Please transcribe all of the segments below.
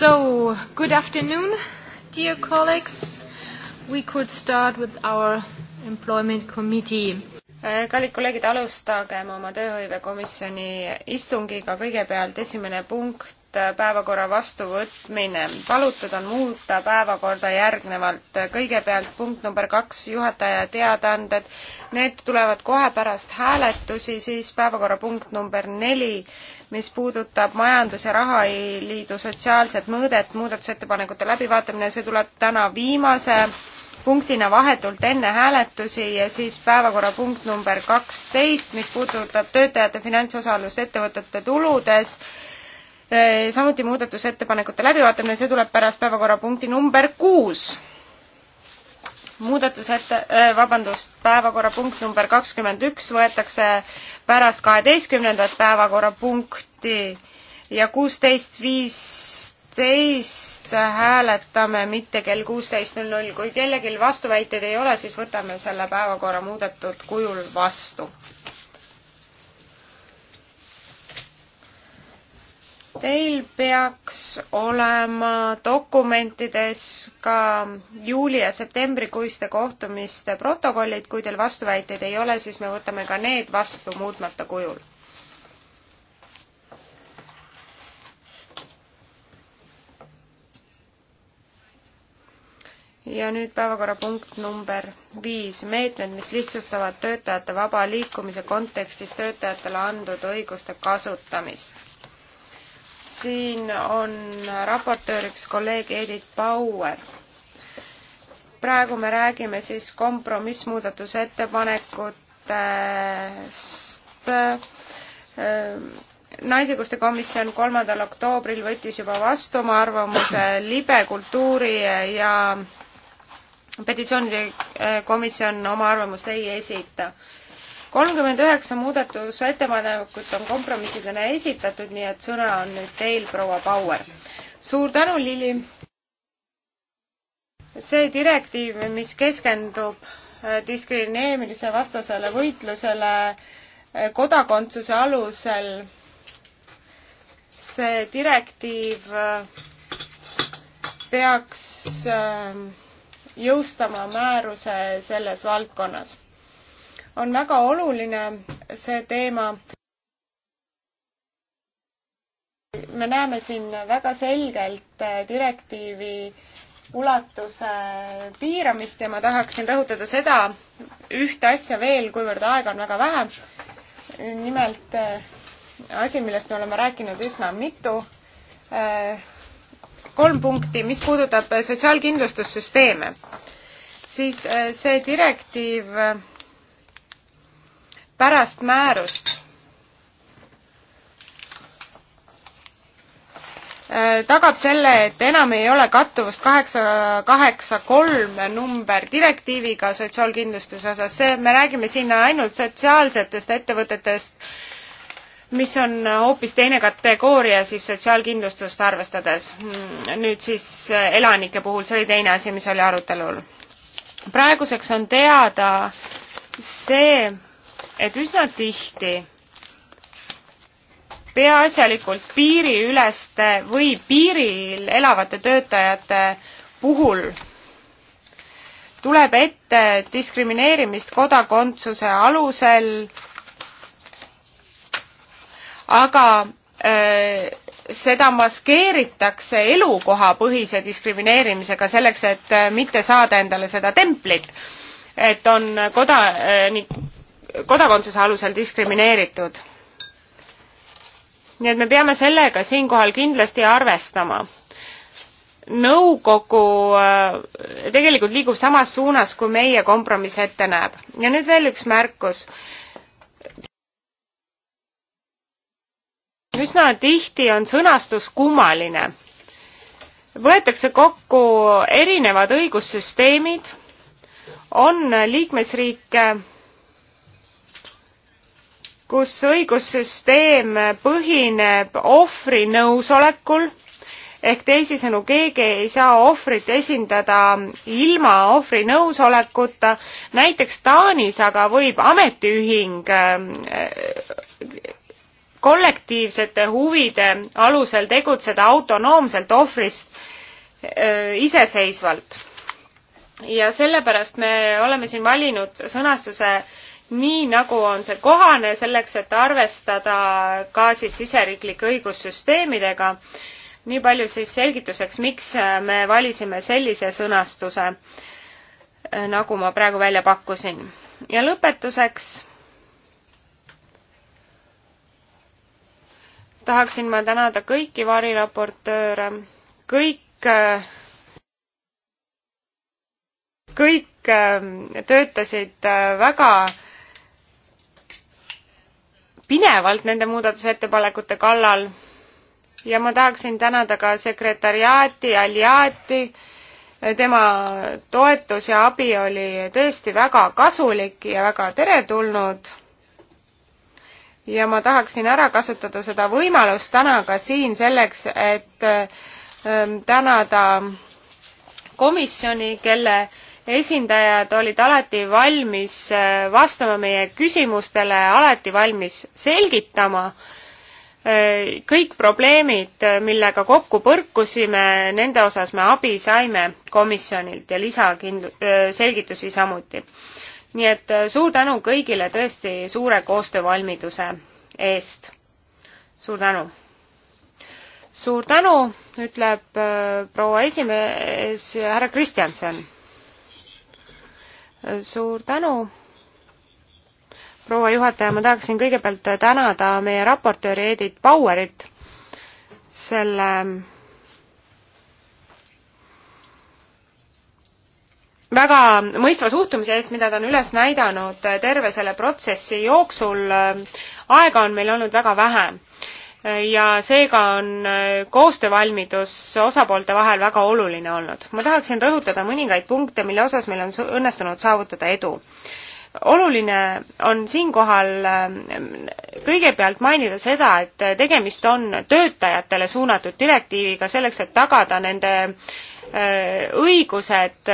So, good afternoon, dear colleagues. We could start with our Employment Committee Äh, kallid kolleegid, alustagem oma tööhõivekomisjoni istungiga. kõigepealt esimene punkt, äh, päevakorra vastuvõtmine. palutud on muuta päevakorda järgnevalt. kõigepealt punkt number kaks, juhataja teadaanded. Need tulevad kohe pärast hääletusi, siis päevakorrapunkt number neli, mis puudutab Majandus- ja Rahaliidu sotsiaalset mõõdet, muudatusettepanekute läbivaatamine, see tuleb täna viimase punktina vahetult enne hääletusi ja siis päevakorrapunkt number kaksteist, mis puudutab töötajate finantsosalust ettevõtete tuludes. Eh, samuti muudatusettepanekute läbivaatamine, see tuleb pärast päevakorrapunkti number kuus. muudatusette, eh, vabandust, päevakorrapunkt number kakskümmend üks võetakse pärast kaheteistkümnendat päevakorrapunkti ja kuusteist viis kaksteist hääletame, mitte kell kuusteist null null. kui kellelgi vastuväiteid ei ole, siis võtame selle päevakorra muudetud kujul vastu. Teil peaks olema dokumentides ka juuli ja septembrikuiste kohtumiste protokollid, kui teil vastuväiteid ei ole, siis me võtame ka need vastu muutmata kujul ja nüüd päevakorrapunkt number viis, meetmed, mis lihtsustavad töötajate vaba liikumise kontekstis töötajatele antud õiguste kasutamist. siin on raportööriks kolleeg Edith Bauer. praegu me räägime siis kompromissmuudatusettepanekutest ehm, naisõiguste komisjon kolmandal oktoobril võttis juba vastu oma arvamuse libe kultuuri ja petitsioonide äh, komisjon oma arvamust ei esita. kolmkümmend üheksa muudatusettepanekut on kompromissidena esitatud, nii et sõna on nüüd teil, proua Bauer. suur tänu, Lili! see direktiiv, mis keskendub äh, diskrimineerimise vastasele võitlusele äh, kodakondsuse alusel, see direktiiv peaks äh, jõustama määruse selles valdkonnas. on väga oluline see teema. me näeme siin väga selgelt direktiivi ulatuse piiramist ja ma tahaksin rõhutada seda ühte asja veel, kuivõrd aega on väga vähe. nimelt eh, asi, millest me oleme rääkinud üsna mitu eh, kolm punkti, mis puudutab äh, sotsiaalkindlustussüsteeme, siis äh, see direktiiv äh, pärast määrust tagab selle, et enam ei ole kattuvust kaheksa, kaheksa kolm number direktiiviga sotsiaalkindlustuse osas, see, me räägime siin ainult sotsiaalsetest ettevõtetest, mis on hoopis teine kategooria siis sotsiaalkindlustust arvestades. nüüd siis elanike puhul, see oli teine asi, mis oli arutelul. praeguseks on teada see, et üsna tihti peaasjalikult piiriüleste või piiril elavate töötajate puhul tuleb ette diskrimineerimist kodakondsuse alusel aga äh, seda maskeeritakse elukohapõhise diskrimineerimisega selleks, et äh, mitte saada endale seda templit, et on koda-, äh, kodakondsuse alusel diskrimineeritud. nii et me peame sellega siinkohal kindlasti arvestama. nõukogu äh, tegelikult liigub samas suunas, kui meie kompromiss ette näeb. ja nüüd veel üks märkus üsna tihti on sõnastus kummaline. võetakse kokku erinevad õigussüsteemid, on liikmesriike, kus õigussüsteem põhineb ohvri nõusolekul ehk teisisõnu keegi ei saa ohvrit esindada ilma ohvri nõusolekuta näiteks taanis aga võib ametiühing kollektiivsete huvide alusel tegutseda autonoomselt ohvrist öö, iseseisvalt. ja sellepärast me oleme siin valinud sõnastuse nii, nagu on see kohane, selleks et arvestada ka siis siseriiklike õigussüsteemidega. nii palju siis selgituseks, miks me valisime sellise sõnastuse, nagu ma praegu välja pakkusin. ja lõpetuseks tahaksin ma tänada kõiki variraportööre, kõik, kõik äh, töötasid äh, väga pinevalt nende muudatusettepanekute kallal ja ma tahaksin tänada ka sekretariaati, Aliati, tema toetus ja abi oli tõesti väga kasulik ja väga teretulnud ja ma tahaksin ära kasutada seda võimalust täna ka siin selleks, et ähm, tänada komisjoni, kelle esindajad olid alati valmis äh, vastama meie küsimustele, alati valmis selgitama äh, kõik probleemid, millega kokku põrkusime, nende osas me abi saime komisjonilt ja lisakind-, äh, selgitusi samuti nii et äh, suur tänu kõigile tõesti suure koostöövalmiduse eest. suur tänu! suur tänu, ütleb äh, proua esimees härra Kristjanson. Äh, suur tänu, proua juhataja, ma tahaksin kõigepealt tänada meie raportööri Edith Bauerit selle väga mõistva suhtumise eest, mida ta on üles näidanud eh, terve selle protsessi jooksul. Eh, aega on meil olnud väga vähe eh, ja seega on koostöövalmidus osapoolte vahel väga oluline olnud. ma tahaksin rõhutada mõningaid punkte, mille osas meil on õnnestunud saavutada edu. oluline on siinkohal kõigepealt mainida seda, et tegemist on töötajatele suunatud direktiiviga selleks, et tagada nende õigused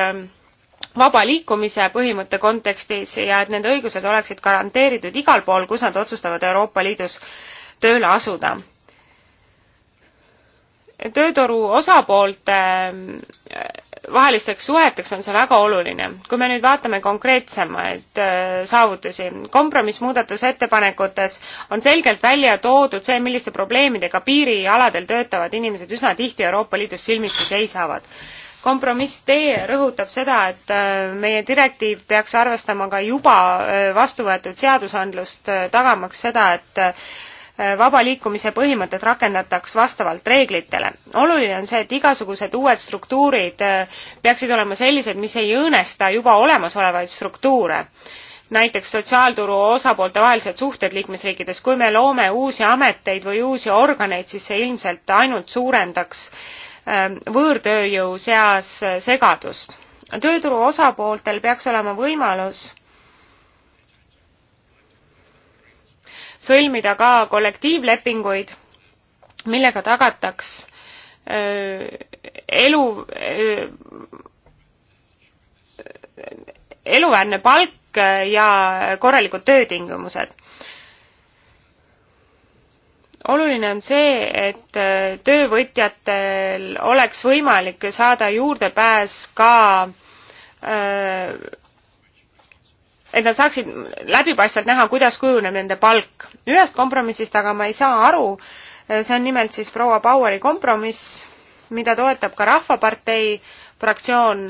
vaba liikumise põhimõtte kontekstis ja et nende õigused oleksid garanteeritud igal pool, kus nad otsustavad Euroopa Liidus tööle asuda. tööturu osapoolte äh, vahelisteks suheteks on see väga oluline. kui me nüüd vaatame konkreetsemaid äh, saavutusi, kompromissmuudatusettepanekutes on selgelt välja toodud see, milliste probleemidega piirialadel töötavad inimesed üsna tihti Euroopa Liidus silmitsi seisavad kompromiss D rõhutab seda, et äh, meie direktiiv peaks arvestama ka juba äh, vastu võetud seadusandlust, äh, tagamaks seda, et vaba liikumise põhimõtet rakendataks vastavalt reeglitele. oluline on see, et igasugused uued struktuurid peaksid olema sellised, mis ei õõnesta juba olemasolevaid struktuure näiteks sotsiaalturu osapoolte vahelised suhted liikmesriikides, kui me loome uusi ameteid või uusi organeid, siis see ilmselt ainult suurendaks äh, Ähm, võõrtööjõu seas äh, segadust. tööturu osapooltel peaks olema võimalus sõlmida ka kollektiivlepinguid, millega tagataks öö, äh, elu, äh, eluväärne palk ja korralikud töötingimused oluline on see, et äh, töövõtjatel oleks võimalik saada juurdepääs ka äh, et nad saaksid läbipaistvalt näha, kuidas kujuneb nende palk. ühest kompromissist aga ma ei saa aru, äh, see on nimelt siis proua Baueri kompromiss, mida toetab ka Rahvapartei fraktsioon,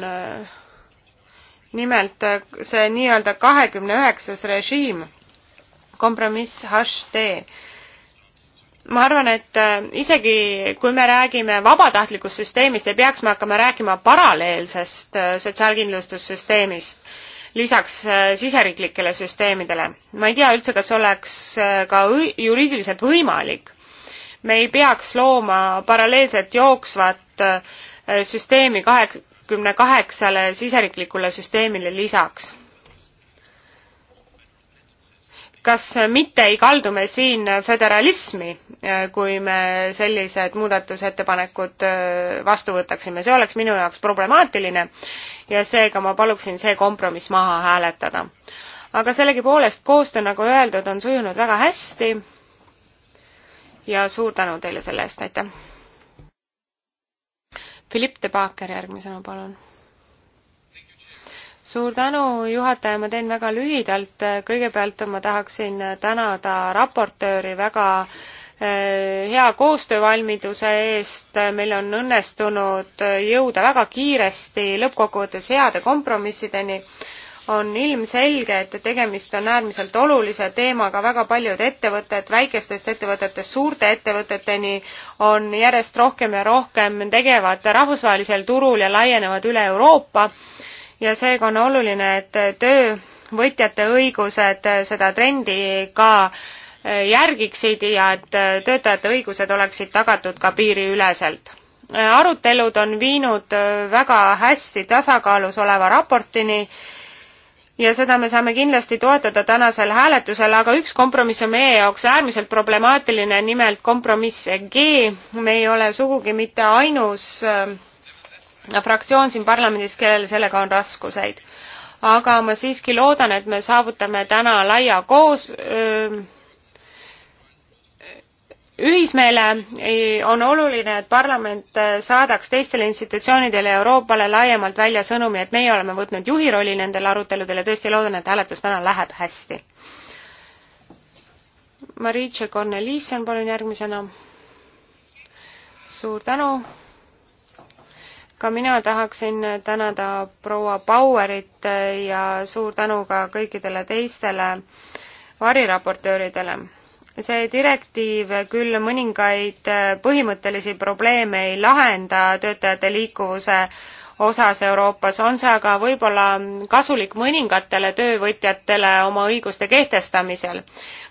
nimelt see nii-öelda kahekümne üheksas režiim, kompromiss HT ma arvan, et äh, isegi kui me räägime vabatahtlikust süsteemist, ei peaks me hakkama rääkima paralleelsest äh, sotsiaalkindlustussüsteemist lisaks äh, siseriiklikele süsteemidele. ma ei tea üldse, kas oleks ka juriidiliselt võimalik. me ei peaks looma paralleelselt jooksvat süsteemi kahekümne kaheksale siseriiklikule süsteemile lisaks kas mitte ei kaldu me siin föderalismi, kui me sellised muudatusettepanekud äh, vastu võtaksime, see oleks minu jaoks problemaatiline ja seega ma paluksin see kompromiss maha hääletada. aga sellegipoolest koostöö, nagu öeldud, on sujunud väga hästi ja suur tänu teile selle eest, aitäh! Philipp de Baaker järgmisena, palun suur tänu, juhataja, ma teen väga lühidalt, kõigepealt ma tahaksin tänada raportööri väga äh, hea koostöövalmiduse eest, meil on õnnestunud jõuda väga kiiresti lõppkokkuvõttes heade kompromissideni. on ilmselge, et tegemist on äärmiselt olulise teemaga, väga paljud ettevõtted, väikestest ettevõtetest suurte ettevõteteni on järjest rohkem ja rohkem tegevad rahvusvahelisel turul ja laienevad üle Euroopa ja seega on oluline, et töövõtjate õigused seda trendi ka äh, järgiksid ja et äh, töötajate õigused oleksid tagatud ka piiriüleselt. Äh, arutelud on viinud väga hästi tasakaalus oleva raportini ja seda me saame kindlasti toetada tänasel hääletusel, aga üks kompromiss on meie jaoks äärmiselt problemaatiline, nimelt kompromiss G. me ei ole sugugi mitte ainus äh, fraktsioon siin parlamendis, kellel sellega on raskuseid. aga ma siiski loodan, et me saavutame täna laia koos öö, ühismeele on oluline, et parlament saadaks teistele institutsioonidele ja Euroopale laiemalt välja sõnumi, et meie oleme võtnud juhi rolli nendel aruteludel ja tõesti loodan, et hääletus täna läheb hästi. Maritša Korneliisen, palun järgmisena. suur tänu ka mina tahaksin tänada proua Bauerit ja suur tänu ka kõikidele teistele variraportööridele. see direktiiv küll mõningaid põhimõttelisi probleeme ei lahenda töötajate liikuvuse osas Euroopas, on see aga võib-olla kasulik mõningatele töövõtjatele oma õiguste kehtestamisel.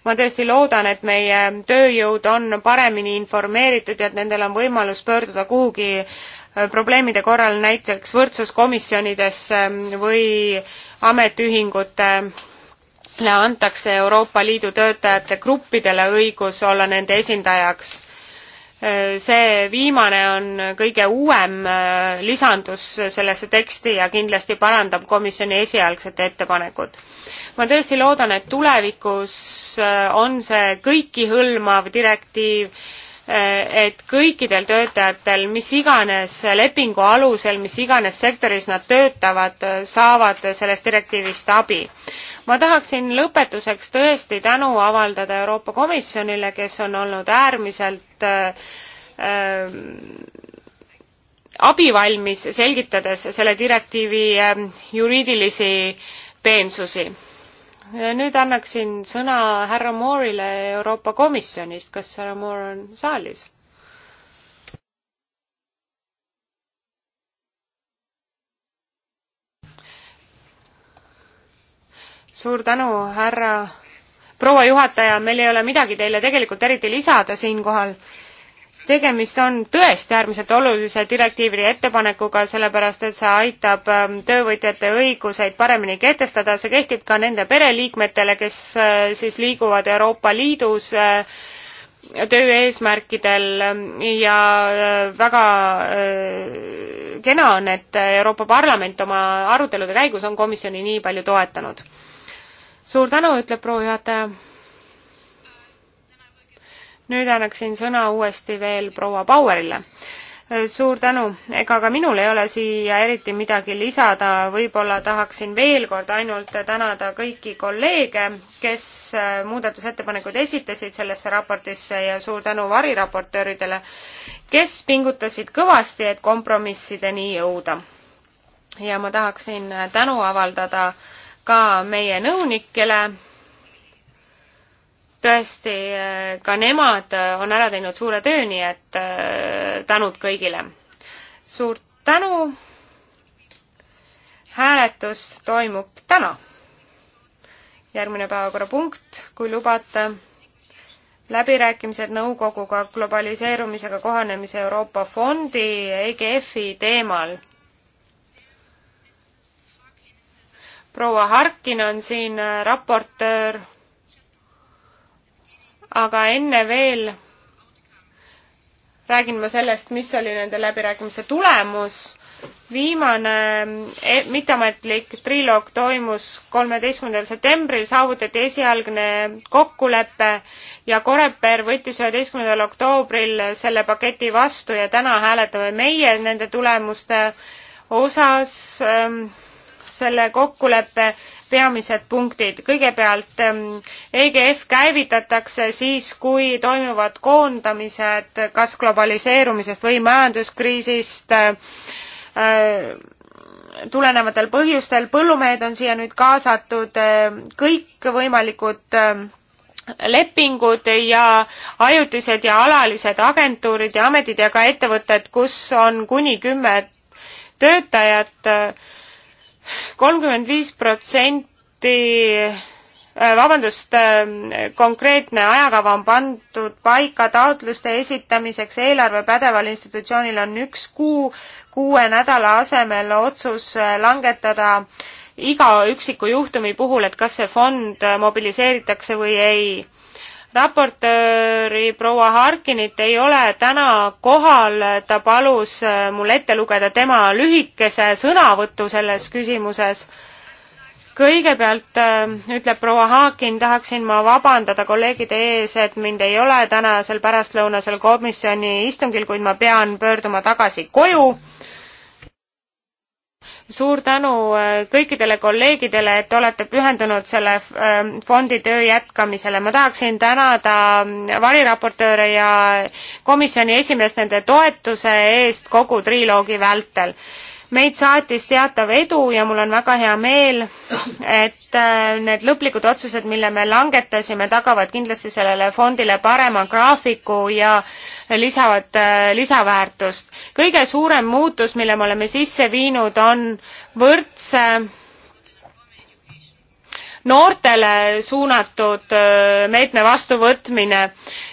ma tõesti loodan, et meie tööjõud on paremini informeeritud ja et nendel on võimalus pöörduda kuhugi Äh, probleemide korral näiteks võrdsuskomisjonidesse või ametiühingutele antakse Euroopa Liidu töötajate gruppidele õigus olla nende esindajaks. Äh, see viimane on kõige uuem äh, lisandus sellesse teksti ja kindlasti parandab komisjoni esialgset ettepanekut. ma tõesti loodan, et tulevikus on see kõikihõlmav direktiiv Eh, et kõikidel töötajatel, mis iganes lepingu alusel, mis iganes sektoris nad töötavad, saavad sellest direktiivist abi. ma tahaksin lõpetuseks tõesti tänu avaldada Euroopa Komisjonile, kes on olnud äärmiselt äh, äh, abivalmis, selgitades selle direktiivi äh, juriidilisi peensusi nüüd annaksin sõna härra Moorile Euroopa Komisjonist, kas härra Moore on saalis? suur tänu, härra proua juhataja, meil ei ole midagi teile tegelikult eriti lisada siinkohal tegemist on tõesti äärmiselt olulise direktiivi ettepanekuga, sellepärast et see aitab ähm, töövõtjate õiguseid paremini kehtestada, see kehtib ka nende pereliikmetele, kes äh, siis liiguvad Euroopa Liidus äh, töö eesmärkidel ähm, ja äh, väga kena on, et Euroopa Parlament oma arutelude käigus on komisjoni nii palju toetanud. suur tänu, ütleb proua juhataja nüüd annaksin sõna uuesti veel proua Bauerile. suur tänu, ega ka minul ei ole siia eriti midagi lisada, võib-olla tahaksin veel kord ainult tänada kõiki kolleege, kes äh, muudatusettepanekuid esitasid sellesse raportisse ja suur tänu variraportööridele, kes pingutasid kõvasti, et kompromissideni jõuda. ja ma tahaksin tänu avaldada ka meie nõunikele, tõesti, ka nemad on ära teinud suure töö, nii et äh, tänud kõigile. suurt tänu. hääletus toimub täna. järgmine päevakorrapunkt, kui lubate. läbirääkimised nõukoguga globaliseerumisega kohanemise Euroopa Fondi EGF-i teemal. proua Harkin on siin äh, raportöör aga enne veel räägin ma sellest, mis oli nende läbirääkimiste tulemus. viimane e, mitteametlik triloog toimus kolmeteistkümnendal septembril, saavutati esialgne kokkulepe ja Koreper võttis üheteistkümnendal oktoobril selle paketi vastu ja täna hääletame meie nende tulemuste osas ähm, selle kokkuleppe peamised punktid. kõigepealt ähm, EGF käivitatakse siis, kui toimuvad koondamised kas globaliseerumisest või majanduskriisist äh, tulenevatel põhjustel. põllumehed on siia nüüd kaasatud, äh, kõikvõimalikud äh, lepingud ja ajutised ja alalised agentuurid ja ametid ja ka ettevõtted, kus on kuni kümme töötajat kolmkümmend viis protsenti äh, vabandust, ähm, konkreetne ajakava on pandud paika taotluste esitamiseks, eelarve pädeval institutsioonil on üks kuu, kuue nädala asemel otsus äh, langetada iga üksiku juhtumi puhul, et kas see fond äh, mobiliseeritakse või ei raportööri proua Harkinit ei ole täna kohal, ta palus äh, mul ette lugeda tema lühikese sõnavõtu selles küsimuses. kõigepealt äh, ütleb proua Haakin, tahaksin ma vabandada kolleegide ees, et mind ei ole tänasel pärastlõunasel komisjoni istungil, kuid ma pean pöörduma tagasi koju suur tänu äh, kõikidele kolleegidele, et olete pühendunud selle ähm, fondi töö jätkamisele. ma tahaksin tänada mm, variraportööre ja komisjoni esimeest nende toetuse eest kogu triloogi vältel meid saatis teatav edu ja mul on väga hea meel, et äh, need lõplikud otsused, mille me langetasime, tagavad kindlasti sellele fondile parema graafiku ja lisavad äh, lisaväärtust. kõige suurem muutus, mille me oleme sisse viinud, on võrdse noortele suunatud äh, meetme vastuvõtmine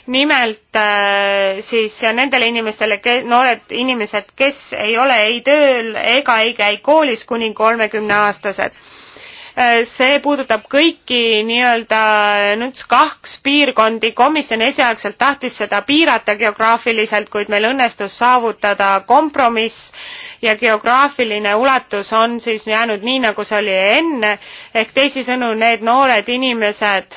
nimelt äh, siis nendele inimestele noored inimesed kes ei ole ei tööl ega ei käi koolis kuni kolmekümne aastased Eh, see puudutab kõiki nii-öelda eh, NUTS kaks piirkondi, komisjon esialgselt tahtis seda piirata geograafiliselt, kuid meil õnnestus saavutada kompromiss ja geograafiline ulatus on siis jäänud nii, nagu see oli enne, ehk teisisõnu, need noored inimesed,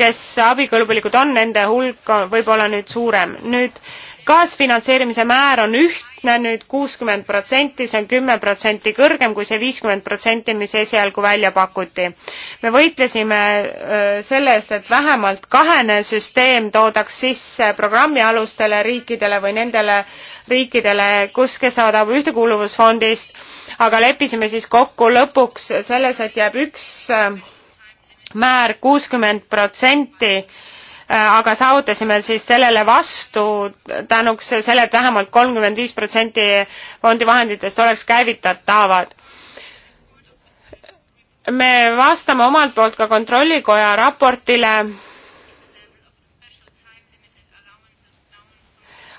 kes abikõlbulikud on, nende hulk võib olla nüüd suurem. nüüd äh, kaasfinantseerimise määr on ühtne nüüd kuuskümmend protsenti, see on kümme protsenti kõrgem kui see viiskümmend protsenti, mis esialgu välja pakuti. me võitlesime selle eest, et vähemalt kahene süsteem toodaks sisse programmialustele riikidele või nendele riikidele, kus, kes saavad abu ühtekuuluvusfondist, aga leppisime siis kokku lõpuks selles, et jääb üks määr kuuskümmend protsenti Äh, aga saavutasime siis sellele vastu tänuks selle, et vähemalt kolmkümmend viis protsenti fondi vahenditest oleks käivitatavad. me vastame omalt poolt ka Kontrollikoja raportile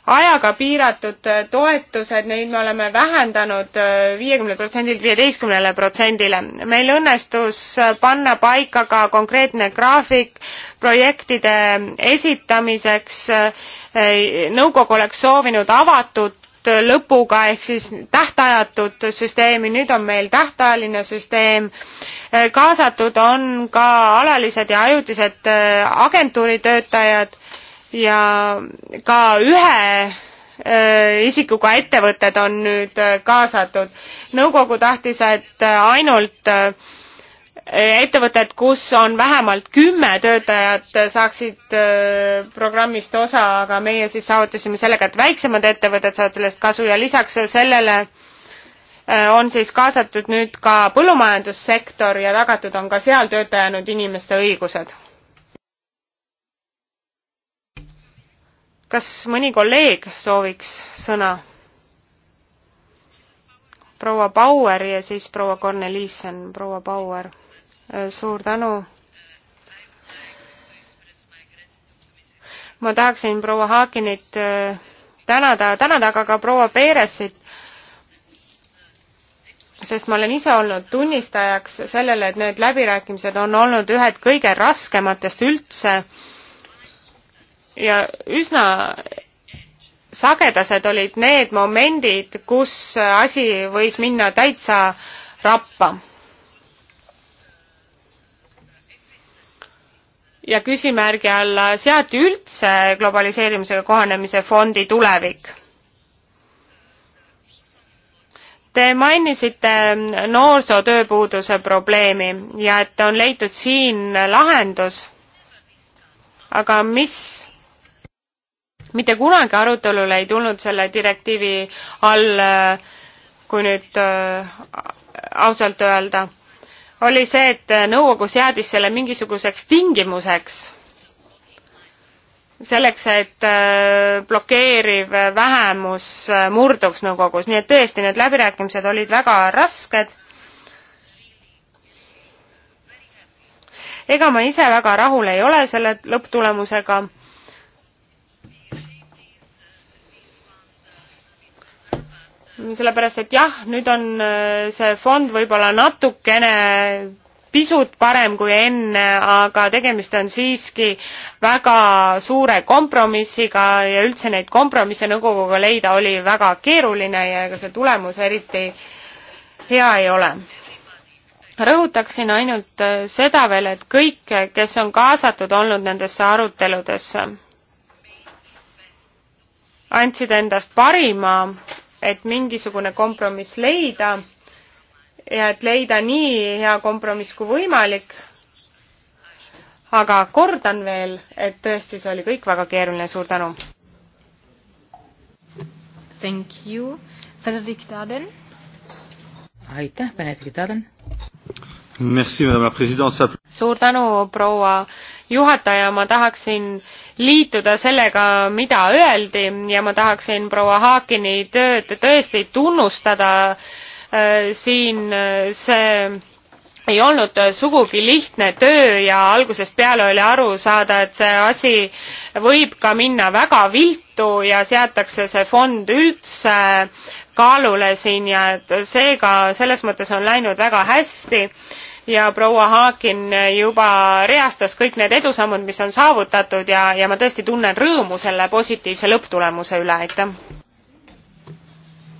ajaga piiratud äh, toetused, neid me oleme vähendanud äh, viiekümne protsendilt viieteistkümnele protsendile. meil õnnestus äh, panna paika ka konkreetne graafik projektide esitamiseks. nõukogu oleks soovinud avatud lõpuga ehk siis tähtajatut süsteemi, nüüd on meil tähtajaline süsteem. kaasatud on ka alalised ja ajutised agentuuri töötajad ja ka ühe äh, isikuga ettevõtted on nüüd äh, kaasatud. nõukogu tahtis, et äh, ainult ettevõtted, kus on vähemalt kümme töötajat, saaksid programmist osa, aga meie siis saavutasime sellega, et väiksemad ettevõtted saavad sellest kasu ja lisaks sellele on siis kaasatud nüüd ka põllumajandussektor ja tagatud on ka seal töötajanud inimeste õigused kas mõni kolleeg sooviks sõna? proua Bauer ja siis proua Korneliisen, proua Bauer. Äh, suur tänu. ma tahaksin proua Haakinit äh, tänada, tänada aga ka proua Peeresit, sest ma olen ise olnud tunnistajaks sellele, et need läbirääkimised on olnud ühed kõige raskematest üldse ja üsna sagedased olid need momendid, kus asi võis minna täitsa rappa. ja küsimärgi alla seati üldse globaliseerimisega kohanemise fondi tulevik Te mainisite noorsootööpuuduse probleemi ja et on leitud siin lahendus. aga mis mitte kunagi arutelule ei tulnud selle direktiivi all, kui nüüd äh, ausalt öelda, oli see, et nõukogus jäädis selle mingisuguseks tingimuseks, selleks, et äh, blokeeriv vähemus äh, murduks nõukogus, nii et tõesti, need läbirääkimised olid väga rasked ega ma ise väga rahul ei ole selle lõpptulemusega sellepärast et jah, nüüd on äh, see fond võib-olla natukene pisut parem kui enne, aga tegemist on siiski väga suure kompromissiga ja üldse neid kompromisse nõukoguga leida oli väga keeruline ja ega see tulemus eriti hea ei ole. rõhutaksin ainult äh, seda veel, et kõik, kes on kaasatud olnud nendesse aruteludesse, andsid endast parima et mingisugune kompromiss leida ja et leida nii hea kompromiss kui võimalik. aga kordan veel, et tõesti, see oli kõik väga keeruline, suur tänu. Thank you, Benedict Aden. aitäh, Benedict Aden suur tänu, proua juhataja, ma tahaksin liituda sellega, mida öeldi ja ma tahaksin proua Haakini tööd tõesti tunnustada äh, siin äh, see ei olnud sugugi lihtne töö ja algusest peale oli aru saada, et see asi võib ka minna väga viltu ja seatakse see fond üldse kaalule siin ja et seega selles mõttes on läinud väga hästi ja proua Haakin juba reastas kõik need edusammud, mis on saavutatud ja, ja ma tõesti tunnen rõõmu selle positiivse lõpptulemuse üle, aitäh.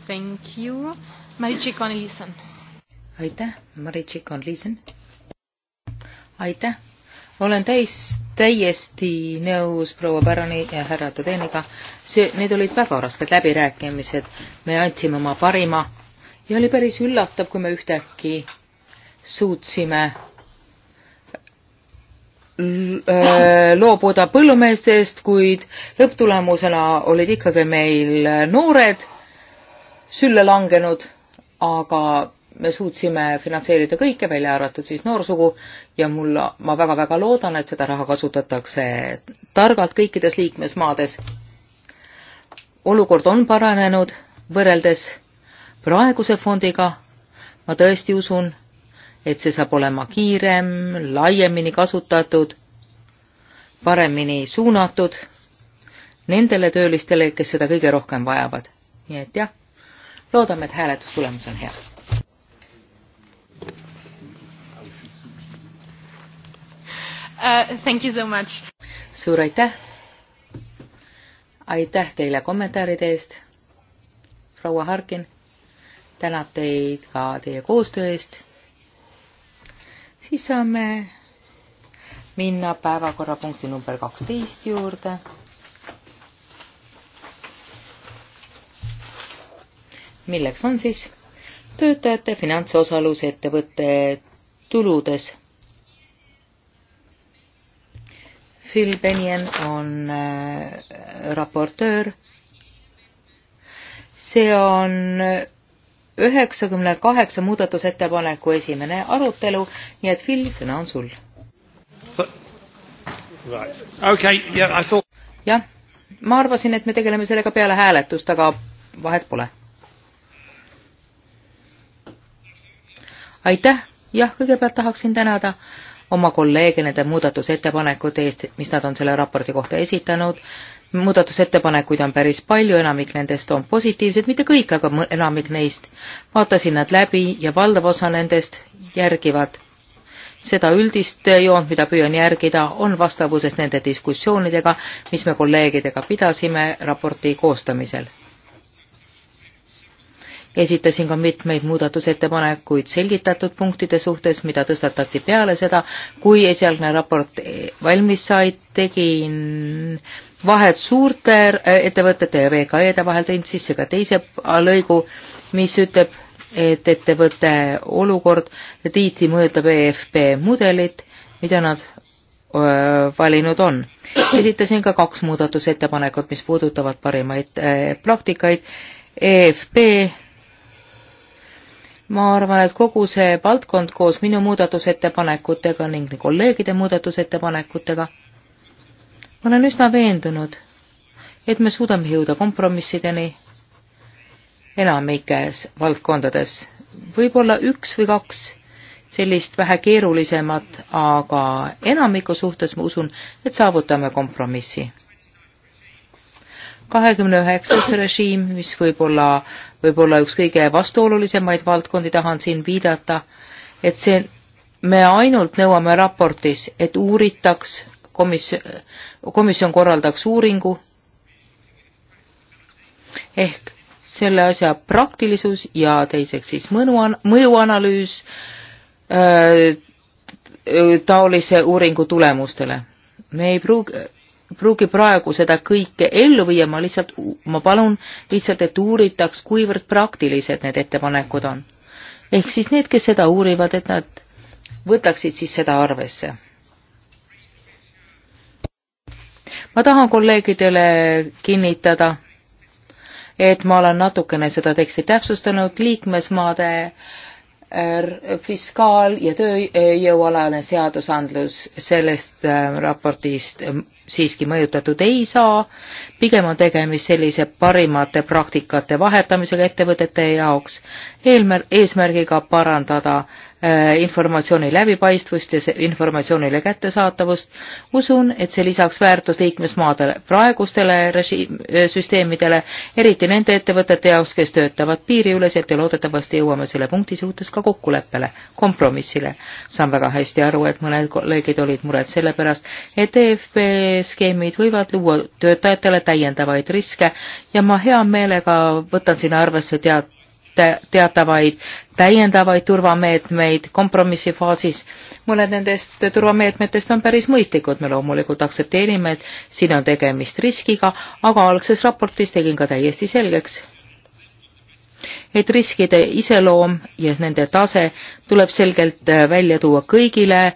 Thank you, Maritši Konliisen. aitäh, Maritši Konliisen. aitäh, olen täis, täiesti nõus proua Pärani ja härra Tõdeniga, see, need olid väga rasked läbirääkimised, me andsime oma parima ja oli päris üllatav, kui me ühtäkki suutsime äh, loobuda põllumeestest, kuid lõpptulemusena olid ikkagi meil noored sülle langenud, aga me suutsime finantseerida kõike, välja arvatud siis noorsugu ja mul, ma väga-väga loodan, et seda raha kasutatakse targalt kõikides liikmesmaades. olukord on paranenud võrreldes praeguse fondiga. ma tõesti usun, et see saab olema kiirem, laiemini kasutatud, paremini suunatud nendele töölistele, kes seda kõige rohkem vajavad. nii et jah, loodame, et hääletustulemus on hea. Uh, thank you so much. suur aitäh. aitäh teile kommentaaride eest. proua Harkin tänab teid ka teie koostöö eest siis saame minna päevakorrapunkti number kaksteist juurde. milleks on siis töötajate finantsosalus ettevõtte tuludes. Phil Benjen on äh, raportöör. see on äh, üheksakümne kaheksa muudatusettepaneku esimene arutelu, nii et Phil, sõna on sul. jah, ma arvasin, et me tegeleme sellega peale hääletust, aga vahet pole. aitäh, jah, kõigepealt tahaksin tänada oma kolleege nende muudatusettepanekute eest, mis nad on selle raporti kohta esitanud muudatusettepanekuid on päris palju, enamik nendest on positiivsed, mitte kõik, aga enamik neist. vaatasin nad läbi ja valdav osa nendest järgivad seda üldist joont, mida püüan järgida, on vastavuses nende diskussioonidega, mis me kolleegidega pidasime raporti koostamisel esitasin ka mitmeid muudatusettepanekuid selgitatud punktide suhtes, mida tõstatati peale seda, kui esialgne raport valmis sai, tegin vahet suurte ettevõtete ja VKE-de vahel, tõin sisse ka teise lõigu, mis ütleb, et ettevõtte olukord tiiti mõjutab EFP mudelit, mida nad öö, valinud on. esitasin ka kaks muudatusettepanekut, mis puudutavad parimaid praktikaid EFP ma arvan, et kogu see valdkond koos minu muudatusettepanekutega ning kolleegide muudatusettepanekutega, ma olen üsna veendunud, et me suudame jõuda kompromissideni enamikes valdkondades. võib-olla üks või kaks sellist vähe keerulisemat, aga enamiku suhtes ma usun, et saavutame kompromissi kahekümne üheksas režiim, mis võib olla, võib olla üks kõige vastuolulisemaid valdkondi, tahan siin viidata, et see, me ainult nõuame raportis, et uuritaks, komisjon, komisjon korraldaks uuringu ehk selle asja praktilisus ja teiseks siis mõnu, mõjuanalüüs äh, taolise uuringu tulemustele. me ei pruugi pruugi praegu seda kõike ellu viia, ma lihtsalt, ma palun lihtsalt, et uuritaks, kuivõrd praktilised need ettepanekud on. ehk siis need, kes seda uurivad, et nad võtaksid siis seda arvesse. ma tahan kolleegidele kinnitada, et ma olen natukene seda teksti täpsustanud, liikmesmaade äh, fiskaal- ja tööjõualane seadusandlus sellest äh, raportist siiski mõjutatud ei saa, pigem on tegemist sellise parimate praktikate vahetamisega ettevõtete jaoks, eelmär-, eesmärgiga parandada äh, Äh, informatsiooni läbipaistvust ja informatsioonile kättesaatavust. usun, et see lisaks väärtust liikmesmaadele praegustele režiim, äh, süsteemidele, eriti nende ettevõtete jaoks, kes töötavad piiriüleselt ja loodetavasti jõuame selle punkti suhtes ka kokkuleppele, kompromissile. saan väga hästi aru, et mõned kolleegid olid mured selle pärast, et EFP skeemid võivad luua töötajatele täiendavaid riske ja ma hea meelega võtan sinna arvesse tead-, te teatavaid täiendavaid turvameetmeid kompromissi faasis. mõned nendest turvameetmetest on päris mõistlikud, me loomulikult aktsepteerime, et siin on tegemist riskiga, aga algses raportis tegin ka täiesti selgeks, et riskide iseloom ja nende tase tuleb selgelt välja tuua kõigile,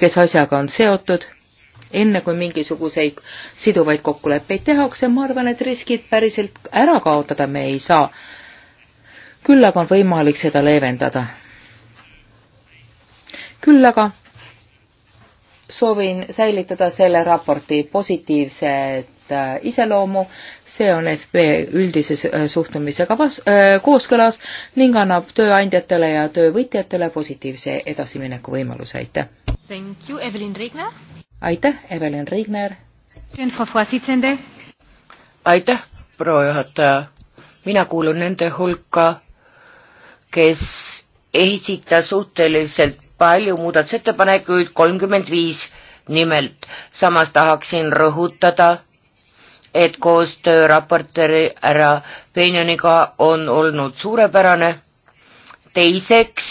kes asjaga on seotud, enne kui mingisuguseid siduvaid kokkuleppeid tehakse, ma arvan, et riskid päriselt ära kaotada me ei saa küll aga on võimalik seda leevendada. küll aga soovin säilitada selle raporti positiivset äh, iseloomu, see on FB üldise äh, suhtumisega vas-, äh, kooskõlas ning annab tööandjatele ja töövõtjatele positiivse edasimineku võimaluse, aitäh! aitäh, Evelyn Regner! aitäh, proua juhataja! mina kuulun nende hulka, kes esitas suhteliselt palju muudatusettepanekuid, kolmkümmend viis nimelt. samas tahaksin rõhutada, et koostöö raportööri härra Penjoniga on olnud suurepärane. teiseks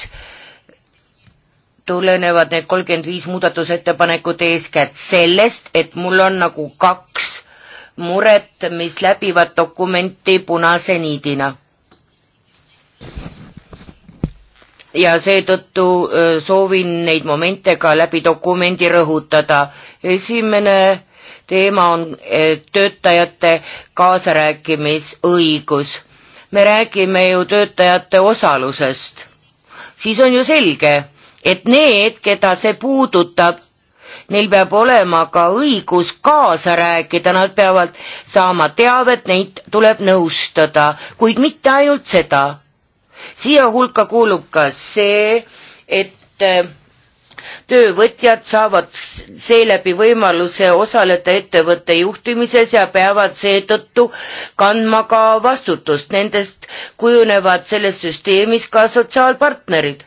tulenevad need kolmkümmend viis muudatusettepanekut eeskätt sellest, et mul on nagu kaks muret, mis läbivad dokumenti punase niidina ja seetõttu soovin neid momente ka läbi dokumendi rõhutada. esimene teema on töötajate kaasarääkimisõigus. me räägime ju töötajate osalusest, siis on ju selge, et need, keda see puudutab, neil peab olema ka õigus kaasa rääkida, nad peavad saama teavet, neid tuleb nõustada, kuid mitte ainult seda siia hulka kuulub ka see, et äh, töövõtjad saavad seeläbi võimaluse osaleda ettevõtte juhtimises ja peavad seetõttu kandma ka vastutust. Nendest kujunevad selles süsteemis ka sotsiaalpartnerid.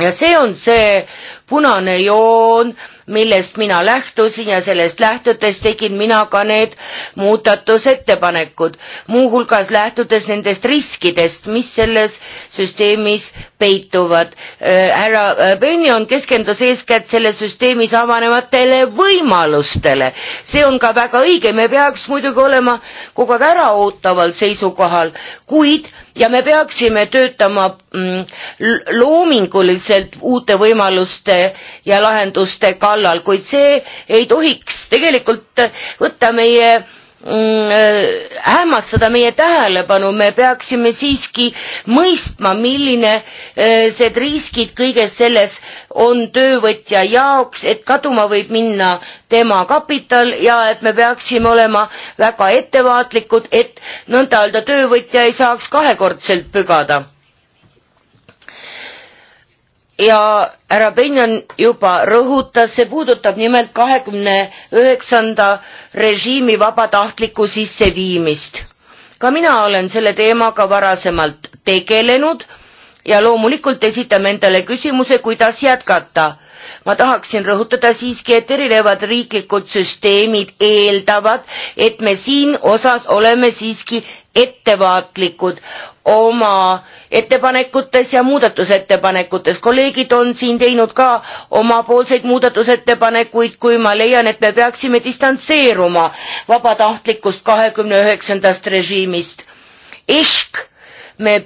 ja see on see punane joon, millest mina lähtusin ja sellest lähtudes tegin mina ka need muudatusettepanekud, muuhulgas lähtudes nendest riskidest, mis selles süsteemis peituvad. Äh, härra äh, Benjon keskendus eeskätt selles süsteemis avanevatele võimalustele. see on ka väga õige, me peaks muidugi olema kogu aeg äraootaval seisukohal, kuid ja me peaksime töötama mm, loominguliselt uute võimaluste ja lahenduste kallal, kuid see ei tohiks tegelikult võtta meie Mm, äh, hämmastada meie tähelepanu, me peaksime siiski mõistma, milline äh, need riskid kõiges selles on töövõtja jaoks, et kaduma võib minna tema kapital ja et me peaksime olema väga ettevaatlikud, et nõnda öelda töövõtja ei saaks kahekordselt pügada ja härra Benjon juba rõhutas, see puudutab nimelt kahekümne üheksanda režiimi vabatahtlikku sisseviimist. ka mina olen selle teemaga varasemalt tegelenud ja loomulikult esitame endale küsimuse, kuidas jätkata. ma tahaksin rõhutada siiski, et erinevad riiklikud süsteemid eeldavad, et me siin osas oleme siiski ettevaatlikud oma ettepanekutes ja muudatusettepanekutes. kolleegid on siin teinud ka omapoolseid muudatusettepanekuid, kui ma leian, et me peaksime distantseeruma vabatahtlikust kahekümne üheksandast režiimist. ehk me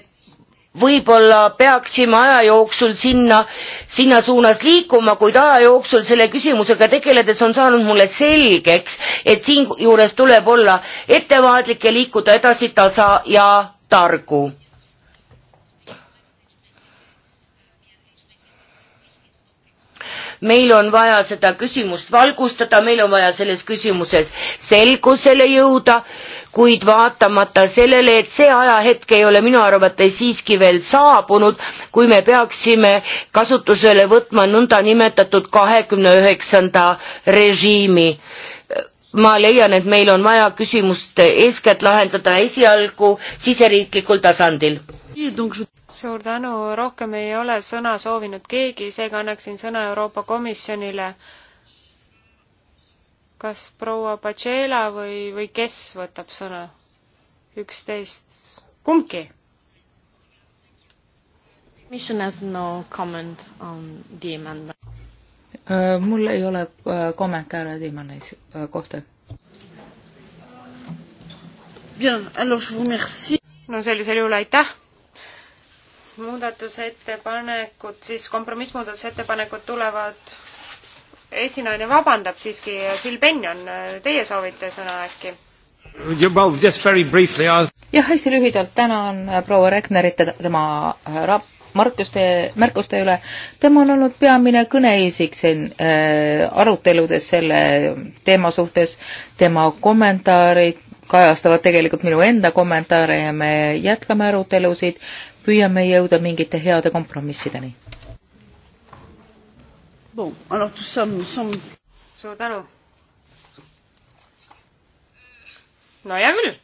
võib-olla peaksime aja jooksul sinna, sinna suunas liikuma, kuid aja jooksul selle küsimusega tegeledes on saanud mulle selgeks, et siinjuures tuleb olla ettevaatlik ja liikuda edasi tasa ja targu meil on vaja seda küsimust valgustada, meil on vaja selles küsimuses selgusele jõuda, kuid vaatamata sellele, et see ajahetk ei ole minu arvates siiski veel saabunud, kui me peaksime kasutusele võtma nõndanimetatud kahekümne üheksanda režiimi ma leian, et meil on vaja küsimust eeskätt lahendada esialgu siseriiklikul tasandil suur tänu, rohkem ei ole sõna soovinud keegi, seega annaksin sõna Euroopa Komisjonile. kas proua Pacela või, või kes võtab sõna? üksteist, kumbki? Commission has no comment on the amendment. Äh, mul ei ole äh, kommentaare Tiimani äh, kohta. no sellisel juhul aitäh muudatusettepanekud, siis kompromissmuudatusettepanekud tulevad, esinaine vabandab siiski, Phil Benjon, teie soovite sõna äkki? jah, hästi lühidalt tänan proua Regnerit ja tema äh, rap-, Markuste, märkuste üle. tema on olnud peamine kõneisik siin äh, aruteludes selle teema suhtes, tema kommentaarid kajastavad tegelikult minu enda kommentaare ja me jätkame arutelusid püüame jõuda mingite heade kompromissideni. suur tänu. no hea küll.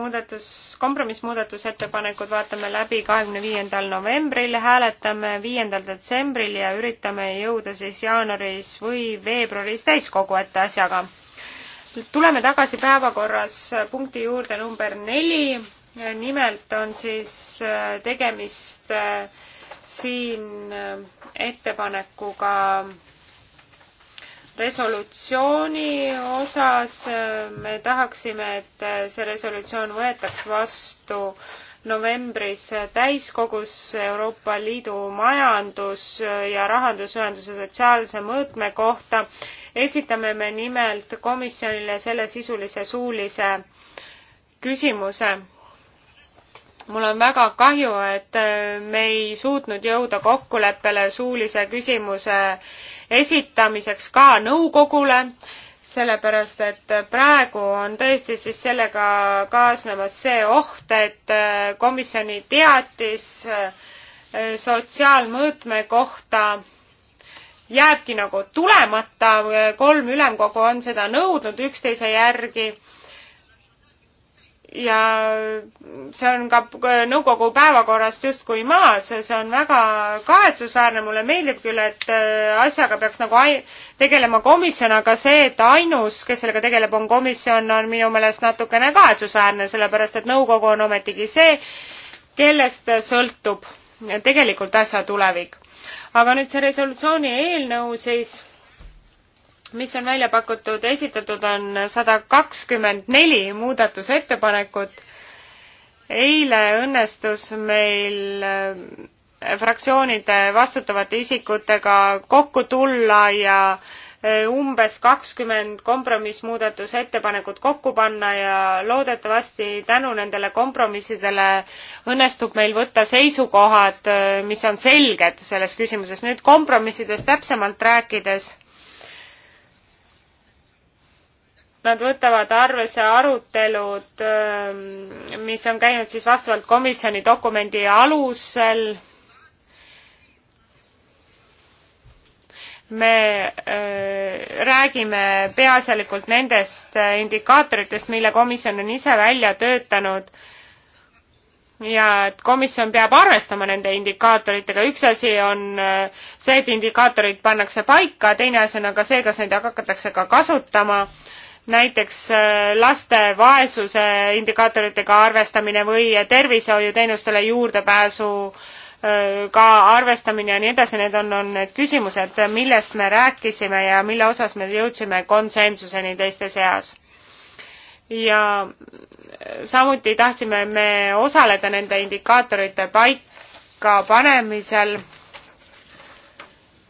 muudatus, kompromissmuudatusettepanekud vaatame läbi kahekümne viiendal novembril, hääletame viiendal detsembril ja üritame jõuda siis jaanuaris või veebruaris täiskogu ette asjaga tuleme tagasi päevakorras punkti juurde number neli. nimelt on siis äh, tegemist äh, siin äh, ettepanekuga resolutsiooni osas. me tahaksime, et see resolutsioon võetaks vastu novembris täiskogus Euroopa Liidu majandus- ja rahandusühenduse sotsiaalse mõõtme kohta esitame me nimelt komisjonile sellesisulise suulise küsimuse. mul on väga kahju, et äh, me ei suutnud jõuda kokkuleppele suulise küsimuse esitamiseks ka nõukogule sellepärast, et praegu on tõesti siis sellega kaasnemas see oht, et äh, komisjoni teatis äh, sotsiaalmõõtme kohta jääbki nagu tulemata, kolm ülemkogu on seda nõudnud üksteise järgi. ja see on ka nõukogu päevakorrast justkui maas, see on väga kahetsusväärne, mulle meeldib küll, et äh, asjaga peaks nagu ai-, tegelema komisjon, aga see, et ainus, kes sellega tegeleb, on komisjon, on minu meelest natukene kahetsusväärne, sellepärast et nõukogu on ometigi see, kellest sõltub tegelikult asja tulevik aga nüüd see resolutsiooni eelnõu siis, mis on välja pakutud, esitatud on sada kakskümmend neli muudatusettepanekut. eile õnnestus meil äh, fraktsioonide vastutavate isikutega kokku tulla ja äh, Eh, umbes kakskümmend kompromissmuudatusettepanekut kokku panna ja loodetavasti tänu nendele kompromissidele õnnestub meil võtta seisukohad, eh, mis on selged selles küsimuses. nüüd kompromissidest täpsemalt rääkides. Nad võtavad arvesse arutelud, eh, mis on käinud siis vastavalt komisjoni dokumendi alusel me öö, äh, räägime peaasjalikult nendest äh, indikaatoritest, mille komisjon on ise välja töötanud ja et komisjon peab arvestama nende indikaatoritega, üks asi on äh, see, et indikaatorid pannakse paika, teine asi on aga see, kas neid hakatakse ka kasutama, näiteks laste vaesuse indikaatoritega arvestamine või tervishoiuteenustele juurdepääsu äh, ka arvestamine ja nii edasi, need on, on need küsimused, millest me rääkisime ja mille osas me jõudsime konsensuseni teiste seas. ja samuti tahtsime me osaleda nende indikaatorite paika panemisel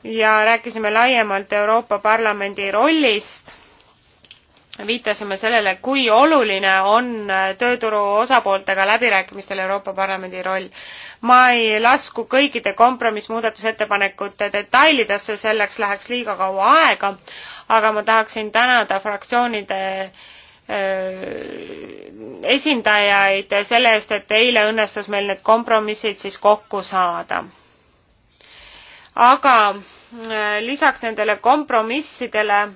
ja rääkisime laiemalt Euroopa Parlamendi rollist viitasime sellele, kui oluline on tööturu osapooltega läbirääkimistel Euroopa Parlamendi roll. ma ei lasku kõikide kompromissmuudatusettepanekute detailidesse, selleks läheks liiga kaua aega, aga ma tahaksin tänada fraktsioonide äh, esindajaid selle eest, et eile õnnestus meil need kompromissid siis kokku saada. aga äh, lisaks nendele kompromissidele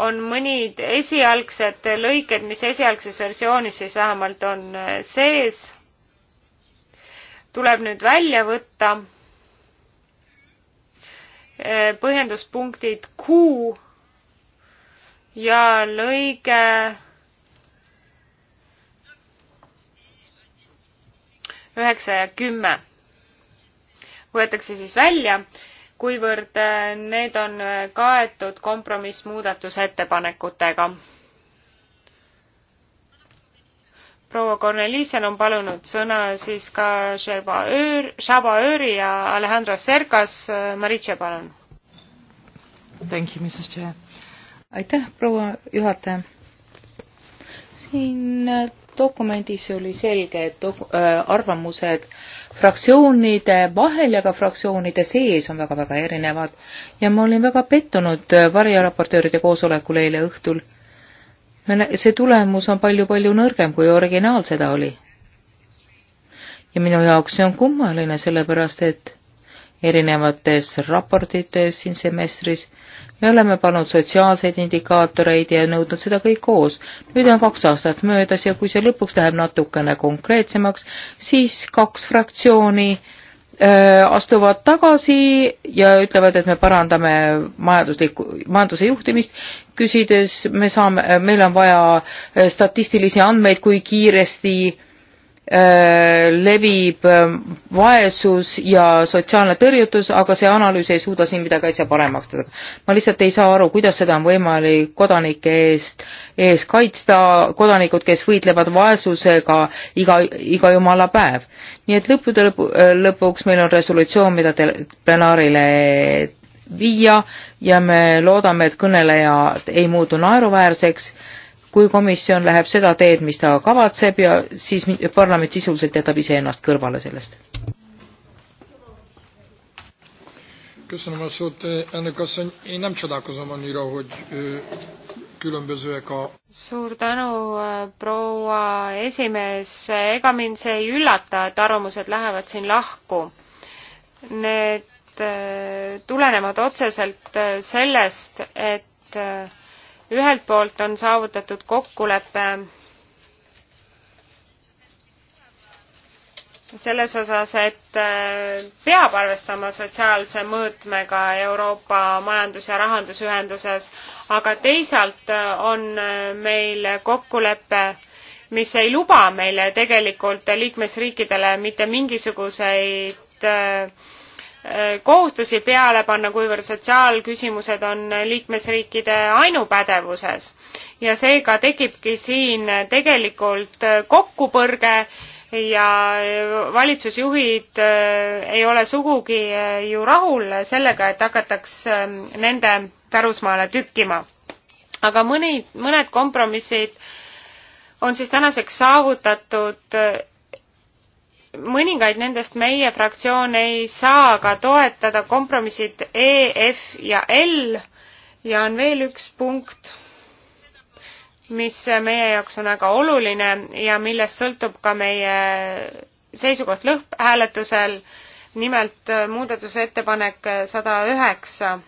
on mõnid esialgsed lõiked, mis esialgses versioonis siis vähemalt on äh, sees, tuleb nüüd välja võtta. Äh, põhjenduspunktid Q ja lõige üheksa ja kümme võetakse siis välja kuivõrd äh, need on äh, kaetud kompromissmuudatusettepanekutega. proua Korneliisen on palunud sõna siis ka Šabaöör, Šabaööri ja Alejandro Serkas. Äh, Maritše, palun. aitäh, proua juhataja. siin dokumendis oli selge, et arvamused äh, fraktsioonide vahel ja ka fraktsioonide sees on väga-väga erinevad ja ma olin väga pettunud äh, varjaraportööride koosolekul eile õhtul. see tulemus on palju-palju nõrgem, kui originaal seda oli. ja minu jaoks see on kummaline, sellepärast et erinevates raportites siin semestris me oleme pannud sotsiaalseid indikaatoreid ja nõudnud seda kõik koos. nüüd on kaks aastat möödas ja kui see lõpuks läheb natukene konkreetsemaks, siis kaks fraktsiooni äh, astuvad tagasi ja ütlevad, et me parandame majanduslikku, majanduse juhtimist, küsides me saame, meil on vaja äh, statistilisi andmeid, kui kiiresti äh, Äh, levib äh, vaesus ja sotsiaalne tõrjutus, aga see analüüs ei suuda siin midagi asja paremaks teha. ma lihtsalt ei saa aru, kuidas seda on võimalik kodanike eest, ees kaitsta, kodanikud, kes võitlevad vaesusega iga, iga jumala päev. nii et lõppude lõpu, äh, lõpuks meil on resolutsioon, mida te plenaarile viia ja me loodame, et kõnelejad ei muutu naeruväärseks kui komisjon läheb seda teed, mis ta kavatseb ja siis parlament sisuliselt jätab iseennast kõrvale sellest. köszönöm a szót, elnök asszony. Én nem csodálkozom annyira, hogy különbözőek a... Suur tänu, proua esimees. Ega mind see ei üllata, et arvamused lähevad siin lahku. Need tulenevad otseselt sellest, et ühelt poolt on saavutatud kokkulepe selles osas, et äh, peab arvestama sotsiaalse mõõtmega Euroopa Majandus- ja Rahandusühenduses, aga teisalt äh, on äh, meil kokkulepe, mis ei luba meile tegelikult liikmesriikidele mitte mingisuguseid äh, Äh, kohustusi peale panna, kuivõrd sotsiaalküsimused on liikmesriikide ainupädevuses. ja seega tekibki siin tegelikult äh, kokkupõrge ja äh, valitsusjuhid ei ole sugugi ju rahul sellega, et hakataks ähm, nende pärusmaale tükkima. aga mõni, mõned kompromissid on siis tänaseks saavutatud mõningaid nendest meie fraktsioon ei saa ka toetada, kompromissid E, F ja L ja on veel üks punkt, mis meie jaoks on väga oluline ja millest sõltub ka meie seisukoht lõpphääletusel, nimelt äh, muudatusettepanek äh, sada üheksa.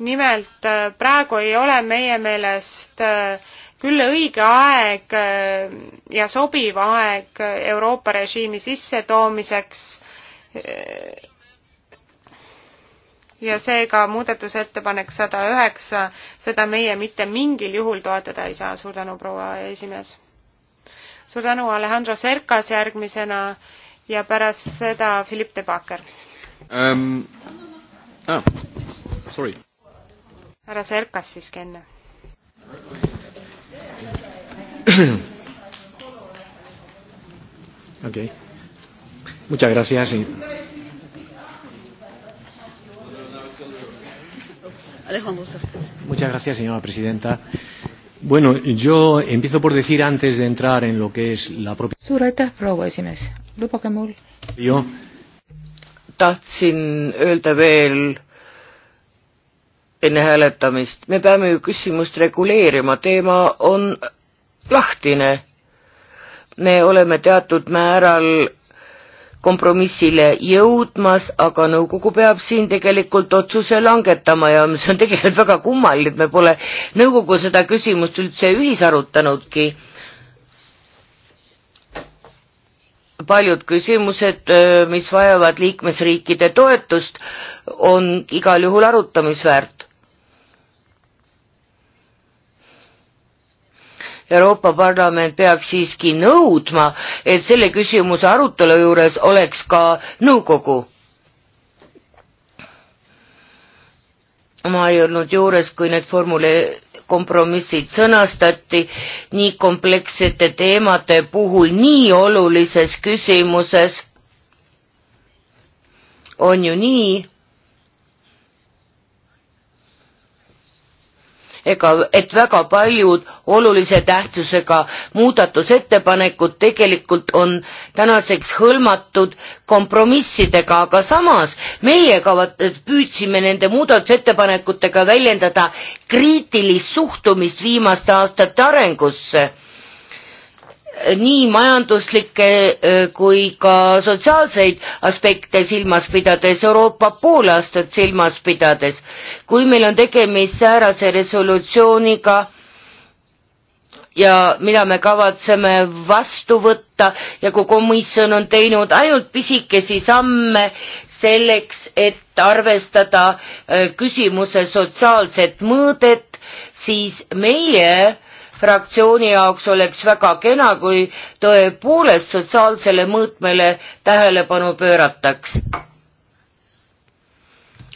nimelt äh, praegu ei ole meie meelest äh, küll õige aeg äh, ja sobiv aeg äh, Euroopa režiimi sissetoomiseks äh, ja seega muudatusettepanek sada üheksa, seda meie mitte mingil juhul toetada ei saa, suur tänu, proua esimees. suur tänu, Alejandro Serkas järgmisena ja pärast seda Philipp de Backer um,. Ah, sorry. härra Serkas siiski enne. okay. Muchas gracias. Y... Muchas gracias, señora presidenta. Bueno, yo empiezo por decir antes de entrar en lo que es la propia. suur aitäh, proua esimees, lubage mul. tahtsin öelda veel enne hääletamist, me peame ju küsimust reguleerima, teema on lahtine. me oleme teatud määral kompromissile jõudmas, aga nõukogu peab siin tegelikult otsuse langetama ja see on tegelikult väga kummaline, et me pole nõukogu seda küsimust üldse ühisarutanudki. paljud küsimused, mis vajavad liikmesriikide toetust, on igal juhul arutamisväärt Euroopa Parlament peaks siiski nõudma, et selle küsimuse arutelu juures oleks ka nõukogu. ma ei olnud juures, kui need formule-, kompromissid sõnastati nii komplekssete teemade puhul nii olulises küsimuses, on ju nii, ega, et väga paljud olulise tähtsusega muudatusettepanekud tegelikult on tänaseks hõlmatud kompromissidega, aga samas meie kavat-, püüdsime nende muudatusettepanekutega väljendada kriitilist suhtumist viimaste aastate arengusse nii majanduslikke äh, kui ka sotsiaalseid aspekte silmas pidades, Euroopa poolaastat silmas pidades. kui meil on tegemist säärase resolutsiooniga ja mida me kavatseme vastu võtta ja kui komisjon on teinud ainult pisikesi samme selleks, et arvestada äh, küsimuse sotsiaalset mõõdet, siis meie äh, fraktsiooni jaoks oleks väga kena, kui tõepoolest sotsiaalsele mõõtmele tähelepanu pöörataks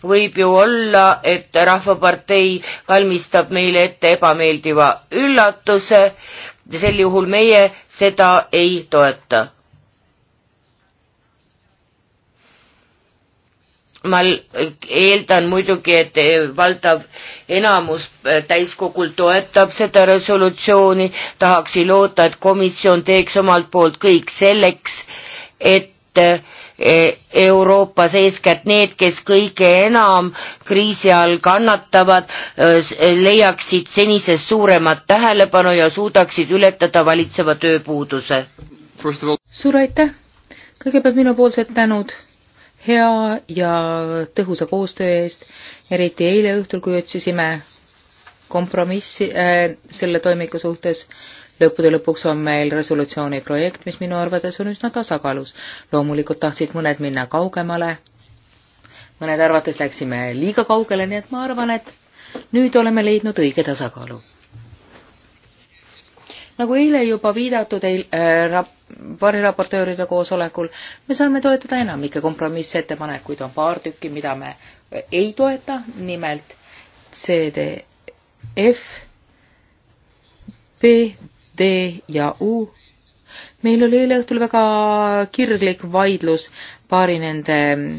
võib ju olla, et Rahvapartei valmistab meile ette ebameeldiva üllatuse, sel juhul meie seda ei toeta. ma eeldan muidugi, et eh, valdav enamus eh, täiskogul toetab seda resolutsiooni, tahaksin loota, et komisjon teeks omalt poolt kõik selleks, et eh, Euroopas eeskätt need, kes kõige enam kriisi all kannatavad, leiaksid senisest suuremat tähelepanu ja suudaksid ületada valitseva tööpuuduse. suur aitäh, kõigepealt minupoolsed tänud hea ja tõhusa koostöö eest, eriti eile õhtul, kui otsisime kompromissi äh, selle toimiku suhtes. lõppude lõpuks on meil resolutsiooni projekt, mis minu arvates on üsna tasakaalus. loomulikult tahtsid mõned minna kaugemale, mõned arvates läksime liiga kaugele, nii et ma arvan, et nüüd oleme leidnud õige tasakaalu nagu eile juba viidatud eil, äh, rap, variraportööride koosolekul, me saame toetada enamikke kompromissettepanekuid, on paar tükki, mida me äh, ei toeta, nimelt CDF, B, D ja U. meil oli eile õhtul väga kirglik vaidlus paari nende mm,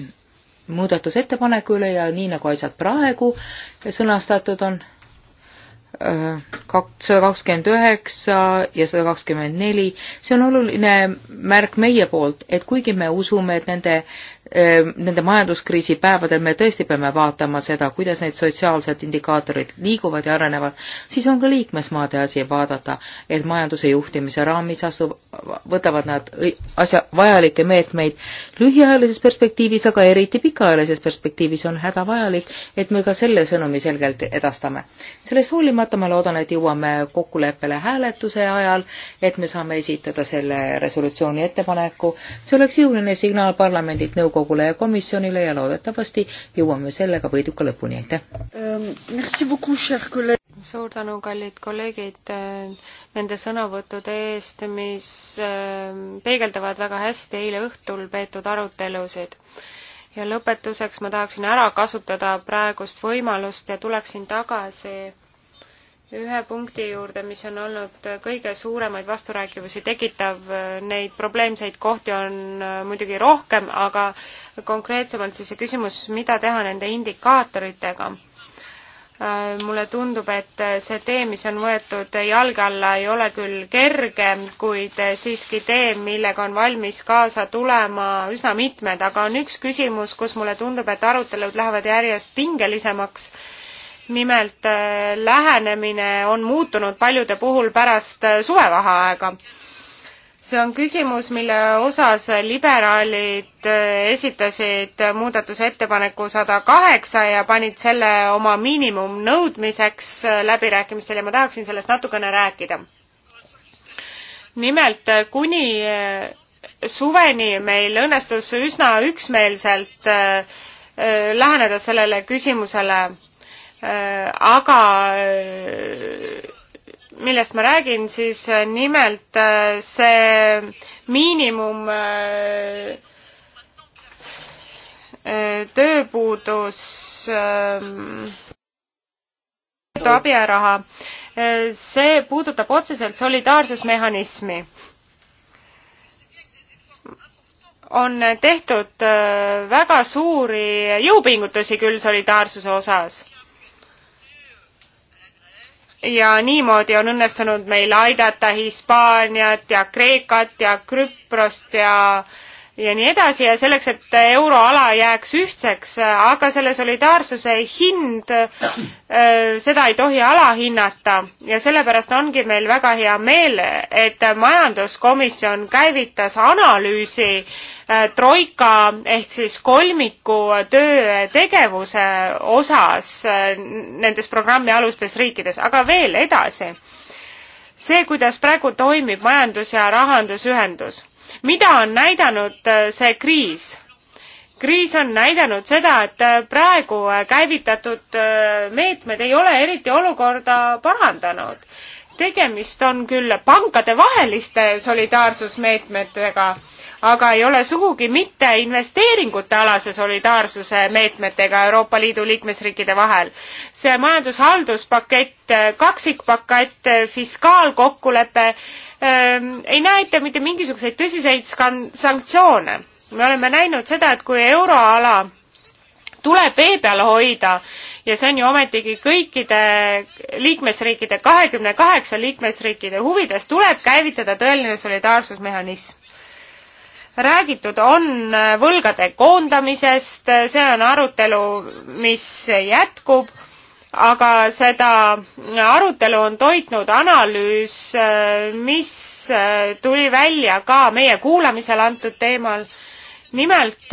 muudatusettepaneku üle ja nii nagu asjad praegu sõnastatud on sada kakskümmend üheksa ja sada kakskümmend neli, see on oluline märk meie poolt, et kuigi me usume, et nende äh, Ehm, nende majanduskriisi päevadel me tõesti peame vaatama seda, kuidas need sotsiaalsed indikaatorid liiguvad ja arenevad, siis on ka liikmesmaade asi vaadata, et majanduse juhtimise raamis astu-, võtavad nad asja, vajalikke meetmeid lühiajalises perspektiivis, aga eriti pikaajalises perspektiivis on hädavajalik, et me ka selle sõnumi selgelt edastame. sellest hoolimata ma loodan, et jõuame kokkuleppele hääletuse ajal, et me saame esitada selle resolutsiooni ettepaneku, see oleks jõuline signaal parlamendilt nõukogule, nõukogule ja komisjonile ja loodetavasti jõuame sellega võiduka lõpuni, aitäh! Ähm, suur tänu, kallid kolleegid, äh, nende sõnavõttude eest, mis ähm, peegeldavad väga hästi eile õhtul peetud arutelusid. ja lõpetuseks ma tahaksin ära kasutada praegust võimalust ja tuleksin tagasi ühe punkti juurde, mis on olnud kõige suuremaid vasturääkivusi tekitav, neid probleemseid kohti on äh, muidugi rohkem, aga konkreetsemalt siis see küsimus, mida teha nende indikaatoritega. Äh, mulle tundub, et see tee, mis on võetud jalge alla, ei ole küll kerge, kuid siiski tee, millega on valmis kaasa tulema üsna mitmed, aga on üks küsimus, kus mulle tundub, et arutelud lähevad järjest pingelisemaks nimelt äh, lähenemine on muutunud paljude puhul pärast äh, suvevaheaega. see on küsimus, mille osas liberaalid äh, esitasid muudatusettepaneku sada kaheksa ja panid selle oma miinimumnõudmiseks läbirääkimistel ja ma tahaksin sellest natukene rääkida. nimelt kuni suveni meil õnnestus üsna üksmeelselt läheneda sellele küsimusele Äh, aga äh, millest ma räägin, siis äh, nimelt see miinimum tööpuudus ähm, abiraha, see puudutab otseselt solidaarsusmehhanismi. on tehtud väga suuri jõupingutusi küll solidaarsuse osas ja niimoodi on õnnestunud meil aidata Hispaaniat ja Kreekat ja Küprost ja äh, ja nii edasi ja selleks, et euroala jääks ühtseks, aga selle solidaarsuse hind, äh, seda ei tohi alahinnata ja sellepärast ongi meil väga hea meel, et majanduskomisjon käivitas analüüsi äh, troika ehk siis kolmiku töö tegevuse osas äh, nendes programmi alustes riikides, aga veel edasi. see, kuidas praegu toimib majandus- ja rahandusühendus mida on näidanud äh, see kriis? kriis on näidanud seda, et äh, praegu äh, käivitatud meetmed ei ole eriti olukorda parandanud. tegemist on küll pankadevaheliste solidaarsusmeetmetega, aga ei ole sugugi mitte investeeringute alase solidaarsuse meetmetega Euroopa Liidu liikmesriikide vahel. see majandushalduspakett, kaksikpakett, fiskaalkokkulepe Ehm, ei näe ette mitte mingisuguseid tõsiseid sanktsioone. me oleme näinud seda, et kui euroala tuleb vee peal hoida ja see on ju ometigi kõikide liikmesriikide, kahekümne kaheksa liikmesriikide huvides, tuleb käivitada tõeline solidaarsusmehhanism. räägitud on äh, võlgade koondamisest, äh, see on arutelu, mis jätkub aga seda arutelu on toitnud analüüs, mis tuli välja ka meie kuulamisel antud teemal. nimelt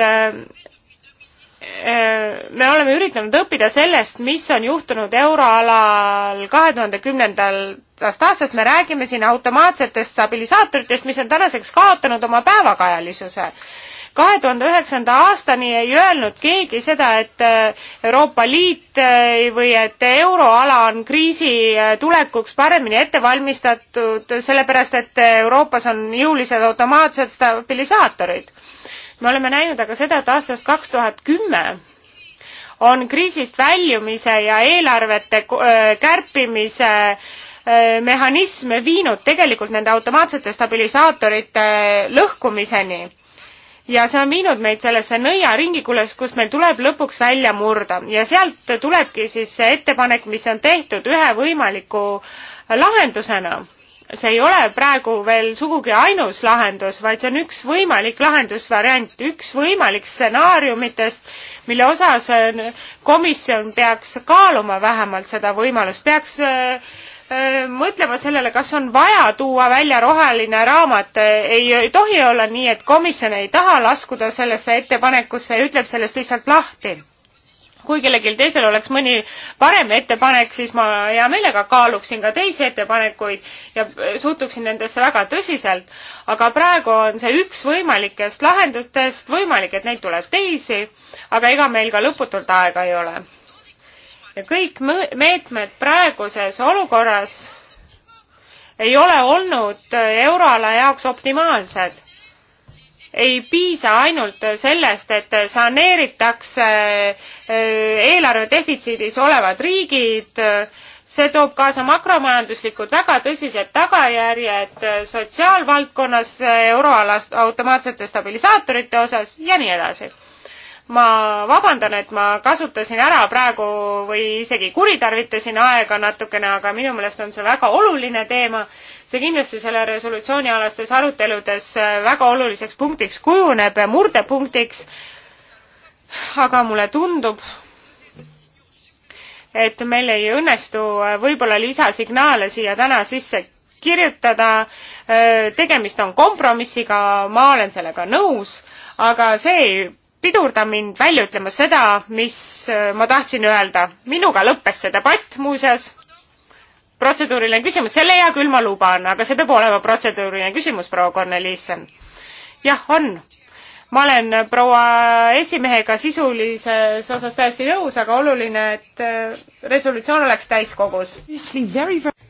me oleme üritanud õppida sellest, mis on juhtunud euroalal kahe tuhande kümnendast aastast, me räägime siin automaatsetest stabilisaatoritest, mis on tänaseks kaotanud oma päevakajalisuse kahe tuhande üheksanda aastani ei öelnud keegi seda, et äh, Euroopa Liit äh, või et euroala on kriisi äh, tulekuks paremini ette valmistatud, sellepärast et Euroopas on jõulised automaatsed stabilisaatorid. me oleme näinud aga seda, et aastast kaks tuhat kümme on kriisist väljumise ja eelarvete kärpimise mehhanism viinud tegelikult nende automaatsete stabilisaatorite lõhkumiseni ja see on viinud meid sellesse nõiaringikules, kus meil tuleb lõpuks välja murda ja sealt tulebki siis see ettepanek, mis on tehtud ühe võimaliku lahendusena. see ei ole praegu veel sugugi ainus lahendus, vaid see on üks võimalik lahendusvariant, üks võimalik stsenaariumitest, mille osas äh, komisjon peaks kaaluma vähemalt seda võimalust, peaks äh, mõtlema sellele, kas on vaja tuua välja roheline raamat. ei tohi olla nii, et komisjon ei taha laskuda sellesse ettepanekusse ja ütleb sellest lihtsalt lahti. kui kellelgi teisel oleks mõni parem ettepanek, siis ma hea meelega kaaluksin ka teisi ettepanekuid ja suhtuksin nendesse väga tõsiselt. aga praegu on see üks võimalikest lahendustest, võimalik, et neid tuleb teisi, aga ega meil ka lõputult aega ei ole ja kõik meetmed praeguses olukorras ei ole olnud äh, euroala jaoks optimaalsed. ei piisa ainult sellest, et saneeritakse äh, eelarve defitsiidis olevad riigid, see toob kaasa makromajanduslikud väga tõsised tagajärjed äh, sotsiaalvaldkonnas, euroalast automaatsete stabilisaatorite osas ja nii edasi ma vabandan, et ma kasutasin ära praegu või isegi kuritarvitasin aega natukene, aga minu meelest on see väga oluline teema. see kindlasti selle resolutsiooni alastes aruteludes väga oluliseks punktiks kujuneb, murdepunktiks. aga mulle tundub, et meil ei õnnestu võib-olla lisasignaale siia täna sisse kirjutada. tegemist on kompromissiga, ma olen sellega nõus, aga see ei pidurda mind välja ütlema seda, mis äh, ma tahtsin öelda. minuga lõppes see debatt muuseas. protseduuriline küsimus, selle hea küll ma luban, aga see peab olema protseduuriline küsimus, proua Korneliisen. jah, on. ma olen proua esimehega sisulises osas täiesti nõus, aga oluline, et äh, resolutsioon oleks täiskogus.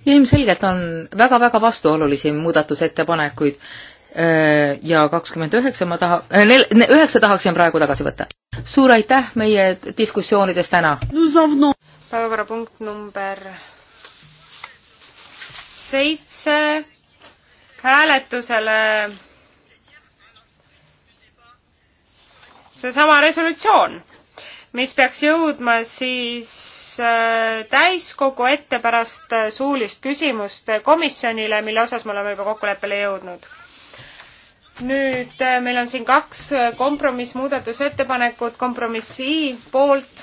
ilmselgelt on väga-väga vastuolulisi muudatusettepanekuid Äh, ja kakskümmend üheksa ma taha, äh, nel-, üheksa tahaksin praegu tagasi võtta. suur aitäh meie diskussioonides täna! päevakorrapunkt number seitse hääletusele seesama resolutsioon, mis peaks jõudma siis äh, täiskogu ette pärast suulist küsimust komisjonile, mille osas me oleme juba kokkuleppele jõudnud nüüd äh, meil on siin kaks äh, kompromissmuudatusettepanekut, kompromissi poolt,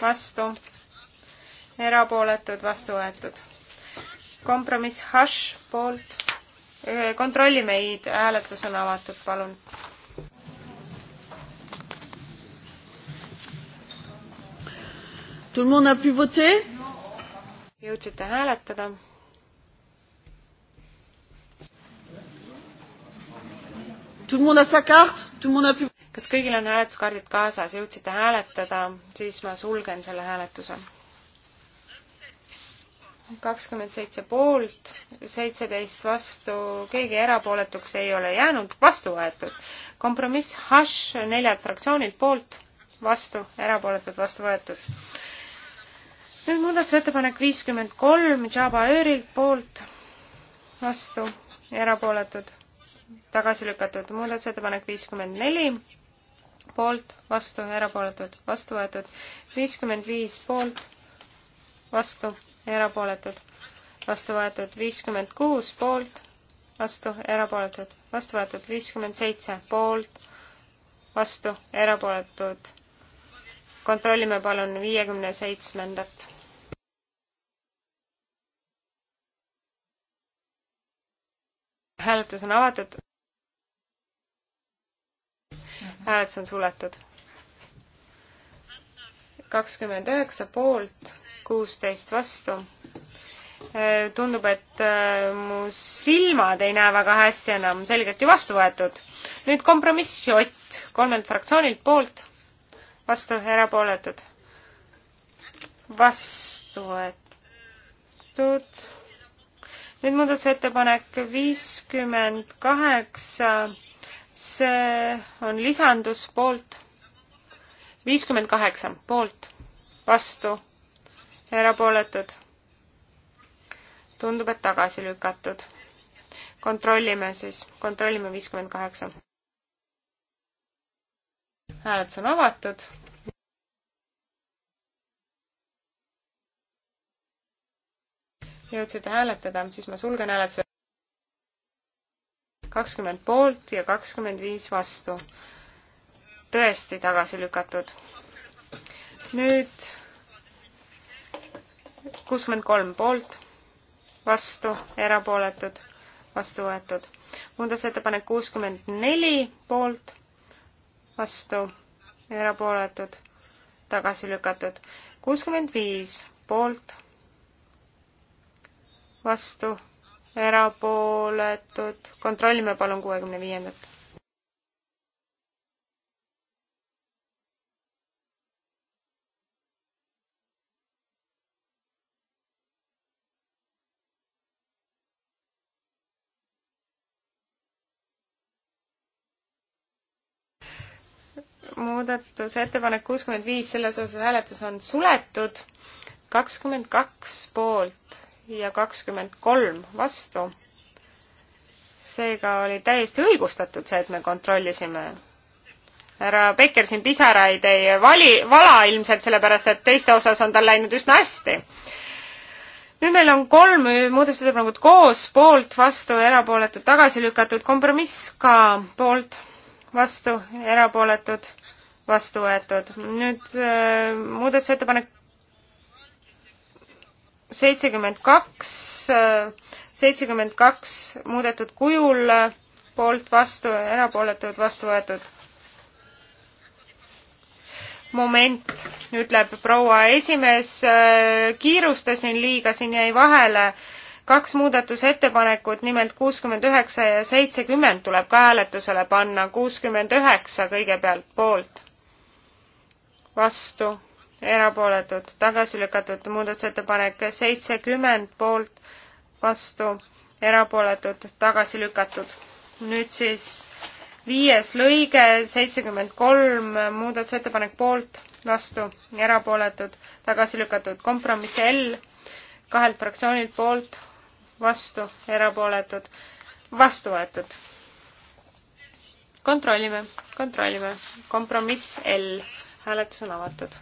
vastu, erapooletud, vastu võetud. kompromiss hash poolt, äh, kontrolli meid, hääletus on avatud, palun. jõudsite hääletada kas kõigil on hääletuskaardid kaasas, jõudsite hääletada, siis ma sulgen selle hääletuse. kakskümmend seitse poolt, seitseteist vastu, keegi erapooletuks ei ole jäänud, vastu võetud. kompromiss hash neljalt fraktsioonilt poolt, vastu, erapooletud, vastu võetud. nüüd muudatusettepanek viiskümmend kolm, Java Öörilt poolt, vastu, erapooletud tagasi lükatud. muudatusettepanek viiskümmend neli, poolt, vastu, erapooletud, vastu võetud. viiskümmend viis poolt, vastu, erapooletud, vastu võetud. viiskümmend kuus poolt, vastu, erapooletud, vastu võetud. viiskümmend seitse poolt, vastu, erapooletud. kontrollime palun viiekümne seitsmendat hääletus on avatud. hääletus on suletud. kakskümmend üheksa poolt, kuusteist vastu. tundub, et äh, mu silmad ei näe väga hästi enam, selgelt ju vastu võetud. nüüd kompromiss J kolmelt fraktsioonilt poolt, vastu erapooletud, vastu võetud nüüd muudatusettepanek viiskümmend kaheksa, see on lisandus poolt, viiskümmend kaheksa poolt, vastu, erapooletud. tundub, et tagasi lükatud. kontrollime siis, kontrollime viiskümmend kaheksa. hääletus on avatud jõudsite hääletada, siis ma sulgen hääletuse. kakskümmend poolt ja kakskümmend viis vastu. tõesti tagasi lükatud. nüüd kuuskümmend kolm poolt, vastu, erapooletud, vastu võetud. muudatusettepanek kuuskümmend neli poolt, vastu, erapooletud, tagasi lükatud. kuuskümmend viis poolt vastu, erapooletud, kontrollime palun kuuekümne viiendat. muudatusettepanek kuuskümmend viis, selles osas hääletus on suletud, kakskümmend kaks poolt ja kakskümmend kolm vastu. seega oli täiesti õigustatud see, et me kontrollisime. härra Becker siin pisaraid ei vali, vala ilmselt sellepärast, et teiste osas on tal läinud üsna hästi. nüüd meil on kolm muudatusettepanekut koos, poolt, vastu, erapooletud, tagasi lükatud, kompromiss ka poolt, vastu, erapooletud, vastu võetud. nüüd äh, muudatusettepanek seitsekümmend kaks, seitsekümmend kaks muudetud kujul poolt vastu, erapooletud vastu võetud. moment, ütleb proua esimees, kiirustasin liiga, siin jäi vahele kaks muudatusettepanekut, nimelt kuuskümmend üheksa ja seitsekümmend tuleb ka hääletusele panna, kuuskümmend üheksa kõigepealt poolt, vastu erapooletud, tagasi lükatud muudatusettepanek seitsekümmend poolt, vastu, erapooletud, tagasi lükatud. nüüd siis viies lõige, seitsekümmend kolm muudatusettepanek poolt, vastu, erapooletud, tagasi lükatud. kompromiss L kahelt fraktsioonilt poolt, vastu, erapooletud, vastu võetud. kontrollime, kontrollime. kompromiss L, hääletus on avatud.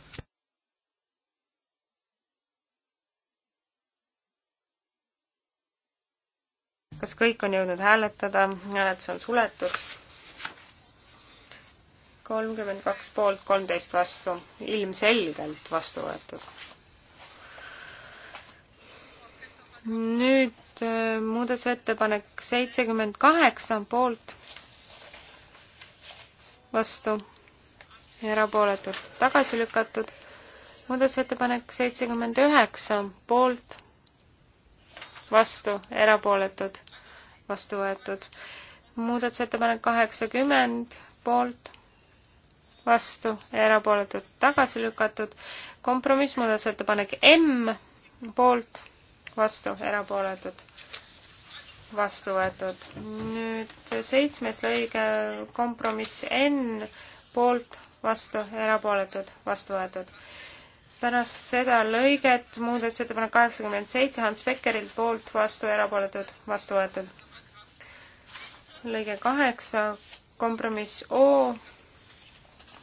kas kõik on jõudnud hääletada? hääletus on suletud. kolmkümmend kaks poolt, kolmteist vastu, ilmselgelt vastu võetud. nüüd äh, muudatusettepanek seitsekümmend kaheksa poolt, vastu, erapooletult tagasi lükatud. muudatusettepanek seitsekümmend üheksa poolt vastu, erapooletud, vastu võetud. muudatusettepanek kaheksakümmend, poolt, vastu, erapooletud, tagasi lükatud. kompromiss, muudatusettepanek M, poolt, vastu, erapooletud, vastu võetud. nüüd seitsmes lõige, kompromiss N, poolt, vastu, erapooletud, vastu võetud pärast seda lõiget muudatusettepanek kaheksakümmend seitse Hans Beckerilt poolt vastu erapooletud vastu võetud. lõige kaheksa kompromiss O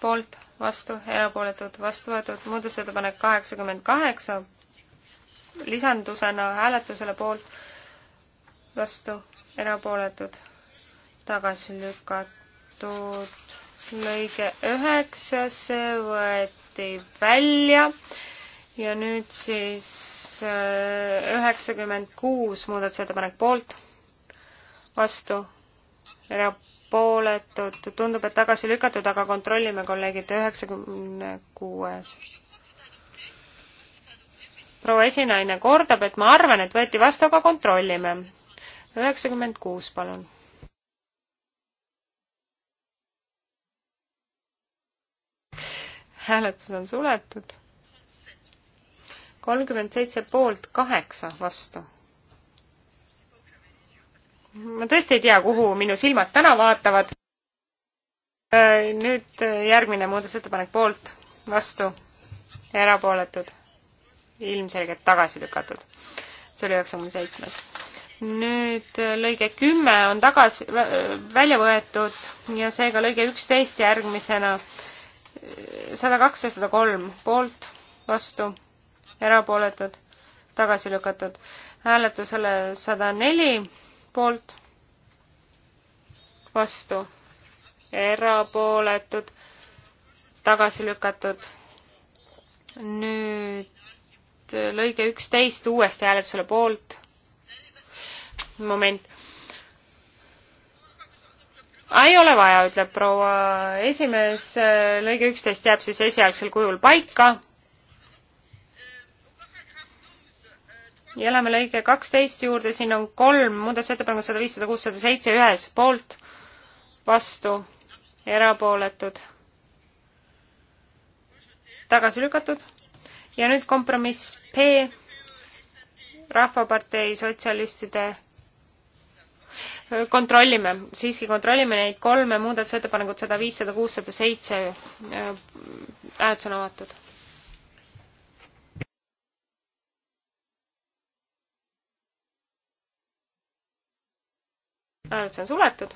poolt vastu erapooletud vastu võetud muudatusettepanek kaheksakümmend kaheksa lisandusena hääletusele poolt vastu erapooletud tagasi lükatud lõige üheksa see võeti jäeti välja ja nüüd siis äh, üheksakümmend kuus muudatusettepanek poolt, vastu, erapooletud, tundub, et tagasi lükatud, aga kontrollime, kolleegid, üheksakümne kuues. proua esinaine kordab, et ma arvan, et võeti vastu, aga kontrollime. üheksakümmend kuus, palun hääletus on suletud. kolmkümmend seitse poolt, kaheksa vastu. ma tõesti ei tea, kuhu minu silmad täna vaatavad. Äh, nüüd äh, järgmine muudatusettepanek poolt, vastu, erapooletud, ilmselgelt tagasi lükatud. see oli üheksakümne seitsmes nüüd äh, lõige kümme on tagasi, välja võetud ja seega lõige üksteist järgmisena sada kaks ja sada kolm poolt, vastu, erapooletud, tagasi lükatud. hääletusele sada neli poolt, vastu, erapooletud, tagasi lükatud. nüüd lõige üksteist uuesti hääletusele poolt. moment, ei ole vaja, ütleb proua esimees, lõige üksteist jääb siis esialgsel kujul paika. ja läheme lõige kaksteist juurde, siin on kolm muudatusettepanekut, sada viis, sada kuus, sada seitse ühes poolt, vastu, erapooletud, tagasi lükatud ja nüüd kompromiss P, Rahvapartei Sotsialistide kontrollime, siiski kontrollime neid kolme muudatusettepanekut, sada viis, sada kuus, sada seitse. hääletus on avatud. hääletus on suletud.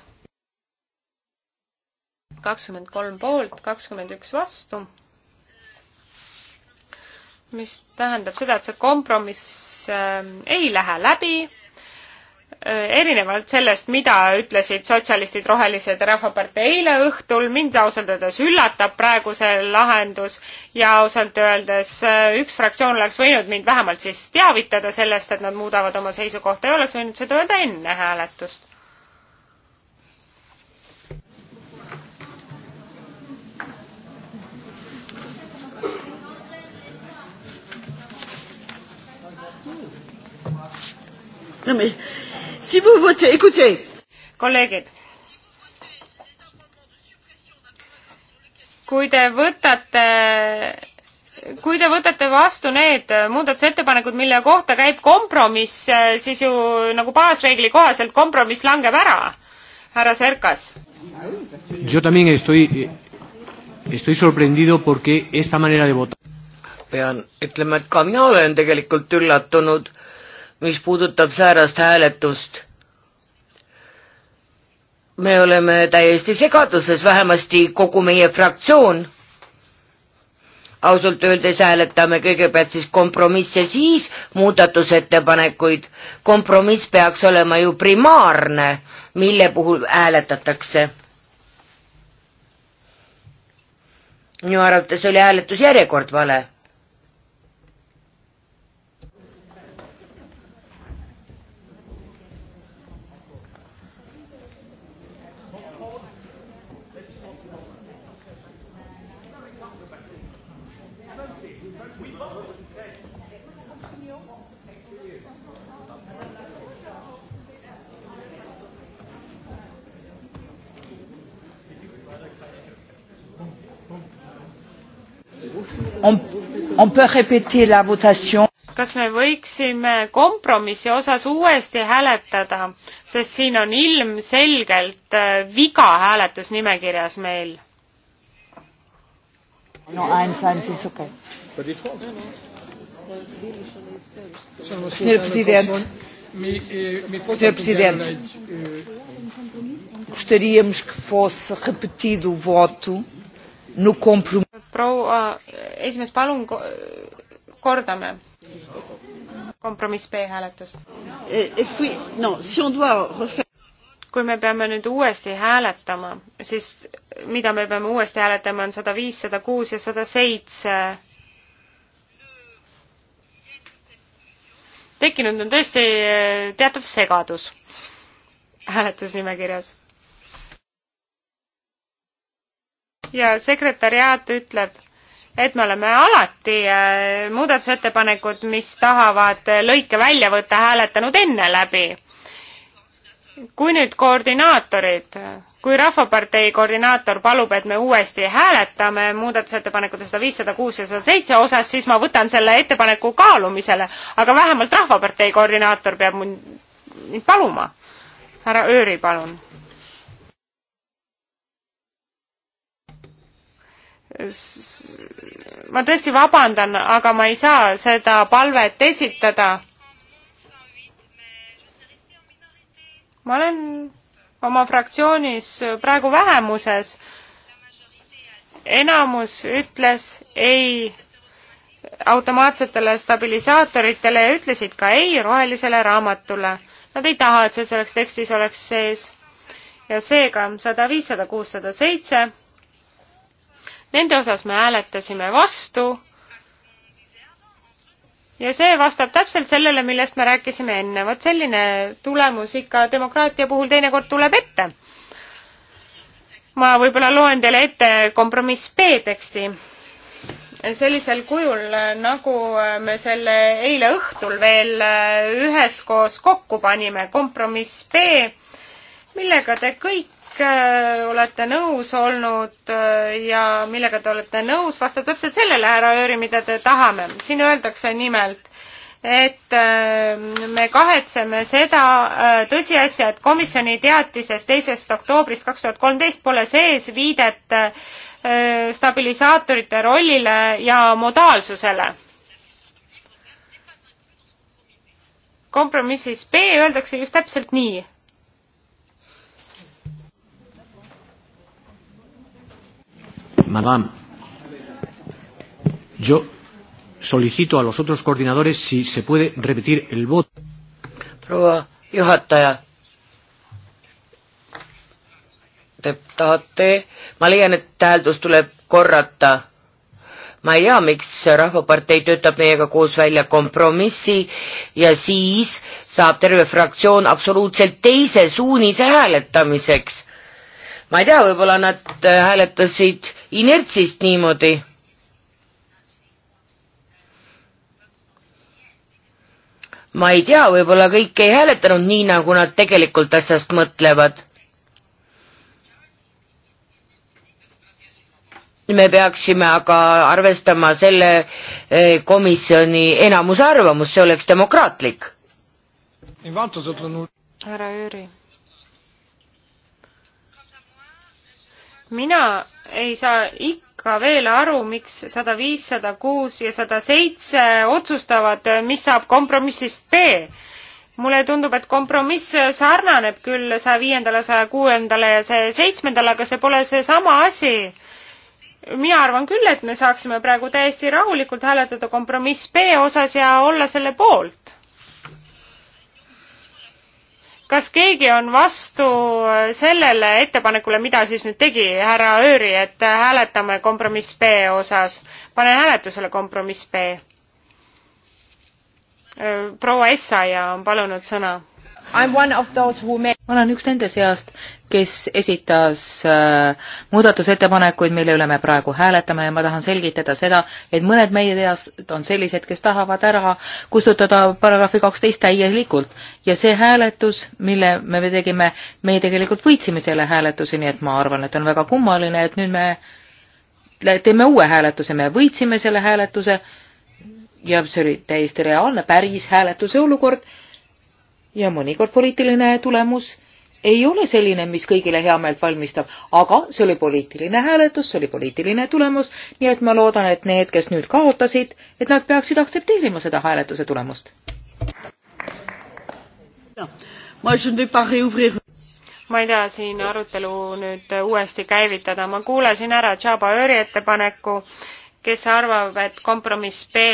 kakskümmend kolm poolt, kakskümmend üks vastu mis tähendab seda, et see kompromiss äh, ei lähe läbi Äh, erinevalt sellest, mida ütlesid sotsialistid, rohelised ja Rahvapartei eile õhtul, mind ausalt öeldes üllatab praegu see lahendus ja ausalt öeldes äh, üks fraktsioon oleks võinud mind vähemalt siis teavitada sellest, et nad muudavad oma seisukohta ja oleks võinud seda öelda enne hääletust. no me Si vous votez, écoutez. kolleegid, kui te võtate kui te võtate vastu need muudatusettepanekud, mille kohta käib kompromiss, siis ju nagu baasreegli kohaselt kompromiss langeb ära, härra Serkas. pean ütlema, et ka mina olen tegelikult üllatunud mis puudutab säärast hääletust. me oleme täiesti segaduses, vähemasti kogu meie fraktsioon. ausalt öeldes hääletame kõigepealt siis kompromisse, siis muudatusettepanekuid. kompromiss peaks olema ju primaarne, mille puhul hääletatakse minu arvates oli hääletusjärjekord vale on, on peut répéter la votation? kas me võiksime kompromissi osas uuesti hääletada, sest siin on ilmselgelt äh, viga hääletusnimekirjas meil. no eins, eins, it's okay. Senhor Presidente, Senhor Presidente, gostaríamos que fosse repetido o voto no compromisso proua esimees, palun kordame kompromiss B hääletust. kui me peame nüüd uuesti hääletama, siis mida me peame uuesti hääletama, on sada viis, sada kuus ja sada seitse. tekkinud on tõesti eh, teatav segadus hääletusnimekirjas ja sekretäriaat ütleb, et me oleme alati äh, muudatusettepanekud, mis tahavad äh, lõike välja võtta, hääletanud enne läbi. kui nüüd koordinaatorid, kui Rahvapartei koordinaator palub, et me uuesti hääletame muudatusettepanekute sada viis, sada kuus ja sada seitse osas, siis ma võtan selle ettepaneku kaalumisele, aga vähemalt Rahvapartei koordinaator peab mind paluma. härra Ööri, palun ma tõesti vabandan, aga ma ei saa seda palvet esitada. ma olen oma fraktsioonis praegu vähemuses. enamus ütles ei automaatsetele stabilisaatoritele ja ütlesid ka ei rohelisele raamatule. Nad ei taha, et see selleks tekstis oleks sees. ja seega sada viis, sada kuus, sada seitse Nende osas me hääletasime vastu. ja see vastab täpselt sellele, millest me rääkisime enne. vot selline tulemus ikka demokraatia puhul teinekord tuleb ette. ma võib-olla loen teile ette kompromiss B teksti sellisel kujul, nagu me selle eile õhtul veel üheskoos kokku panime, kompromiss B, millega te kõik kõik äh, olete nõus olnud äh, ja millega te olete nõus, vastab täpselt sellele, härra Ööri, mida te tahame. siin öeldakse nimelt, et äh, me kahetseme seda tõsiasja, et komisjoni teatises teisest oktoobrist kaks tuhat kolmteist pole sees viidet stabilisaatorite rollile ja modaalsusele kompromissis B öeldakse just täpselt nii. Madame, yo solicito a los otros coordinadores si se puede repetir el voto. proua juhataja, te tahate, ma leian, et hääldus tuleb korrata ma ei tea, miks Rahvapartei töötab meiega koos välja kompromissi ja siis saab terve fraktsioon absoluutselt teise suunise hääletamiseks. ma ei tea, võib-olla nad hääletasid inertsist niimoodi. ma ei tea, võib-olla kõik ei hääletanud nii, nagu nad tegelikult asjast mõtlevad. me peaksime aga arvestama selle eh, komisjoni enamuse arvamust, see oleks demokraatlik. härra Jüri mina ei saa ikka veel aru, miks sada viis, sada kuus ja sada seitse otsustavad, mis saab kompromissist B. mulle tundub, et kompromiss sarnaneb küll saja viiendale, saja kuuendale ja see seitsmendale, aga see pole seesama asi. mina arvan küll, et me saaksime praegu täiesti rahulikult hääletada kompromiss B osas ja olla selle poolt kas keegi on vastu äh, sellele ettepanekule, mida siis nüüd tegi härra Ööri, et äh, hääletame kompromiss B osas? panen hääletusele kompromiss B. Äh, proua Essaja on palunud sõna. ma olen üks nende seast, kes esitas äh, muudatusettepanekuid, mille üle me praegu hääletame ja ma tahan selgitada seda, et mõned meie teast on sellised, kes tahavad ära kustutada paragrahvi kaksteist täielikult ja see hääletus, mille me tegime, meie tegelikult võitsime selle hääletuse, nii et ma arvan, et on väga kummaline, et nüüd me teeme uue hääletuse, me võitsime selle hääletuse ja see oli täiesti reaalne, päris hääletuse olukord ja mõnikord poliitiline tulemus ei ole selline, mis kõigile heameelt valmistab, aga see oli poliitiline hääletus, see oli poliitiline tulemus, nii et ma loodan, et need, kes nüüd kaotasid, et nad peaksid aktsepteerima seda hääletuse tulemust. ma ei taha siin arutelu nüüd uuesti käivitada, ma kuulasin ära Tšaba Ööri ettepaneku, kes arvab, et kompromiss B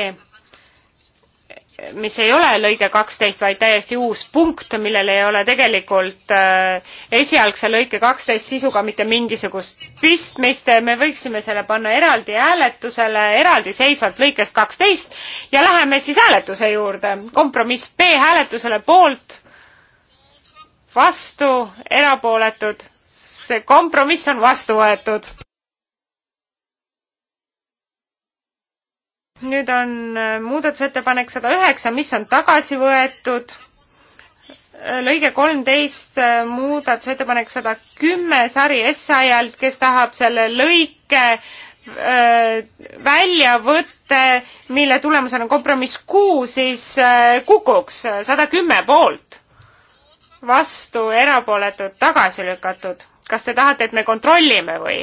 mis ei ole lõige kaksteist, vaid täiesti uus punkt, millel ei ole tegelikult äh, esialgse lõike kaksteist sisuga mitte mingisugust pistmist. me võiksime selle panna eraldi hääletusele, eraldiseisvalt lõikest kaksteist ja läheme siis hääletuse juurde. kompromiss B hääletusele poolt, vastu, erapooletud. see kompromiss on vastu võetud. nüüd on äh, muudatusettepanek sada üheksa, mis on tagasi võetud. Äh, lõige kolmteist, äh, muudatusettepanek sada kümme, sari Essayalt, kes tahab selle lõike väljavõtte, mille tulemusena kompromiss kuu siis kukuks sada kümme poolt, vastu erapooletud, tagasi lükatud. kas te tahate, et me kontrollime või?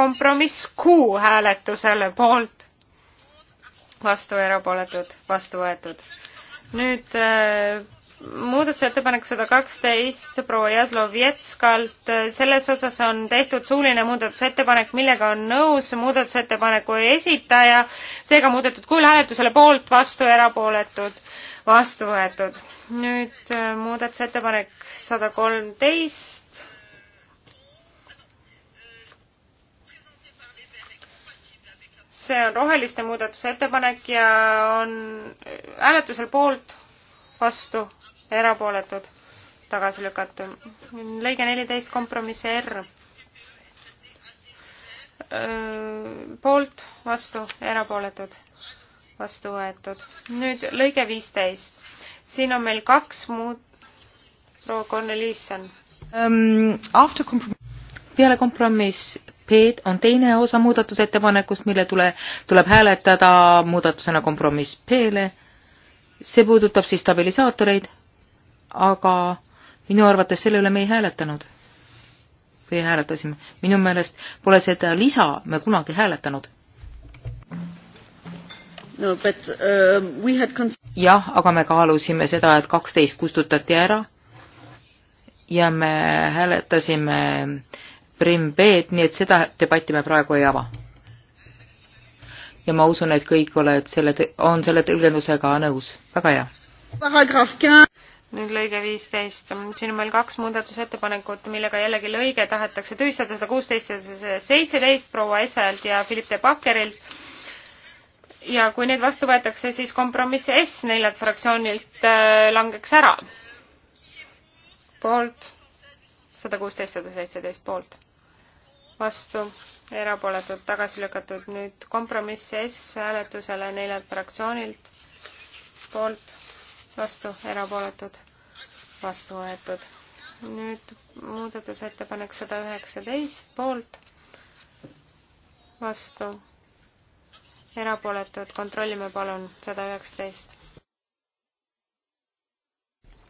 kompromiss Q hääletusele poolt, vastu erapooletud, vastu võetud. nüüd äh, muudatusettepanek sada kaksteist proua Jaslovjetskalt, selles osas on tehtud suuline muudatusettepanek, millega on nõus muudatusettepaneku esitaja, seega muudetud kujul hääletusele poolt, vastu, erapooletud, vastu võetud. nüüd äh, muudatusettepanek sada kolmteist see on roheliste muudatusettepanek ja on hääletusel poolt, vastu, erapooletud, tagasi lükatud. lõige neliteist, kompromiss R. poolt, vastu, erapooletud, vastu võetud. nüüd lõige viisteist. siin on meil kaks muud, proua Kornelisson um,. Ähm, peale kompromiss B-d on teine osa muudatusettepanekust, mille tule, tuleb hääletada muudatusena kompromiss B-le. see puudutab siis stabilisaatoreid, aga minu arvates selle üle me ei hääletanud või hääletasime. minu meelest pole seda lisa me kunagi hääletanud. No, but, uh, had... jah, aga me kaalusime seda, et kaksteist kustutati ära ja me hääletasime Prim B-d, nii et seda debatti me praegu ei ava. ja ma usun, et kõik oled selle, on selle tõlgendusega nõus. väga hea. nüüd lõige viisteist, siin on meil kaks muudatusettepanekut, millega jällegi lõige tahetakse tühistada, sada kuusteist ja seitseteist proua Eselt ja Philipp de Bakkerilt ja kui need vastu võetakse, siis kompromiss S neljalt fraktsioonilt äh, langeks ära. poolt sada kuusteist, sada seitseteist poolt vastu, erapooletud, tagasi lükatud. nüüd kompromiss S hääletusele neljalt fraktsioonilt, poolt, vastu, erapooletud, vastu võetud. nüüd muudatusettepanek sada üheksateist, poolt, vastu, erapooletud, kontrollime palun, sada üheksateist.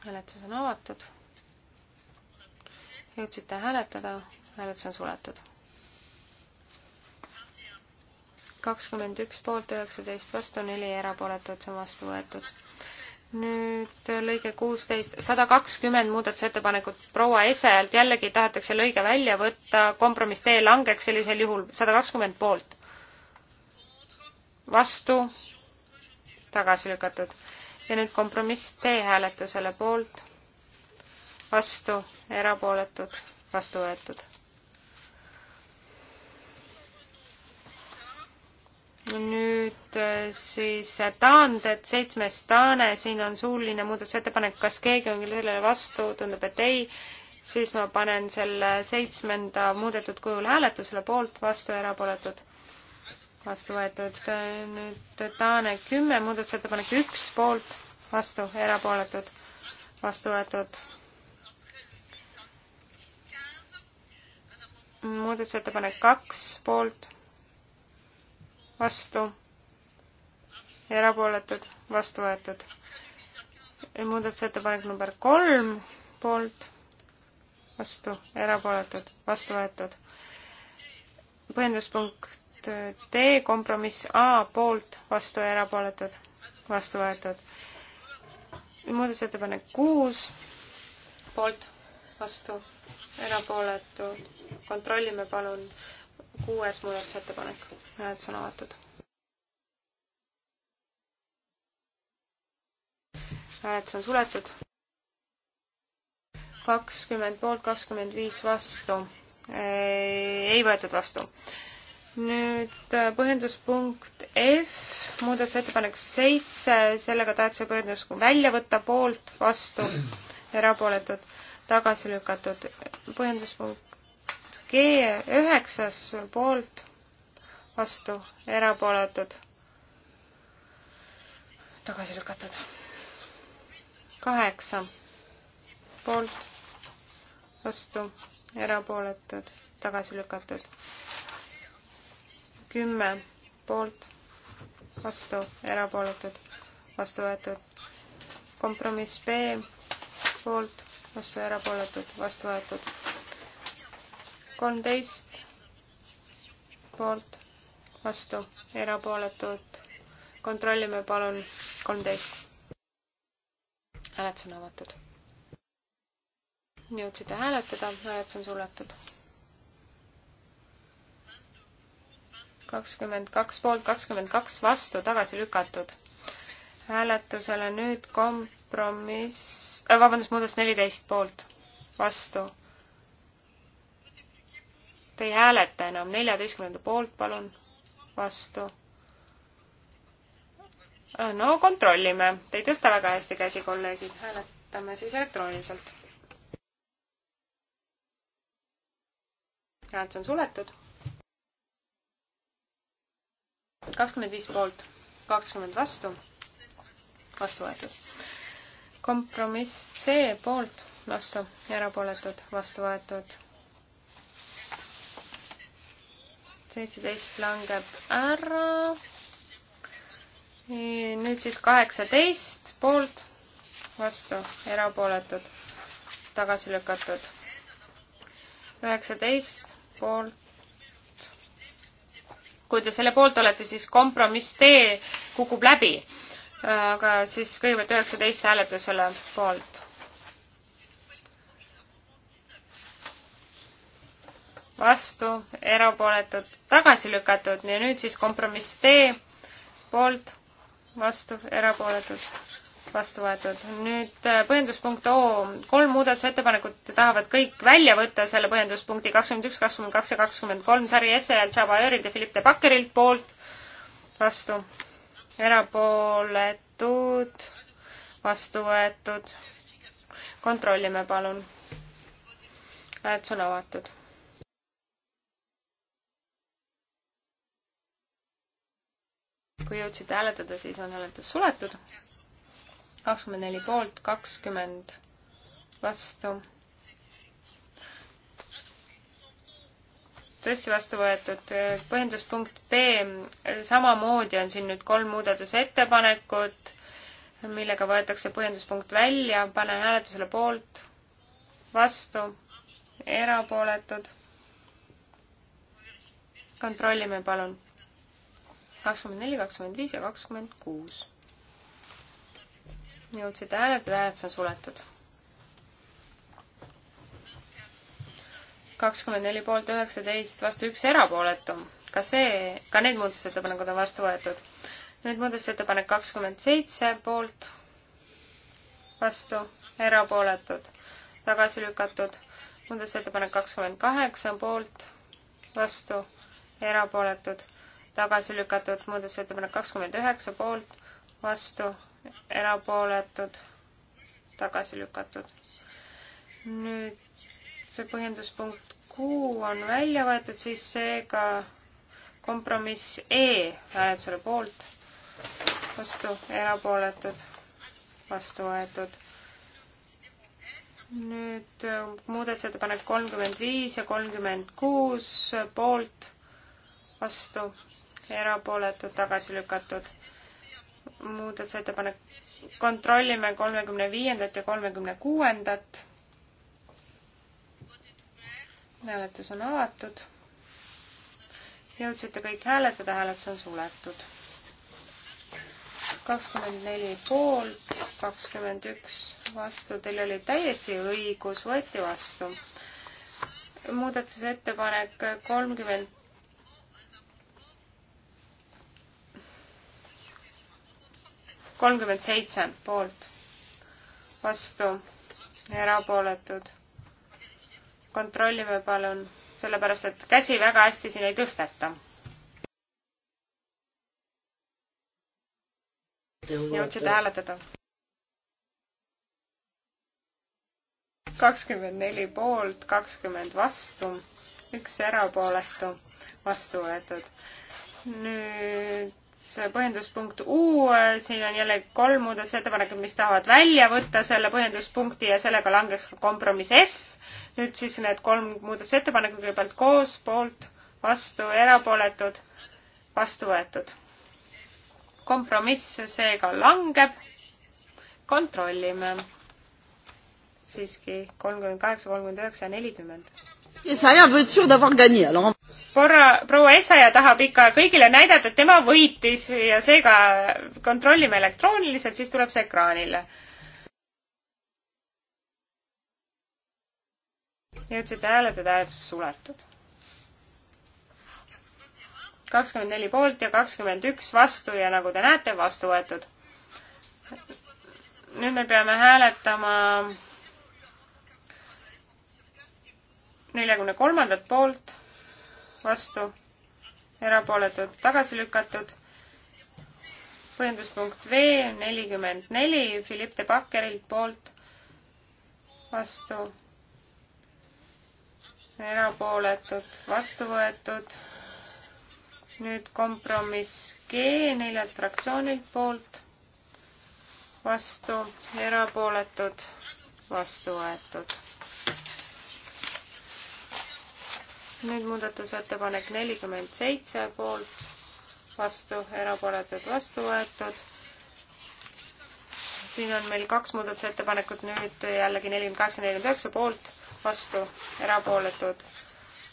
hääletus on avatud. jõudsite hääletada, hääletus on suletud kakskümmend üks poolt, üheksateist vastu, neli erapooletut, see on vastu võetud. nüüd lõige kuusteist, sada kakskümmend muudatusettepanekut proua Eselt, jällegi tahetakse lõige välja võtta, kompromiss tee langeks sellisel juhul, sada kakskümmend poolt. vastu, tagasi lükatud. ja nüüd kompromiss tee hääletusele poolt, vastu, erapooletud, vastu võetud nüüd äh, siis äh, taanded, seitsmes taane, siin on suuline muudatusettepanek, kas keegi on sellele vastu, tundub, et ei, siis ma panen selle seitsmenda muudetud kujul hääletusele, poolt, vastu, erapooletud, vastu võetud. nüüd äh, taane kümme, muudatusettepanek üks, poolt, vastu, erapooletud, vastu võetud. muudatusettepanek kaks, poolt vastu, erapooletud, vastu võetud. muudatusettepanek number kolm, poolt, vastu, erapooletud, vastu võetud. põhjenduspunkt D, kompromiss A, poolt, vastu, erapooletud, vastu võetud. muudatusettepanek kuus, poolt, vastu, erapooletu. kontrollime palun kuues muudatusettepanek hääletus on avatud. hääletus on suletud. kakskümmend poolt, kakskümmend viis vastu. ei võetud vastu. nüüd äh, põhjenduspunkt F, muudatusettepanek seitse, sellega tahetakse põhjendus välja võtta, poolt, vastu, erapooletud, tagasi lükatud. põhjenduspunkt G üheksas poolt vastu, erapooletud, tagasi lükatud. kaheksa, poolt, vastu, erapooletud, tagasi lükatud. kümme, poolt, vastu, erapooletud, vastu võetud. kompromiss B, poolt, vastu, erapooletud, vastu võetud. kolmteist, poolt, vastu, erapooletud. kontrollime palun kolmteist. hääletus on avatud. jõudsite hääletada, hääletus on suletud. kakskümmend kaks poolt, kakskümmend kaks vastu, tagasi lükatud. hääletusele nüüd kompromiss äh,, vabandust, muudatus neliteist poolt, vastu. Te ei hääleta enam, neljateistkümnenda poolt, palun vastu. no kontrollime, te ei tõsta väga hästi käsi, kolleegid, hääletame siis elektrooniliselt. hääletus on suletud. kakskümmend viis poolt, kakskümmend vastu, vastu võetud. kompromiss C poolt, vastu, erapooletud, vastu võetud seitseteist langeb ära. nüüd siis kaheksateist poolt, vastu, erapooletud, tagasi lükatud. üheksateist poolt. kui te selle poolt olete, siis kompromiss D kukub läbi. aga siis kõigepealt üheksateist hääletusele poolt, vastu, erapooletud, tagasi lükatud ja nüüd siis kompromiss D poolt, vastu, erapooletud, vastu võetud. nüüd äh, põhjenduspunkt O, kolm muudatusettepanekut tahavad kõik välja võtta selle põhjenduspunkti kakskümmend üks, kakskümmend kaks ja kakskümmend kolm sari SL Jabaörilt ja Philippe de Bakkerilt poolt, vastu, erapooletud, vastu võetud. kontrollime palun. hääletus on avatud kui jõudsite hääletada, siis on hääletus suletud. kakskümmend neli poolt, kakskümmend vastu. tõesti vastu võetud. põhjenduspunkt B, samamoodi on siin nüüd kolm muudatusettepanekut, millega võetakse põhjenduspunkt välja, panen hääletusele poolt, vastu, erapooletud. kontrollime palun kakskümmend neli, kakskümmend viis ja kakskümmend kuus. jõudsite hääletada, hääletus on suletud. kakskümmend neli poolt üheksateist, vastu üks erapooletu. ka see, ka need muudatusettepanekud on vastu võetud. nüüd muudatusettepanek kakskümmend seitse poolt, vastu, erapooletud, tagasi lükatud. muudatusettepanek kakskümmend kaheksa poolt, vastu, erapooletud tagasi lükatud, muudatusettepanek kakskümmend üheksa poolt, vastu, erapooletud, tagasi lükatud. nüüd see põhjenduspunkt Q on välja võetud, siis seega kompromiss E hääletusele poolt, vastu, erapooletud, vastu võetud. nüüd äh, muudatusettepanek kolmkümmend viis ja kolmkümmend kuus poolt, vastu, erapooletud, tagasi lükatud. muudatusettepanek, kontrollime kolmekümne viiendat ja kolmekümne kuuendat. hääletus on avatud. jõudsite kõik hääletada, hääletus on suletud. kakskümmend neli poolt, kakskümmend üks vastu, teil oli täiesti õigus, võeti vastu muudatusettepanek kolmkümmend kolmkümmend seitse poolt, vastu, erapooletud. kontrollime palun, sellepärast et käsi väga hästi siin ei tõsteta. jõudsite hääletada? kakskümmend neli poolt, kakskümmend vastu, üks erapooletu, vastu võetud. nüüd põhjenduspunkt U, siin on jälle kolm muudatusettepanekut, mis tahavad välja võtta selle põhjenduspunkti ja sellega langeks ka kompromiss F. nüüd siis need kolm muudatusettepanekut kõigepealt koos, poolt, vastu, erapooletud, vastu võetud. kompromiss seega langeb. kontrollime siiski kolmkümmend kaheksa, kolmkümmend üheksa ja nelikümmend korra proua Essaja tahab ikka kõigile näidata, et tema võitis ja seega kontrollime elektrooniliselt, siis tuleb see ekraanile. jõudsite hääletada, hääletus suletud. kakskümmend neli poolt ja kakskümmend üks vastu ja nagu te näete, vastu võetud. nüüd me peame hääletama neljakümne kolmandat poolt, vastu, erapooletud, tagasi lükatud. põhjenduspunkt V nelikümmend neli Philipp de Bakkerilt poolt, vastu, erapooletud, vastu võetud. nüüd kompromiss G neljalt fraktsioonilt poolt, vastu, erapooletud, vastu võetud nüüd muudatusettepanek nelikümmend seitse poolt, vastu, erapooletud, vastu võetud. siin on meil kaks muudatusettepanekut nüüd jällegi nelikümmend kaheksa, nelikümmend üheksa poolt, vastu, erapooletud,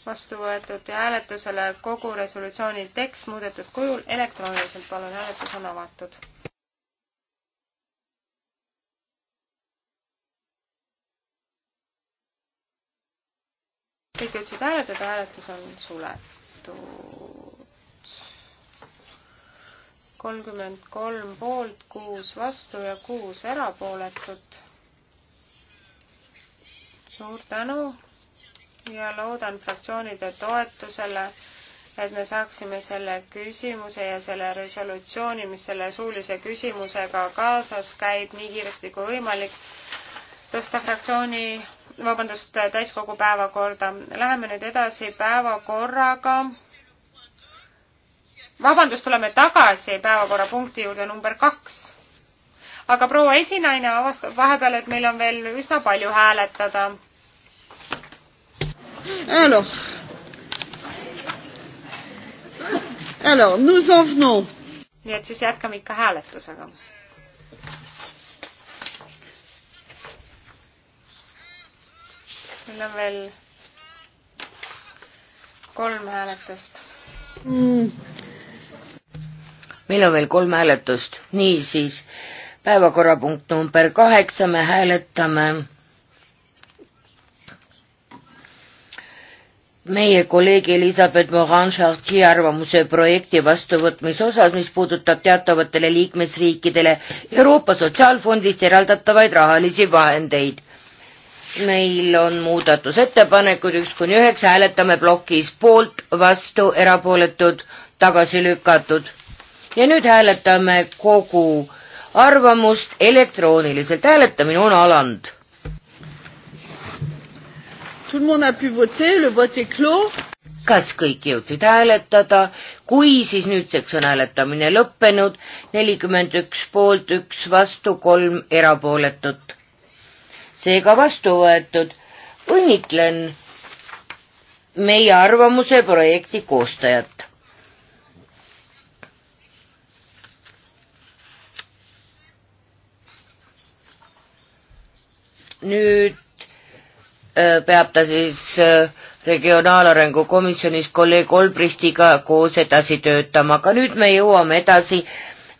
vastu võetud ja hääletusele kogu resolutsiooni tekst muudetud kujul elektrooniliselt, palun, hääletus on avatud. kõik ütlesid hääletada, hääletus on suletud. kolmkümmend kolm poolt, kuus vastu ja kuus erapooletut. suur tänu ja loodan fraktsioonide toetusele, et me saaksime selle küsimuse ja selle resolutsiooni, mis selle suulise küsimusega kaasas käib, nii kiiresti kui võimalik, tõsta fraktsiooni vabandust, täiskogu päevakorda. Läheme nüüd edasi päevakorraga. vabandust, tuleme tagasi päevakorrapunkti juurde number kaks. aga proua esinaine avastab vahepeal, et meil on veel üsna palju hääletada. Alors, alors nous en venons. nii et siis jätkame ikka hääletusega. meil on veel kolm hääletust mm.. meil on veel kolm hääletust, niisiis päevakorrapunkt number kaheksa, me hääletame meie kolleegi Elizabeth Morin-Chartier arvamuse projekti vastuvõtmise osas, mis puudutab teatavatele liikmesriikidele Euroopa Sotsiaalfondist eraldatavaid rahalisi vahendeid meil on muudatusettepanekud üks kuni üheksa, hääletame plokis poolt, vastu, erapooletud, tagasi lükatud. ja nüüd hääletame kogu arvamust elektrooniliselt, hääletamine on alanud. kas kõik jõudsid hääletada, kui siis nüüdseks on hääletamine lõppenud, nelikümmend üks poolt, üks vastu, kolm erapooletut seega vastu võetud. õnnitlen meie arvamuse projekti koostajat. nüüd äh, peab ta siis äh, regionaalarengu komisjonis kolleeg Olbrichtiga koos edasi töötama, aga nüüd me jõuame edasi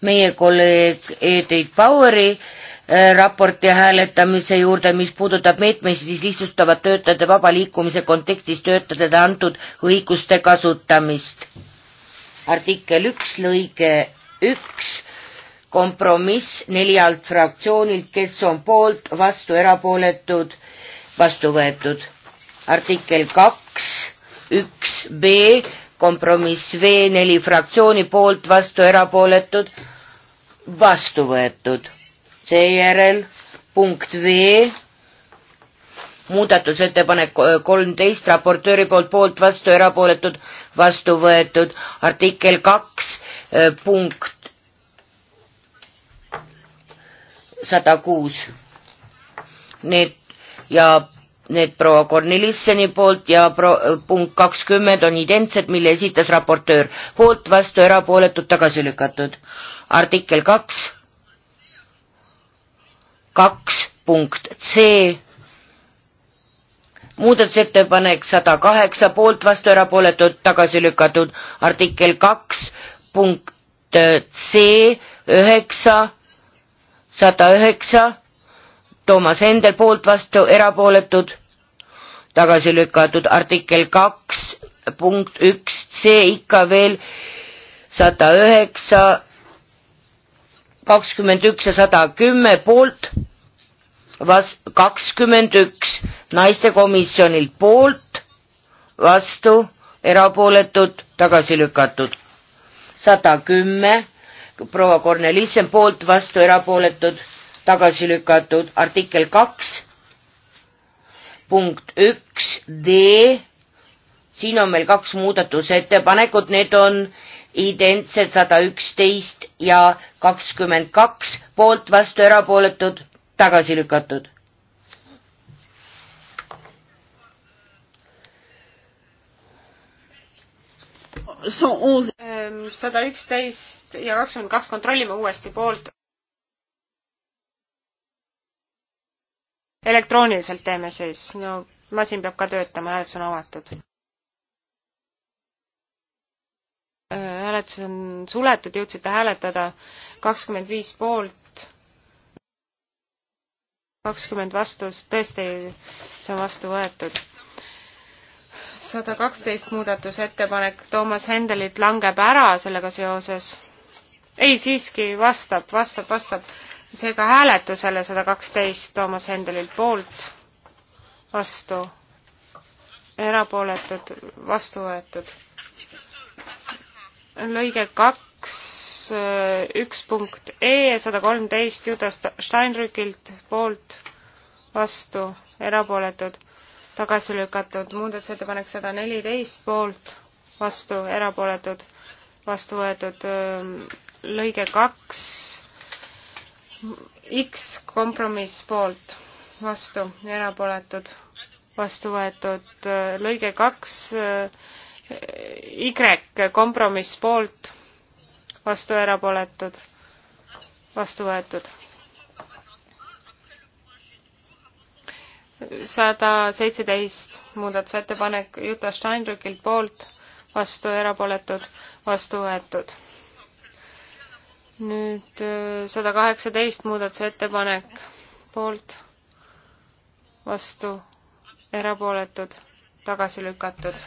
meie kolleeg Edith Baueri äh, Äh, raporti hääletamise juurde, mis puudutab meetmeid, siis lihtsustavad töötajate vaba liikumise kontekstis töötajate antud õiguste kasutamist. artikkel üks lõige üks, kompromiss neljalt fraktsioonilt, kes on poolt, vastu, erapooletud, vastu võetud. artikkel kaks, üks B, kompromiss V, neli fraktsiooni poolt, vastu, erapooletud, vastu võetud seejärel punkt V, muudatusettepanek äh, kolmteist raportööri poolt poolt vastu, erapooletud vastu võetud, artikkel kaks äh, punkt sada kuus. Need ja need proua Kornelisseni poolt ja pro, äh, punkt kakskümmend on identsed, mille esitas raportöör. poolt, vastu, erapooletud, tagasi lükatud. artikkel kaks, kaks punkt C muudatusettepanek sada kaheksa poolt vastu erapooletud tagasi lükatud artikkel kaks punkt C üheksa sada üheksa Toomas Hendel poolt vastu erapooletud tagasi lükatud artikkel kaks punkt üks C ikka veel sada üheksa kakskümmend üks ja sada kümme poolt, vas-, kakskümmend üks naistekomisjonilt poolt, vastu, erapooletud, tagasi lükatud. sada kümme proua Kornelissen poolt, vastu, erapooletud, tagasi lükatud, artikkel kaks, punkt üks D, siin on meil kaks muudatusettepanekut, need on äh, identsed sada üksteist ja kakskümmend kaks, poolt, vastu, erapooletud, tagasi lükatud. Ehm, sada üksteist ja kakskümmend kaks kontrollime uuesti poolt. elektrooniliselt teeme siis, no masin peab ka töötama, hääletus on avatud. hääletus on suletud, jõudsite hääletada kakskümmend viis poolt, kakskümmend vastu, tõesti, see on vastu võetud. sada kaksteist muudatusettepanek, Toomas Hendelit langeb ära sellega seoses. ei, siiski vastab, vastab, vastab. seega hääletusele sada kaksteist Toomas Hendelilt poolt, vastu, erapooletud, vastu võetud lõige kaks, üks punkt E, sada kolmteist Juta Steinrückilt poolt, vastu, erapooletud, tagasi lükatud, muudatusettepanek sada neliteist poolt, vastu, erapooletud, vastu võetud, lõige kaks, X kompromiss poolt, vastu, erapooletud, vastu võetud, lõige kaks, Y kompromiss poolt, vastu erapooletud, vastu võetud. sada seitseteist muudatusettepanek Juta Steinrückilt poolt, vastu erapooletud, vastu võetud. nüüd äh, sada kaheksateist muudatusettepanek poolt, vastu erapooletud, tagasi lükatud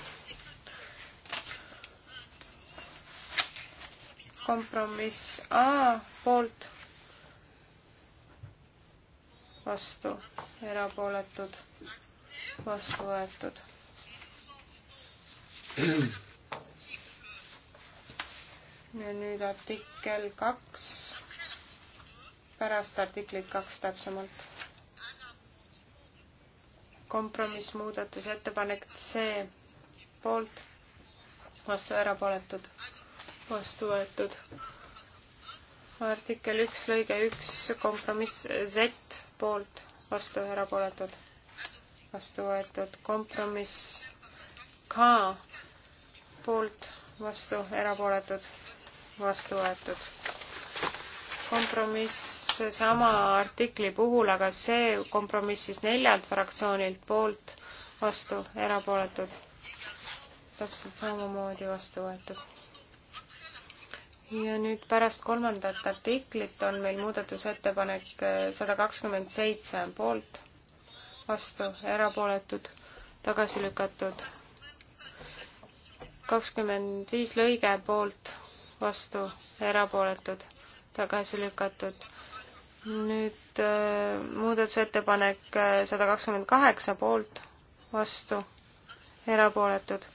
kompromiss A poolt, vastu, erapooletud, vastu võetud. ja nüüd artikkel kaks, pärast artiklit kaks täpsemalt. kompromissmuudatusettepanek C poolt, vastu erapooletud vastu võetud. artikkel üks lõige üks kompromiss Z poolt vastu erapooletud, vastu võetud kompromiss K poolt vastu erapooletud, vastu võetud. kompromiss sama artikli puhul, aga see kompromiss siis neljalt fraktsioonilt poolt vastu erapooletud, täpselt samamoodi vastu võetud ja nüüd pärast kolmandat artiklit on meil muudatusettepanek äh, sada kakskümmend seitse poolt, vastu, erapooletud, tagasi lükatud. kakskümmend viis lõige poolt, vastu, erapooletud, tagasi lükatud. nüüd äh, muudatusettepanek äh, sada kakskümmend kaheksa poolt, vastu, erapooletud,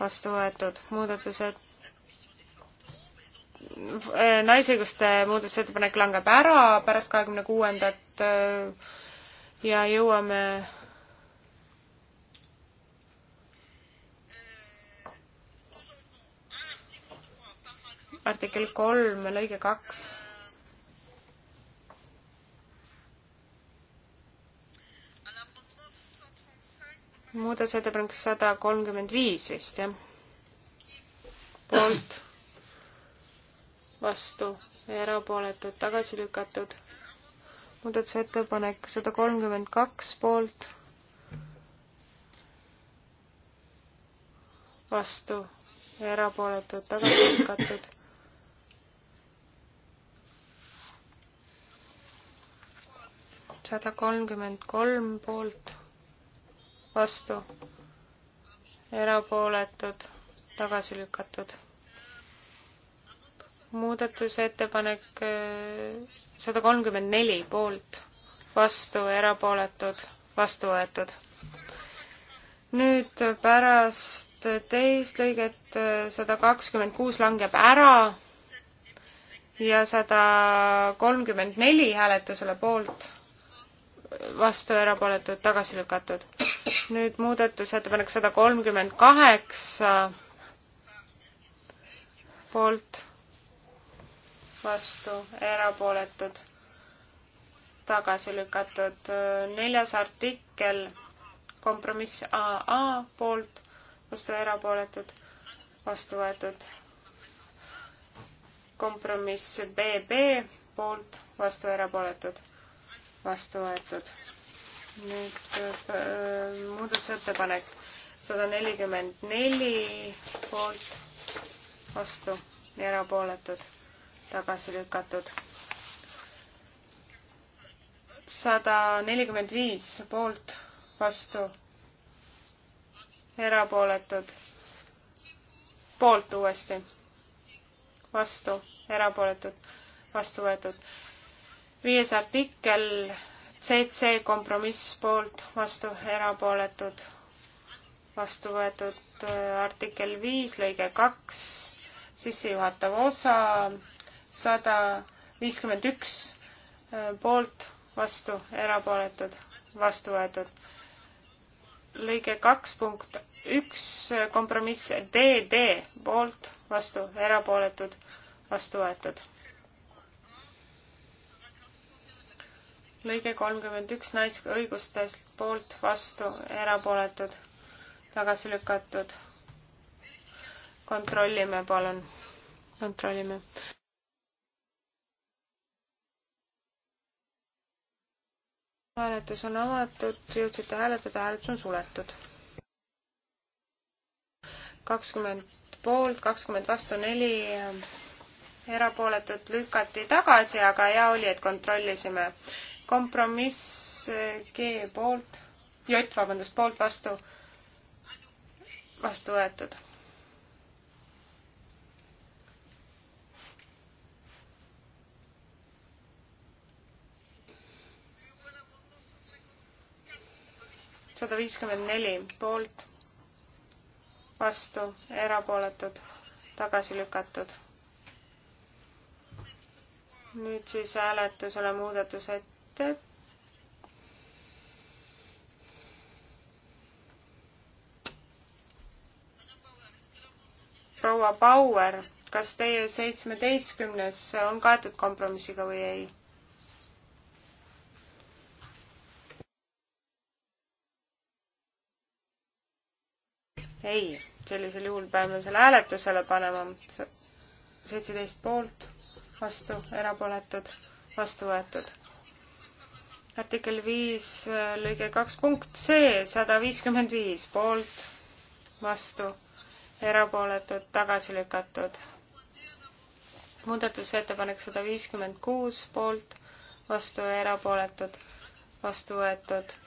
vastu võetud. muudatused Äh, naisõiguste muudatusettepanek langeb ära pärast kahekümne kuuendat äh, ja jõuame artikkel kolm lõige kaks. muudatusettepanek sada kolmkümmend viis vist jah. poolt vastu ja erapooletud tagasi lükatud. muudatusettepanek sada kolmkümmend kaks poolt, vastu ja erapooletud tagasi lükatud. sada kolmkümmend kolm poolt, vastu, erapooletud, tagasi lükatud muudatusettepanek äh, sada kolmkümmend neli poolt, vastu, erapooletud, vastu võetud. nüüd pärast teist lõiget äh, sada kakskümmend kuus langeb ära ja sada kolmkümmend neli hääletusele poolt, vastu, erapooletud, tagasi lükatud. nüüd muudatusettepanek sada kolmkümmend kaheksa poolt vastu, erapooletud, tagasi lükatud. neljas artikkel, kompromiss AA poolt, vastu, erapooletud, vastu võetud. kompromiss BB poolt, vastu, erapooletud, vastu võetud. nüüd äh, muudatusettepanek sada nelikümmend neli poolt, vastu ja erapooletud tagasi lükatud. sada nelikümmend viis poolt, vastu, erapooletud, poolt uuesti, vastu, erapooletud, vastu võetud. viies artikkel, CC kompromiss poolt, vastu, erapooletud, vastu võetud äh, artikkel viis, lõige kaks, sissejuhatav osa sada viiskümmend üks äh, poolt, vastu, erapooletud, vastu võetud. lõige kaks punkt üks, kompromiss DD poolt, vastu, erapooletud, vastu võetud. lõige kolmkümmend üks naisõigustest poolt, vastu, erapooletud, tagasi lükatud. kontrollime, palun. kontrollime. hääletus on avatud, jõudsite hääletada, hääletus on suletud. kakskümmend poolt, kakskümmend vastu neli äh, erapooletut lükati tagasi, aga hea oli, et kontrollisime. kompromiss äh, G poolt, J vabandust, poolt vastu, vastu võetud sada viiskümmend neli poolt, vastu, erapooletud, tagasi lükatud. nüüd siis hääletusele muudatusetted. proua Bauer, kas teie seitsmeteistkümnes on kaetud kompromissiga või ei? ei, sellisel juhul peame selle hääletusele panema. seitseteist poolt, vastu, erapooletud, vastu võetud. artikkel viis lõige kaks punkt C, sada viiskümmend viis poolt, vastu, erapooletud, tagasi lükatud. muudatusettepanek sada viiskümmend kuus poolt, vastu, erapooletud, vastu võetud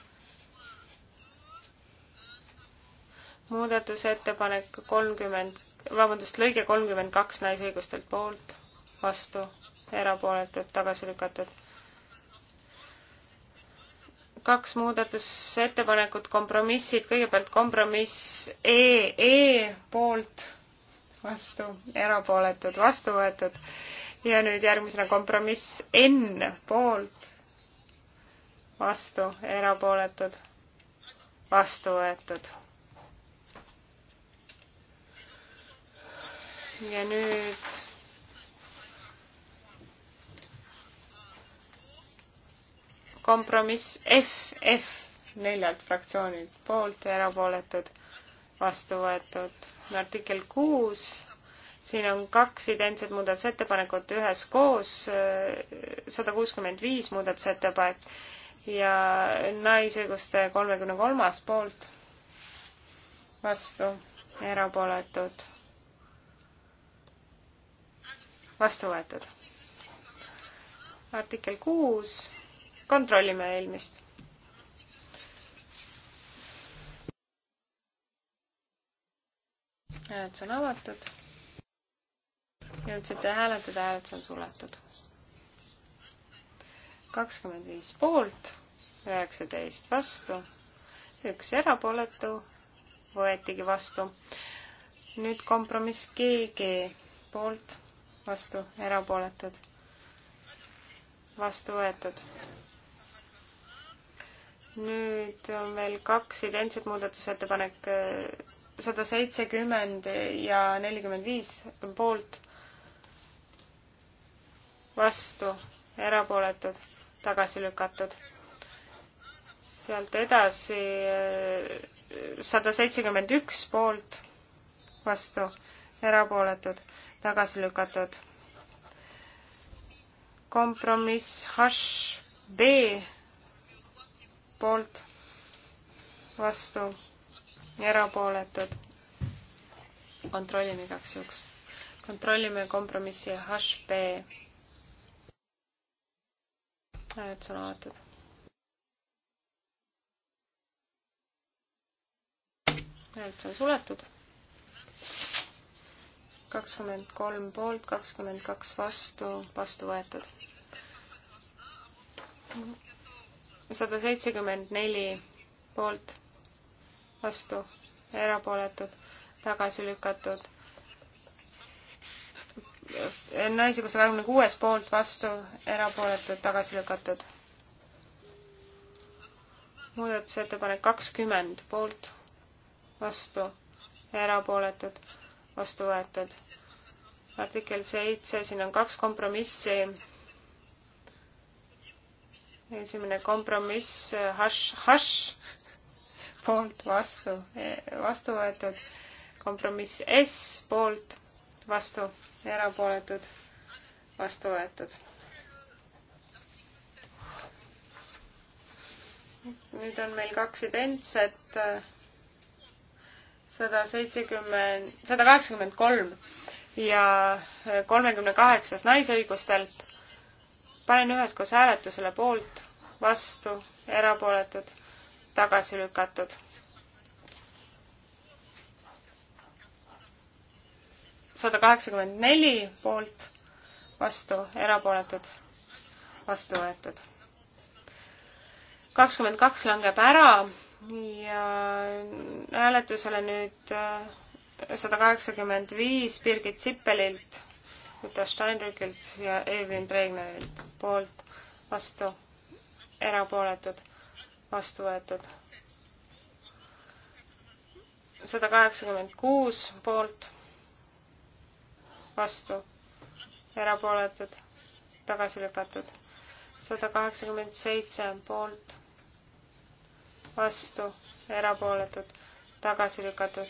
muudatusettepanek kolmkümmend, vabandust, lõige kolmkümmend kaks naisõigustelt poolt, vastu, erapooletud, tagasi lükatud. kaks muudatusettepanekut, kompromissid, kõigepealt kompromiss E, E poolt, vastu, erapooletud, vastu võetud ja nüüd järgmisena kompromiss N poolt, vastu, erapooletud, vastu võetud ja nüüd kompromiss FF neljalt fraktsioonilt poolt ja erapooletud vastu võetud. artikkel kuus, siin on kaks identset muudatusettepanekut üheskoos, sada kuuskümmend viis muudatusettepanek ja naisõiguste kolmekümne kolmas poolt vastu, erapooletud vastu võetud. artikkel kuus, kontrollime eelmist. hääletus on avatud. jõudsite hääletada, hääletus on suletud. kakskümmend viis poolt, üheksateist vastu, üks erapooletu võetigi vastu. nüüd kompromiss keegi poolt vastu erapooletud, vastu võetud. nüüd on veel kaks identset muudatusettepanek, sada seitsekümmend ja nelikümmend viis poolt, vastu erapooletud, tagasi lükatud. sealt edasi eh, sada seitsekümmend üks poolt, vastu erapooletud tagasi lükatud. kompromiss hash B poolt, vastu ja erapooletud. kontrollime igaks juhuks. kontrollime kompromissi hash B. hääled on avatud näed, see on suletud kakskümmend kolm poolt, kakskümmend kaks vastu, vastu võetud. sada seitsekümmend neli poolt, vastu, erapooletud, tagasi lükatud. naisi kuussada kahekümne kuues poolt, vastu, erapooletud, tagasi lükatud. muudatusettepanek kakskümmend poolt, vastu, erapooletud vastu võetud. artikkel seitse, siin on kaks kompromissi. esimene kompromiss, hašš, hašš, poolt, vastu, vastu võetud. kompromiss S, poolt, vastu, erapooletud, vastu võetud. nüüd on meil kaks identset sada seitsekümmend, sada kaheksakümmend kolm ja kolmekümne kaheksas naisõigustelt. panen üheskoos hääletusele poolt, vastu, erapooletud, tagasi lükatud. sada kaheksakümmend neli poolt, vastu, erapooletud, vastu võetud. kakskümmend kaks langeb ära ja äh, hääletusele nüüd äh, sada kaheksakümmend viis Birgit Sippelilt, Uta Steinrückilt ja Evelyn Bregnerilt poolt, vastu, erapooletud, vastu võetud. sada kaheksakümmend kuus poolt, vastu, erapooletud, tagasi lükatud. sada kaheksakümmend seitse poolt vastu, erapooletud, tagasi lükatud.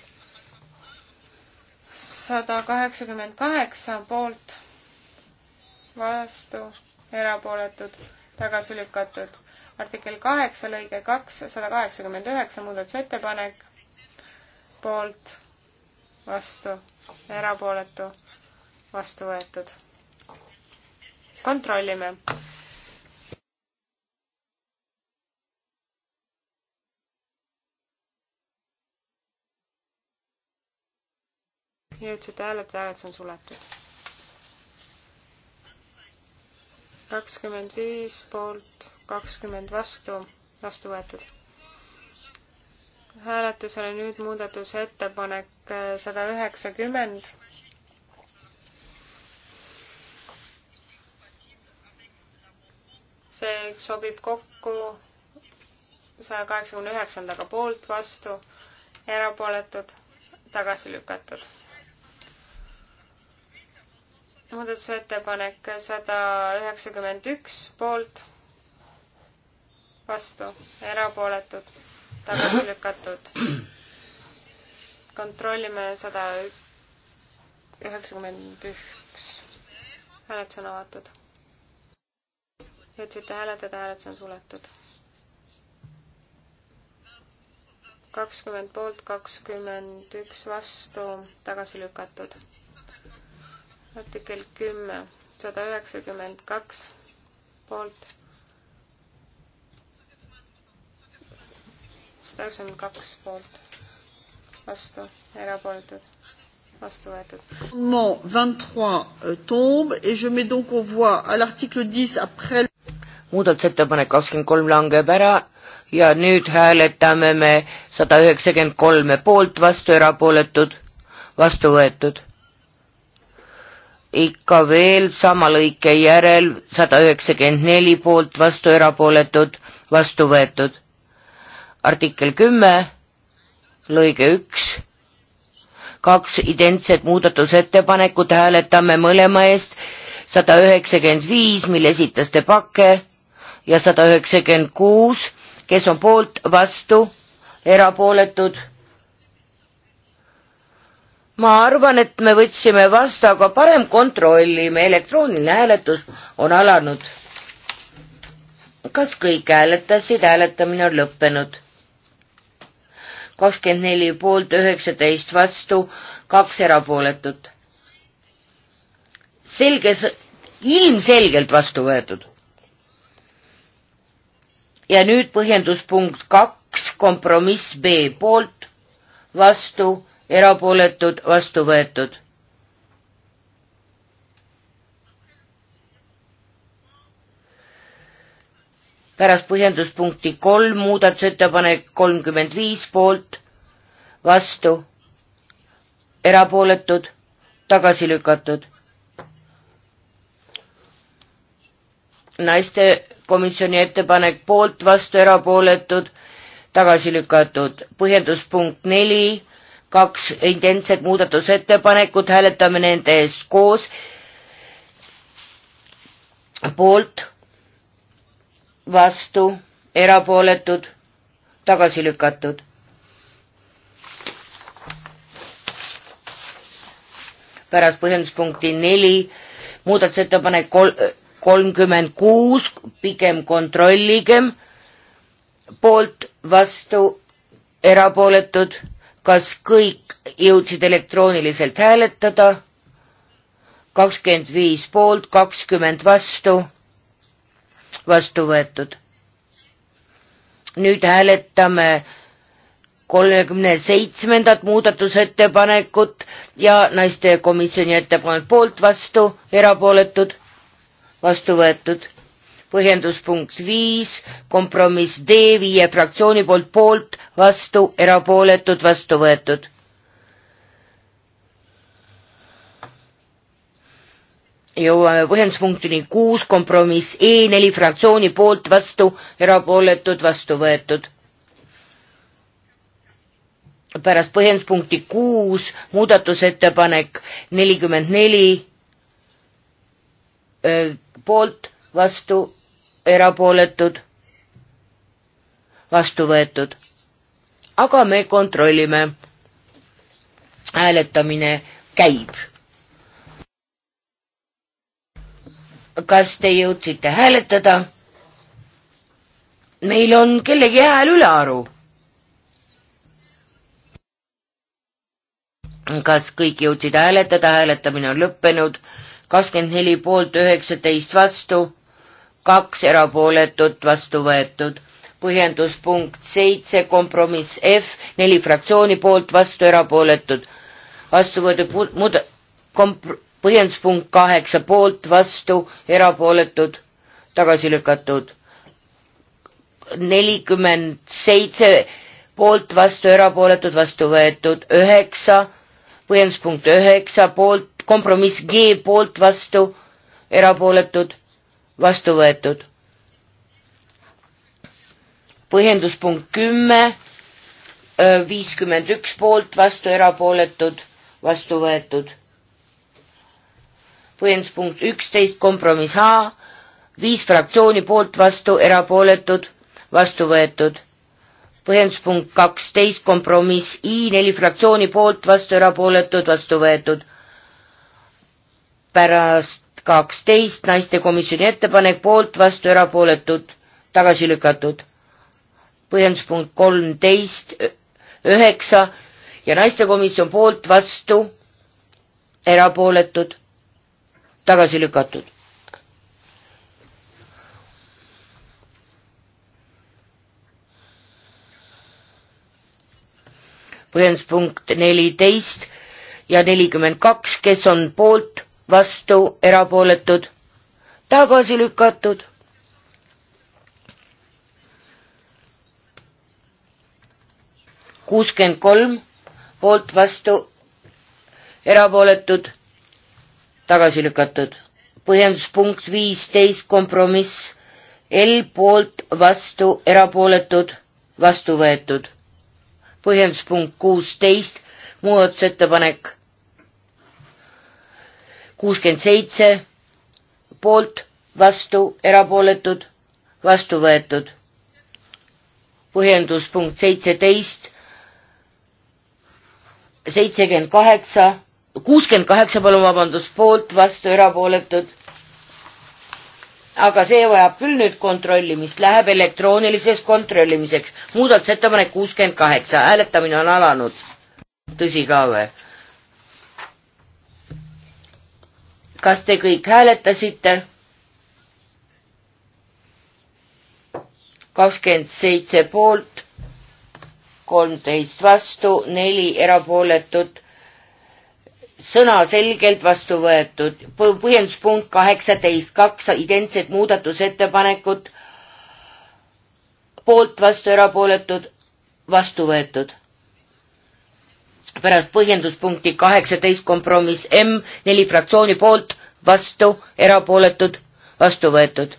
sada kaheksakümmend kaheksa poolt, vastu, erapooletud, tagasi lükatud. artikkel kaheksa lõige kaks, sada kaheksakümmend üheksa muudatusettepanek, poolt, vastu, erapooletu, vastu võetud. kontrollime jõudsite hääletada, hääletus on suletud. kakskümmend viis poolt, kakskümmend vastu, vastu võetud. hääletusele nüüd muudatusettepanek äh, sada üheksakümmend. see sobib kokku saja kaheksakümne üheksandaga poolt, vastu, erapooletud, tagasi lükatud muudatusettepanek sada üheksakümmend üks poolt, vastu, erapooletud, tagasi lükatud. kontrollime sada üheksakümmend üks. hääletus on avatud. jõudsite hääletada, hääletus on suletud kakskümmend poolt, kakskümmend üks vastu, tagasi lükatud artikkel kümme, sada üheksakümmend kaks poolt. sada üheksakümmend kaks poolt, vastu, erapooletud, vastu võetud. Amendement vingt-trois euh, tombe et je mets donc on voit à l'article dix après. muudatusettepanek kakskümmend kolm langeb ära ja nüüd hääletame me sada üheksakümmend kolme poolt, vastu erapooletud, vastu võetud ikka veel sama lõike järel sada üheksakümmend neli poolt vastu erapooletud, vastu võetud. artikkel kümme, lõige üks, kaks identset muudatusettepanekut hääletame mõlema eest, sada üheksakümmend viis, mille esitas De Bakke ja sada üheksakümmend kuus, kes on poolt, vastu, erapooletud ma arvan, et me võtsime vastu, aga parem kontrollime, elektrooniline hääletus on alanud. kas kõik hääletasid, hääletamine on lõppenud. kakskümmend neli poolt, üheksateist vastu, kaks erapooletut. selge, ilmselgelt vastu võetud. ja nüüd põhjenduspunkt kaks, kompromiss B poolt, vastu erapooletud, vastu võetud. pärast põhjenduspunkti kolm muudatusettepanek kolmkümmend viis poolt, vastu, erapooletud, tagasi lükatud. naiste komisjoni ettepanek poolt, vastu, erapooletud, tagasi lükatud. põhjenduspunkt neli kaks identset muudatusettepanekut, hääletame nende eest koos. poolt, vastu, erapooletud, tagasi lükatud. pärast põhjenduspunkti neli muudatusettepanek kol-, kolmkümmend kuus, pigem kontrolligem, poolt, vastu, erapooletud kas kõik jõudsid elektrooniliselt hääletada? kakskümmend viis poolt, kakskümmend vastu, vastu võetud. nüüd hääletame kolmekümne seitsmendat muudatusettepanekut ja naistekomisjoni ettepanek poolt, vastu, erapooletud, vastu võetud põhjenduspunkt viis, kompromiss D viie fraktsiooni poolt poolt, vastu, erapooletud, vastu võetud. jõuame põhjenduspunktini kuus, kompromiss E neli fraktsiooni poolt, vastu, erapooletud, vastu võetud pärast põhjenduspunkti kuus muudatusettepanek nelikümmend neli poolt, vastu, erapooletud, vastu võetud. aga me kontrollime. hääletamine käib. kas te jõudsite hääletada? meil on kellegi hääl ülearu. kas kõik jõudsid hääletada, hääletamine on lõppenud, kakskümmend neli poolt, üheksateist vastu kaks erapooletut vastu võetud. põhjenduspunkt seitse, kompromiss F, neli fraktsiooni poolt vastu erapooletud, vastu võetud muud, komp-, põhjenduspunkt kaheksa poolt vastu erapooletud, tagasi lükatud. nelikümmend seitse poolt vastu erapooletud, vastu võetud üheksa, põhjenduspunkt üheksa poolt, kompromiss G poolt vastu erapooletud vastu võetud. põhjenduspunkt kümme, viiskümmend üks poolt, vastu erapooletud, vastu võetud. põhjenduspunkt üksteist, kompromiss A, viis fraktsiooni poolt, vastu erapooletud, vastu võetud. põhjenduspunkt kaksteist, kompromiss I, neli fraktsiooni poolt, vastu erapooletud, vastu võetud. pärast kaksteist naistekomisjoni ettepanek poolt, vastu, erapooletud, tagasi lükatud. põhjendus punkt kolmteist, üheksa ja naistekomisjon poolt, vastu, erapooletud, tagasi lükatud. põhjenduspunkt neliteist ja nelikümmend kaks, kes on poolt vastu erapooletud, tagasi lükatud. kuuskümmend kolm poolt vastu erapooletud, tagasi lükatud. põhjenduspunkt viisteist kompromiss L poolt vastu erapooletud, vastu võetud. põhjenduspunkt kuusteist muudatusettepanek kuuskümmend seitse poolt, vastu, erapooletud, vastu võetud. põhjendus punkt seitseteist, seitsekümmend kaheksa, kuuskümmend kaheksa, palun vabandust, poolt, vastu, erapooletud. aga see vajab küll nüüd kontrollimist, läheb elektrooniliseks kontrollimiseks. muudatusettepanek kuuskümmend kaheksa, hääletamine on alanud. tõsi ka või? kas te kõik hääletasite? kakskümmend seitse poolt, kolmteist vastu, neli erapooletut, sõna selgelt vastu võetud, põhjenduspunkt kaheksateist, kaks identset muudatusettepanekut, poolt vastu erapooletud, vastu võetud pärast põhjenduspunkti kaheksateist kompromiss M neli fraktsiooni poolt, vastu, erapooletud, vastu võetud.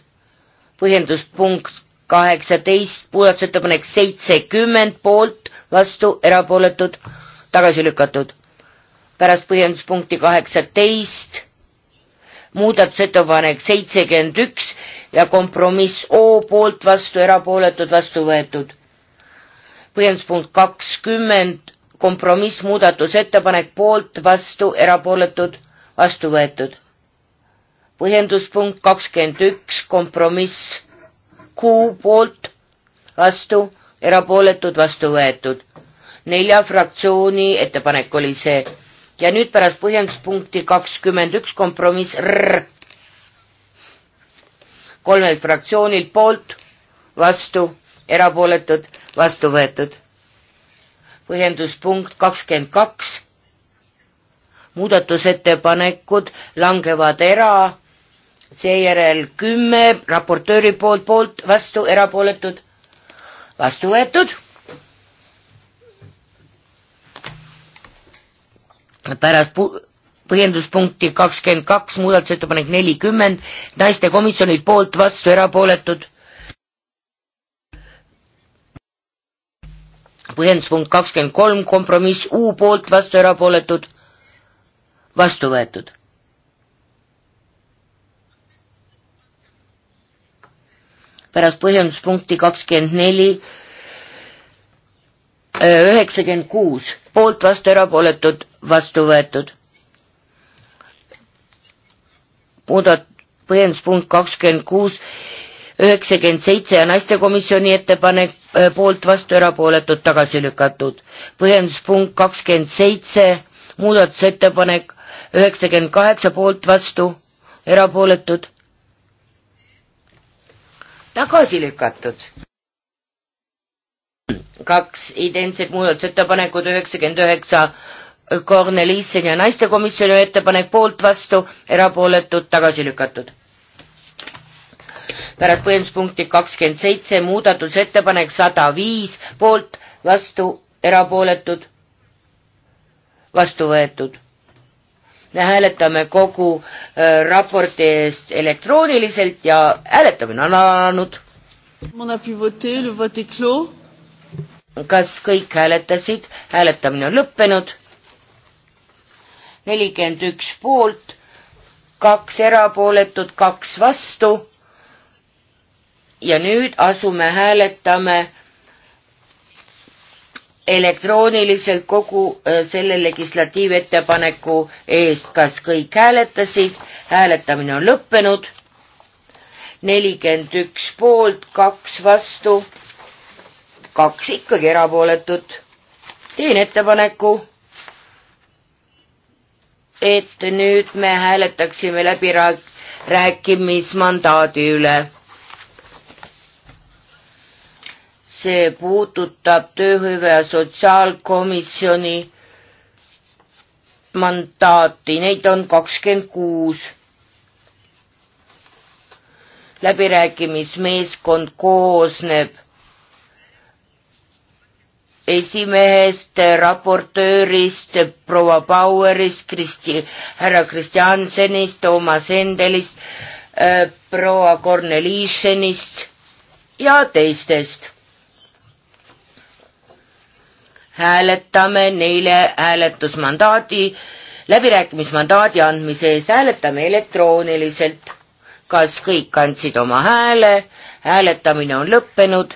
põhjenduspunkt kaheksateist, muudatusettepanek seitsekümmend poolt, vastu, erapooletud, tagasi lükatud. pärast põhjenduspunkti kaheksateist muudatusettepanek seitsekümmend üks ja kompromiss O poolt vastu, erapooletud, vastu võetud. põhjenduspunkt kakskümmend kompromissmuudatusettepanek poolt, vastu, erapooletud, vastu võetud. põhjenduspunkt kakskümmend üks, kompromiss Q poolt, vastu, erapooletud, vastu võetud. nelja fraktsiooni ettepanek oli see. ja nüüd pärast põhjenduspunkti kakskümmend üks kompromiss R kolmelt fraktsioonilt poolt, vastu, erapooletud, vastu võetud põhjenduspunkt kakskümmend kaks, muudatusettepanekud langevad ära, seejärel kümme raportööri poolt, poolt, vastu, erapooletud, vastu võetud. pärast põhjenduspunkti kakskümmend kaks, muudatusettepanek nelikümmend, naistekomisjonid poolt, vastu, erapooletud põhjenduspunkt kakskümmend kolm, kompromiss U poolt, vastu erapooletud, vastu võetud. pärast põhjenduspunkti kakskümmend neli, äh, üheksakümmend kuus, poolt, vastu erapooletud, vastu võetud. muudat-, põhjenduspunkt kakskümmend kuus üheksakümmend seitse ja naistekomisjoni ettepanek äh, poolt vastu erapooletud tagasi lükatud. põhjenduspunkt kakskümmend seitse, muudatusettepanek üheksakümmend kaheksa poolt vastu erapooletud tagasi lükatud. kaks identset muudatusettepanekut üheksakümmend üheksa Kornelissen ja naistekomisjoni ettepanek poolt vastu, erapooletud tagasi lükatud pärast põhjenduspunkti kakskümmend seitse muudatusettepanek sada viis poolt, vastu, erapooletud, vastu võetud. me hääletame kogu äh, raporti eest elektrooniliselt ja hääletamine on alanud. kas kõik hääletasid, hääletamine on lõppenud nelikümmend üks poolt, kaks erapooletut, kaks vastu ja nüüd asume hääletame elektrooniliselt kogu äh, selle legislatiivettepaneku eest, kas kõik hääletasid, hääletamine on lõppenud, nelikümmend üks poolt, kaks vastu, kaks ikkagi erapooletut. teen ettepaneku, et nüüd me hääletaksime läbi rääkimismandaadi üle see puudutab tööhõive ja sotsiaalkomisjoni mandaati, neid on kakskümmend kuus. läbirääkimismeeskond koosneb esimehest, raportöörist, proua Bauerist, Kristi, härra Kristjansenist, Toomas Endelist, äh, proua Korneliisenist ja teistest hääletame neile hääletusmandaadi, läbirääkimismandaadi andmise eest, hääletame elektrooniliselt. kas kõik andsid oma hääle, hääletamine on lõppenud,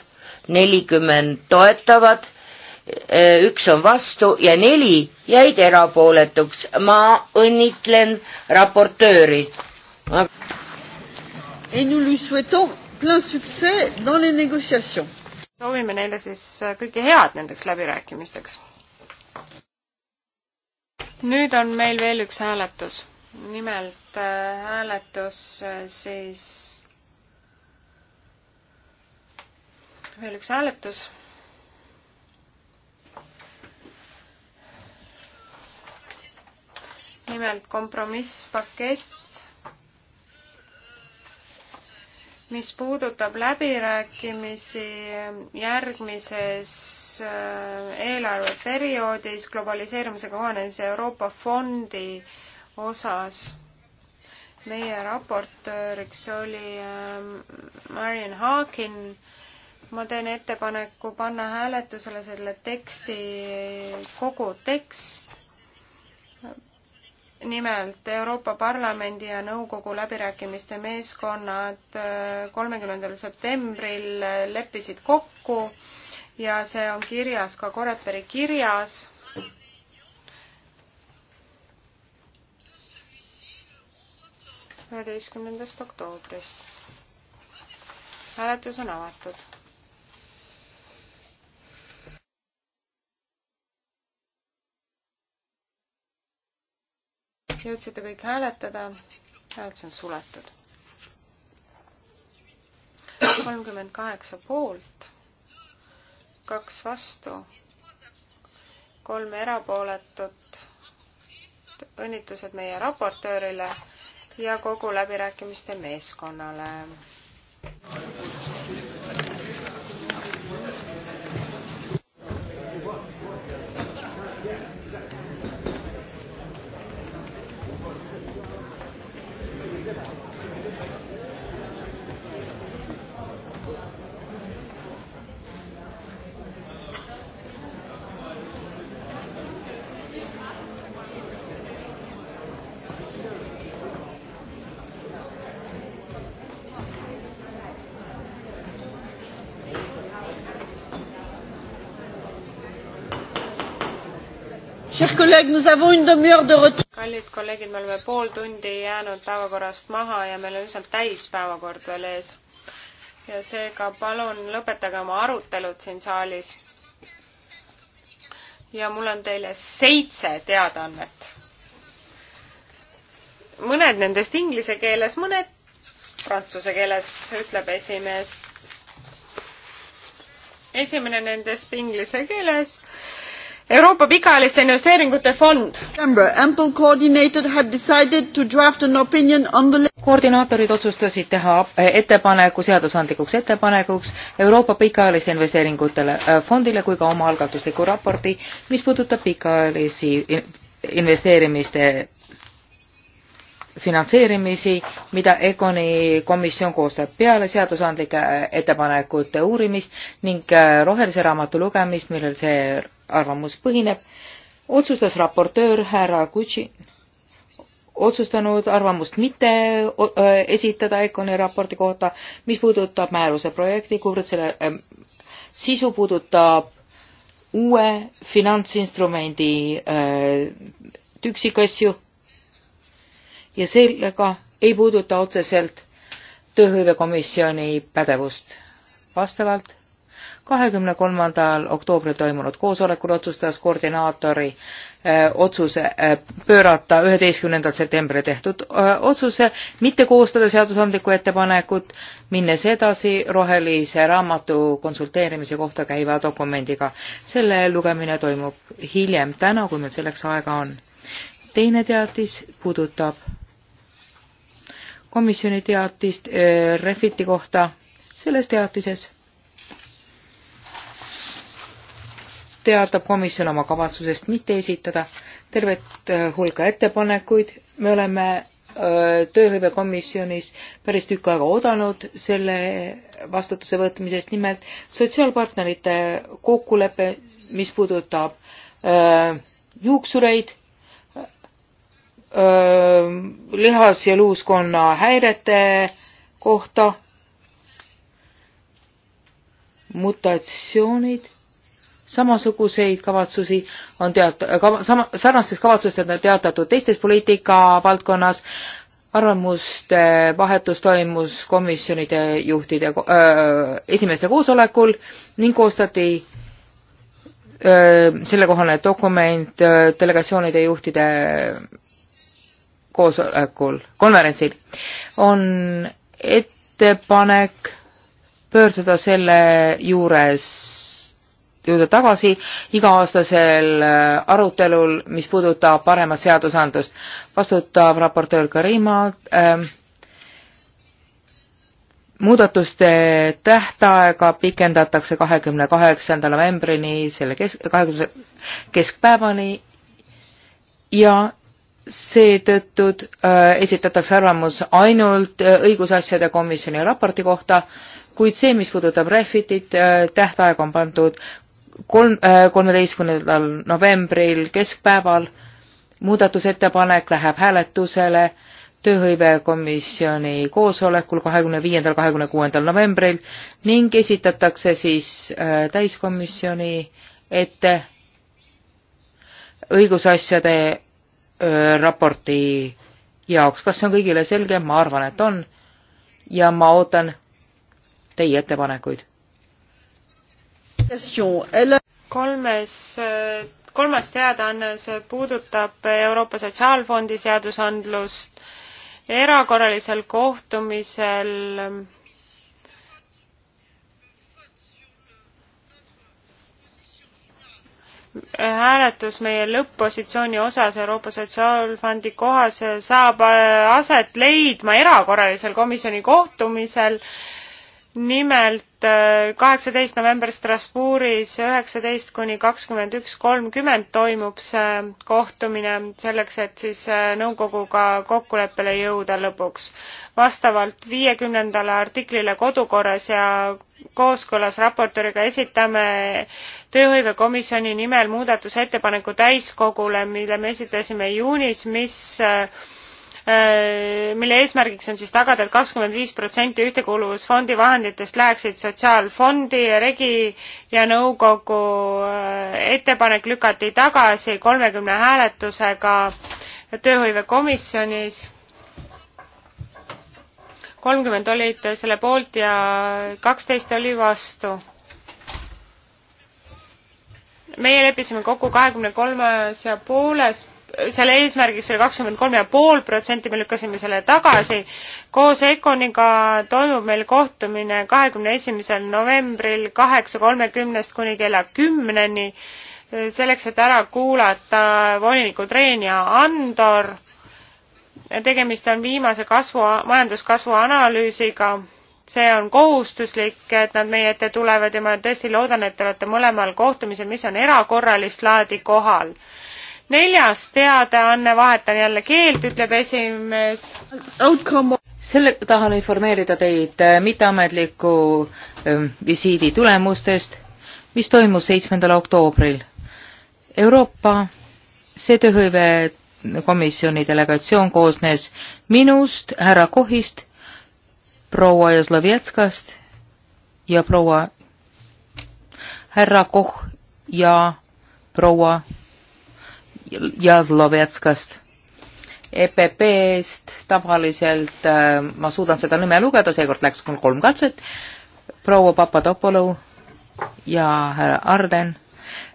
nelikümmend toetavad, äh, üks on vastu ja neli jäid erapooletuks. ma õnnitlen raportööri. Et nous lui souhaitons plein succès dans les négociations soovime neile siis äh, kõike head nendeks läbirääkimisteks. nüüd on meil veel üks hääletus. nimelt äh, hääletus äh, siis, veel üks hääletus nimelt kompromisspakett mis puudutab läbirääkimisi järgmises äh, eelarveperioodis globaliseerumisega kohanemise Euroopa fondi osas. meie raportööriks oli äh, Marian Haakin. ma teen ettepaneku panna hääletusele selle teksti, kogu tekst nimelt Euroopa Parlamendi ja Nõukogu läbirääkimiste meeskonnad äh, kolmekümnendal septembril leppisid kokku ja see on kirjas ka Coreperi kirjas. üheteistkümnendast oktoobrist. hääletus on avatud jõudsite kõik hääletada? hääletus on suletud. kolmkümmend kaheksa poolt, kaks vastu, kolm erapooletut. õnnitlused meie raportöörile ja kogu läbirääkimiste meeskonnale. kallid kolleegid, me oleme pool tundi jäänud päevakorrast maha ja meil on üsna täis päevakord veel ees. ja seega palun lõpetage oma arutelud siin saalis. ja mul on teile seitse teadaannet. mõned nendest inglise keeles, mõned prantsuse keeles, ütleb esimees. esimene nendest inglise keeles Euroopa pikaajaliste investeeringute fond. koordinaatorid otsustasid teha eh, ettepaneku seadusandlikuks ettepanekuks Euroopa pikaajaliste investeeringutele eh, fondile kui ka omaalgatusliku raporti, mis puudutab pikaajalisi investeerimiste finantseerimisi, mida EGONi komisjon koostab peale seadusandlike eh, ettepanekute uurimist ning rohelise raamatu lugemist, millel see arvamus põhineb, otsustas raportöör härra Kutši otsustanud arvamust mitte esitada ECONi raporti kohta, mis puudutab määruse projekti, kuivõrd selle sisu puudutab uue finantsinstrumendi tüksikasju ja sellega ei puuduta otseselt tööhõivekomisjoni pädevust. vastavalt kahekümne kolmandal oktoobril toimunud koosolekul otsustas koordinaatori äh, otsuse äh, pöörata üheteistkümnendal septembril tehtud äh, otsuse, mitte koostada seadusandlikku ettepanekut, minnes edasi rohelise raamatu konsulteerimise kohta käiva dokumendiga. selle lugemine toimub hiljem täna, kui meil selleks aega on. teine teatis puudutab komisjoni teatist Refiti kohta. selles teatises teatab komisjon oma kavatsusest mitte esitada tervet äh, hulka ettepanekuid. me oleme äh, tööhõivekomisjonis päris tükk aega oodanud selle vastutuse võtmisest, nimelt sotsiaalpartnerite kokkulepe, mis puudutab öö, äh, juuksureid, lihas- ja luuskonna häirete kohta, mutatsioonid samasuguseid kavatsusi on teat-, kava-, sama, sarnastest kavatsustest on teatatud teistes poliitikavaldkonnas, arvamuste vahetus toimus komisjonide juhtide öö, esimeeste koosolekul ning koostati sellekohane dokument öö, delegatsioonide juhtide koosolekul, konverentsil, on ettepanek pöörduda selle juures jõuda tagasi iga-aastasel äh, arutelul, mis puudutab paremat seadusandlust. vastutav raportöör Karima ähm, muudatuste tähtaega pikendatakse kahekümne kaheksanda novembrini, selle kesk, kahekümne keskpäevani ja seetõttu äh, esitatakse arvamus ainult äh, õigusasjade komisjoni raporti kohta, kuid see, mis puudutab Refitit äh,, tähtaeg on pandud kolm, äh, kolmeteistkümnendal novembril keskpäeval. muudatusettepanek läheb hääletusele tööhõivekomisjoni koosolekul kahekümne viiendal, kahekümne kuuendal novembril ning esitatakse siis äh, täiskomisjoni ette õigusasjade äh, raporti jaoks. kas see on kõigile selge? ma arvan, et on. ja ma ootan teie ettepanekuid kolmes, kolmas teadaanne, see puudutab Euroopa Sotsiaalfondi seadusandlust erakorralisel kohtumisel hääletus meie lõpp-positsiooni osas Euroopa Sotsiaalfondi kohas saab aset leidma erakorralisel komisjoni kohtumisel nimelt äh, kaheksateist november Strasbourgis üheksateist kuni kakskümmend üks kolmkümmend toimub see kohtumine selleks, et siis äh, nõukoguga kokkuleppele jõuda lõpuks. vastavalt viiekümnendale artiklile kodukorras ja kooskõlas raportööriga esitame tööhõivekomisjoni nimel muudatusettepaneku täiskogule, mille me esitasime juunis, mis äh, Äh, mille eesmärgiks on siis tagada et, et kakskümmend viis protsenti Ühtekuuluvusfondi vahenditest läheksid Sotsiaalfondi, Regi ja nõukogu äh, ettepanek lükati tagasi kolmekümne hääletusega tööhõivekomisjonis kolmkümmend olid selle poolt ja kaksteist oli vastu. meie leppisime kokku kahekümne kolmes ja pooles selle eesmärgiks oli kakskümmend kolm ja pool protsenti, me lükkasime selle tagasi. koos Econiga toimub meil kohtumine kahekümne esimesel novembril kaheksa kolmekümnest kuni kella kümneni, selleks, et ära kuulata voliniku treenija Andor. tegemist on viimase kasvu, majanduskasvu analüüsiga see on kohustuslik, et nad meie ette tulevad ja ma tõesti loodan, et te olete mõlemal kohtumisel, mis on erakorralist laadi kohal neljas teadaanne, vahetan jälle keelt, ütleb esimees. selle tahan informeerida teid äh, mitteametliku ähm, visiidi tulemustest, mis toimus seitsmendal oktoobril. Euroopa CTÜ-ve komisjoni delegatsioon koosnes minust, härra Kohist, proua Jaslovjetskast ja proua härra Koh ja proua Jazlovetskast. EPP-st tavaliselt äh, ma suudan seda nime lugeda, seekord läks mul kolm katset, proua Papadopolu ja härra Arden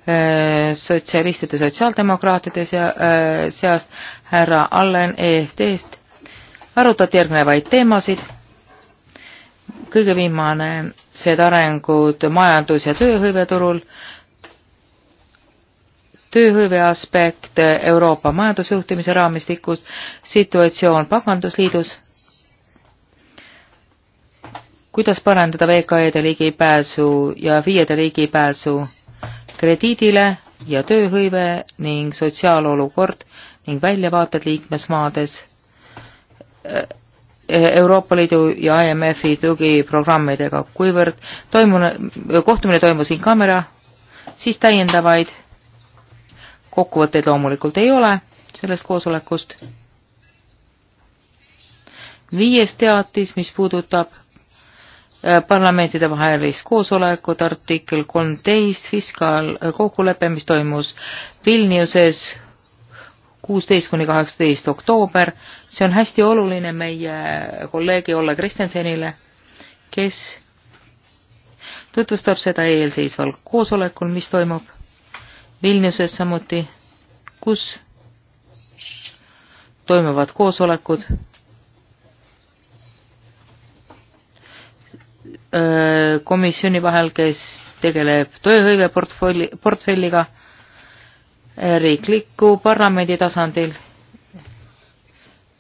äh, sotsialistide sotsiaaldemokraatide äh, seast härra Allen EFT-st arutati järgnevaid teemasid. kõige viimane, see arengud majandus- ja tööhõiveturul, tööhõive aspekt Euroopa majandusjuhtimise raamistikus, situatsioon Pangandusliidus, kuidas parandada VKE-de ligipääsu ja FIE-de ligipääsu krediidile ja tööhõive ning sotsiaalolukord ning väljavaated liikmesmaades Euroopa Liidu ja IMF-i tugiprogrammidega, kuivõrd toimunud, kohtumine toimus in camera, siis täiendavaid kokkuvõtteid loomulikult ei ole sellest koosolekust. viies teatis, mis puudutab äh, parlamentide vahelist koosolekut, artikkel kolmteist, fiskaalkokkulepe, äh, mis toimus Vilniuses kuusteist kuni kaheksateist oktoober. see on hästi oluline meie kolleegi Olle Kristensenile, kes tutvustab seda eelseisval koosolekul, mis toimub Vilniuses samuti, kus toimuvad koosolekud. komisjoni vahel, kes tegeleb tööhõive portfelli, portfelliga riikliku parlamendi tasandil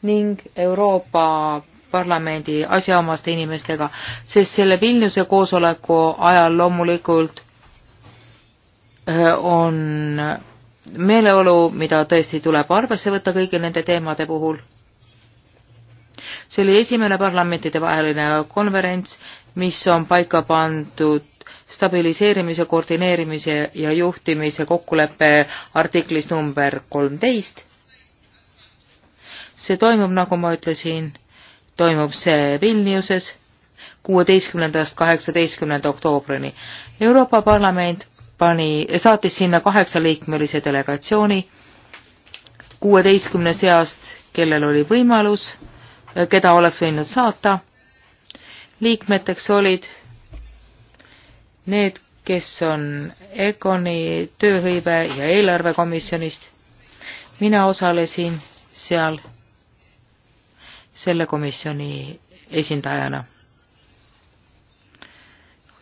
ning Euroopa parlamendi asjaomaste inimestega, sest selle Vilniuse koosoleku ajal loomulikult Äh, on meeleolu, mida tõesti tuleb arvesse võtta kõigi nende teemade puhul. see oli esimene parlamentidevaheline konverents, mis on paika pandud stabiliseerimise, koordineerimise ja juhtimise kokkuleppe artiklis number kolmteist. see toimub, nagu ma ütlesin, toimub see Vilniuses kuueteistkümnendast kaheksateistkümnenda oktoobrini. Euroopa Parlament pani, saatis sinna kaheksaliikmelise delegatsiooni kuueteistkümne seast, kellel oli võimalus, keda oleks võinud saata. liikmeteks olid need, kes on EKONi tööhõive ja eelarvekomisjonist. mina osalesin seal selle komisjoni esindajana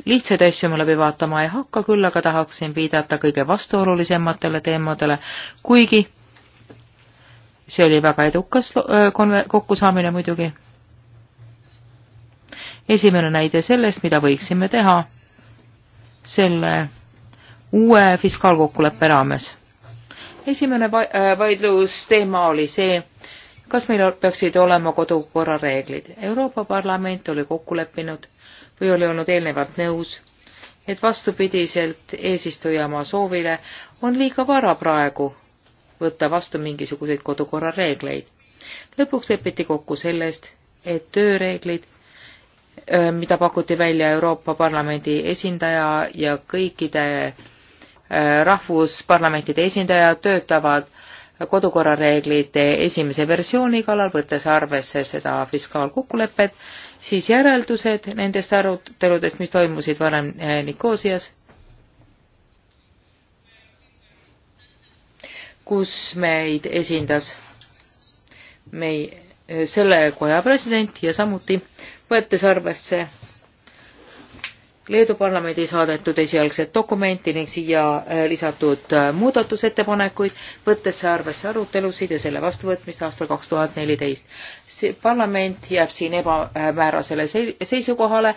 lihtsaid asju ma läbi vaatama ei hakka, küll aga tahaksin viidata kõige vastuolulisematele teemadele, kuigi see oli väga edukas äh, konve-, kokkusaamine muidugi. esimene näide sellest, mida võiksime teha selle uue fiskaalkokkuleppe raames. esimene va-, äh, vaidlus teema oli see, kas meil peaksid olema kodukorra reeglid. Euroopa Parlament oli kokku leppinud või oli olnud eelnevalt nõus, et vastupidiselt eesistujamaa soovile on liiga vara praegu võtta vastu mingisuguseid kodukorra reegleid. lõpuks lepiti kokku sellest, et tööreeglid, mida pakuti välja Euroopa Parlamendi esindaja ja kõikide rahvusparlamentide esindajad, töötavad kodukorrareeglite esimese versiooni kallal, võttes arvesse seda fiskaalkokkulepet siis järeldused nendest aruteludest, mis toimusid varem eh, Nikosias, kus meid esindas mei-, selle koja president ja samuti võttes arvesse Leedu parlamendi saadetud esialgset dokumenti ning siia äh, lisatud äh, muudatusettepanekuid, võttes arvesse arutelusid ja selle vastuvõtmist aastal kaks tuhat neliteist. see parlament jääb siin ebamäärasele seisukohale,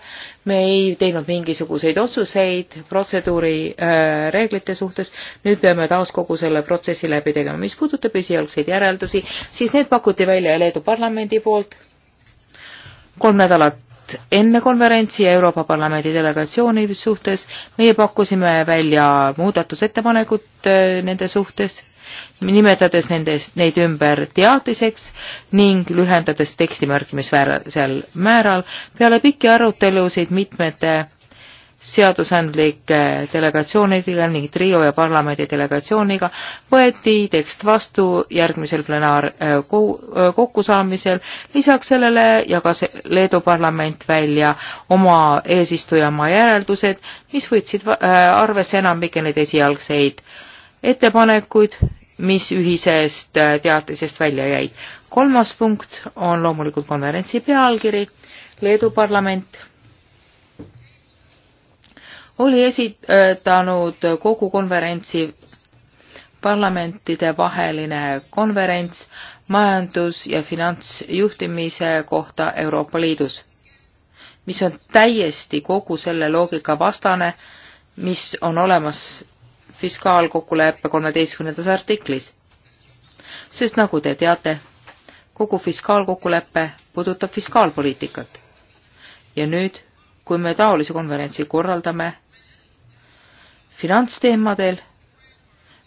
me ei teinud mingisuguseid otsuseid protseduurireeglite äh, suhtes, nüüd peame taas kogu selle protsessi läbi tegema. mis puudutab esialgseid järeldusi, siis need pakuti välja Leedu parlamendi poolt kolm nädalat pakt enne konverentsi ja Euroopa Parlamendi delegatsiooni suhtes. meie pakkusime välja muudatusettepanekud äh, nende suhtes, nimetades nendest, neid ümber teatiseks ning lühendades teksti märkimisväärsel määral. peale pikki arutelusid mitmete seadusandlike delegatsioonidega ning trio ja parlamendi delegatsiooniga võeti tekst vastu järgmisel plenaarkokkusaamisel. Äh, äh, lisaks sellele jagas Leedu parlament välja oma eesistujamaa järeldused, mis võtsid äh, arvesse enamike neid esialgseid ettepanekuid, mis ühisest teatisest välja jäid. kolmas punkt on loomulikult konverentsi pealkiri Leedu parlament oli esitanud kogu konverentsi parlamentide vaheline konverents majandus- ja finantsjuhtimise kohta Euroopa Liidus, mis on täiesti kogu selle loogika vastane, mis on olemas fiskaalkokkuleppe kolmeteistkümnendas artiklis. sest nagu te teate, kogu fiskaalkokkulepe puudutab fiskaalpoliitikat. ja nüüd, kui me taolise konverentsi korraldame, finantsteemadel,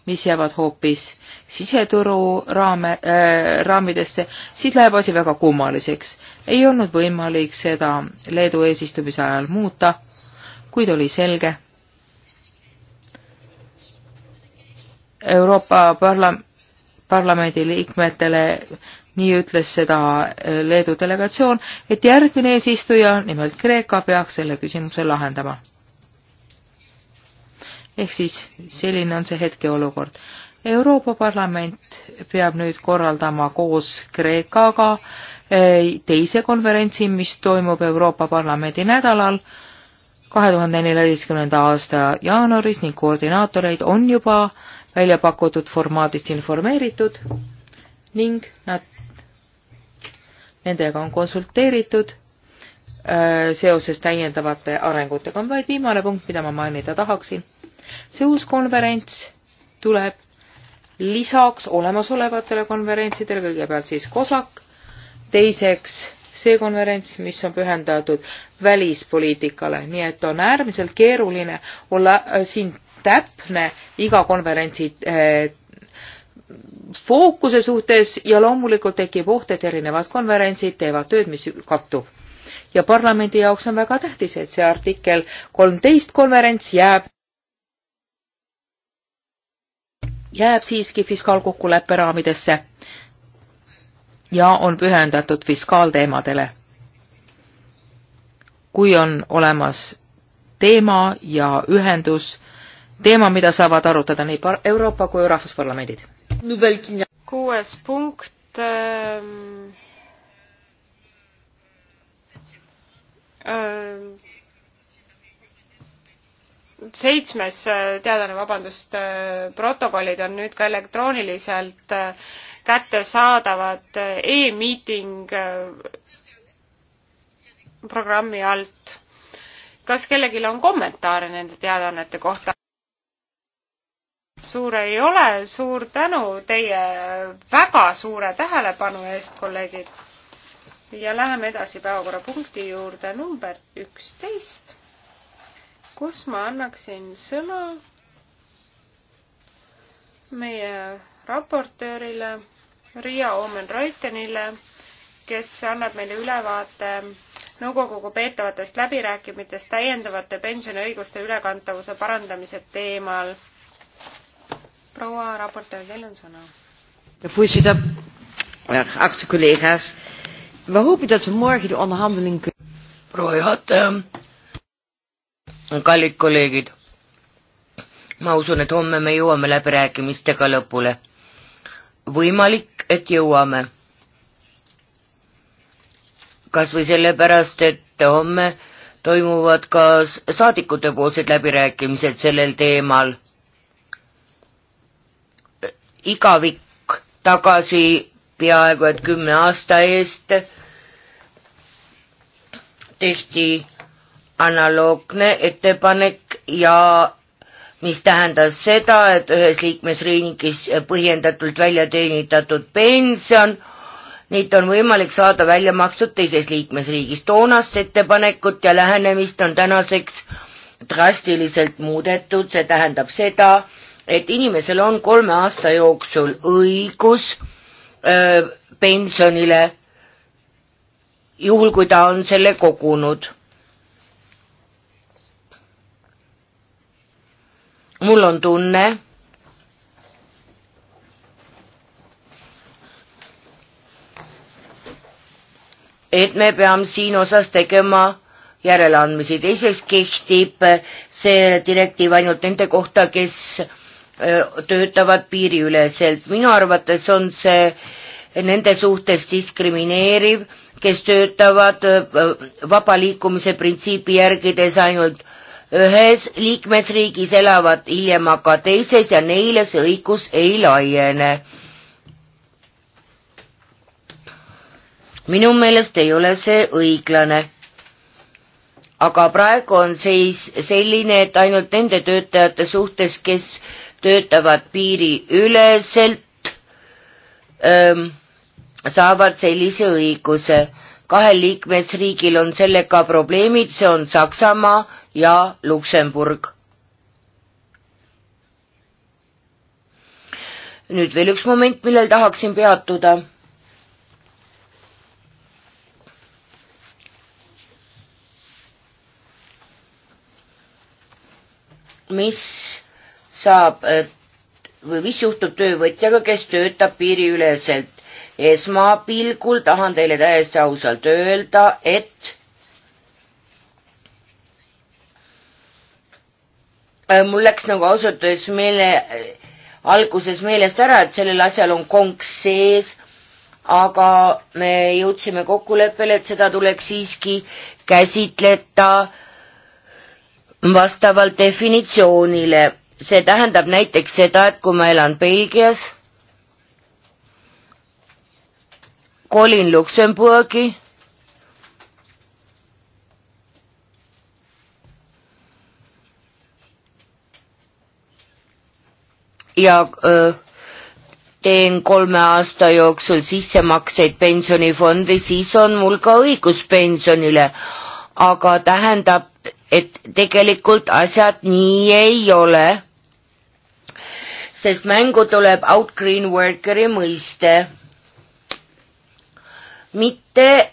mis jäävad hoopis siseturu raame äh,, raamidesse, siis läheb asi väga kummaliseks. ei olnud võimalik seda Leedu eesistumise ajal muuta, kuid oli selge. Euroopa parla-, parlamendi liikmetele nii ütles seda Leedu delegatsioon, et järgmine eesistuja, nimelt Kreeka, peaks selle küsimuse lahendama ehk siis selline on see hetkeolukord. Euroopa Parlament peab nüüd korraldama koos Kreekaga eh, teise konverentsi, mis toimub Euroopa Parlamendi nädalal kahe tuhande neljateistkümnenda aasta jaanuaris ning koordinaatoreid on juba välja pakutud formaadist informeeritud ning nad, nendega on konsulteeritud eh, seoses täiendavate arengutega. on vaid viimane punkt, mida ma mainida tahaksin see uus konverents tuleb lisaks olemasolevatele konverentsidele, kõigepealt siis COSAC, teiseks see konverents, mis on pühendatud välispoliitikale, nii et on äärmiselt keeruline olla äh, siin täpne iga konverentsi eh, fookuse suhtes ja loomulikult tekib oht, et erinevad konverentsid teevad tööd, mis kattub. ja parlamendi jaoks on väga tähtis, et see artikkel kolmteist konverents jääb jääb siiski fiskaalkokkuleppe raamidesse ja on pühendatud fiskaalteemadele. kui on olemas teema ja ühendus, teema, mida saavad arutada nii Euroopa kui rahvusparlamendid. kuues punkt ähm,. Ähm, seitsmes äh, teadlane, vabandust, äh, protokollid on nüüd ka elektrooniliselt äh, kättesaadavad e-miiting programmi alt. kas kellelgi on kommentaare nende teadaannete kohta? suur ei ole, suur tänu teie väga suure tähelepanu eest, kolleegid. ja läheme edasi päevakorrapunkti juurde number üksteist kus ma annaksin sõna meie raportöörile Riia Omen-Reutenile, kes annab meile ülevaate nõukoguga peetavatest läbirääkimistest täiendavate pensioniõiguste ülekantavuse parandamise teemal. proua raportöör, teil on sõna. Voorzitter, eh, achte collega's, we hopen dat we morgen de onderhandeling kunnen. proua juhataja kallid kolleegid, ma usun, et homme me jõuame läbirääkimistega lõpule. võimalik, et jõuame. kas või sellepärast, et homme toimuvad ka saadikutepoolsed läbirääkimised sellel teemal. igavik tagasi peaaegu et kümne aasta eest tehti analoogne ettepanek ja mis tähendas seda, et ühes liikmesriigis põhjendatult välja teenitatud pension, neid on võimalik saada välja makstud teises liikmesriigis. toonast ettepanekut ja lähenemist on tänaseks drastiliselt muudetud, see tähendab seda, et inimesel on kolme aasta jooksul õigus öö, pensionile, juhul kui ta on selle kogunud mul on tunne, et me peame siin osas tegema järeleandmisi. teiseks kehtib see direktiiv ainult nende kohta, kes töötavad piiriüleselt. minu arvates on see nende suhtes diskrimineeriv, kes töötavad vaba liikumise printsiipi järgides ainult ühes liikmesriigis elavad hiljem aga teises ja neile see õigus ei laiene. minu meelest ei ole see õiglane. aga praegu on seis selline, et ainult nende töötajate suhtes, kes töötavad piiriüleselt, ähm, saavad sellise õiguse. kahel liikmesriigil on sellega probleemid, see on Saksamaa ja Luksemburg. nüüd veel üks moment, millel tahaksin peatuda mis saab või mis juhtub töövõtjaga, kes töötab piiriüleselt. esmapilgul tahan teile täiesti ausalt öelda, et Äh, mul läks nagu ausalt öeldes meele, äh, alguses meelest ära, et sellel asjal on konks sees, aga me jõudsime kokkuleppele, et seda tuleks siiski käsitleda vastavalt definitsioonile. see tähendab näiteks seda, et kui ma elan Belgias, kolin Luksemburgi ja öö, teen kolme aasta jooksul sissemakseid pensionifondi, siis on mul ka õigus pensionile. aga tähendab, et tegelikult asjad nii ei ole. sest mängu tuleb out green worker'i mõiste. mitte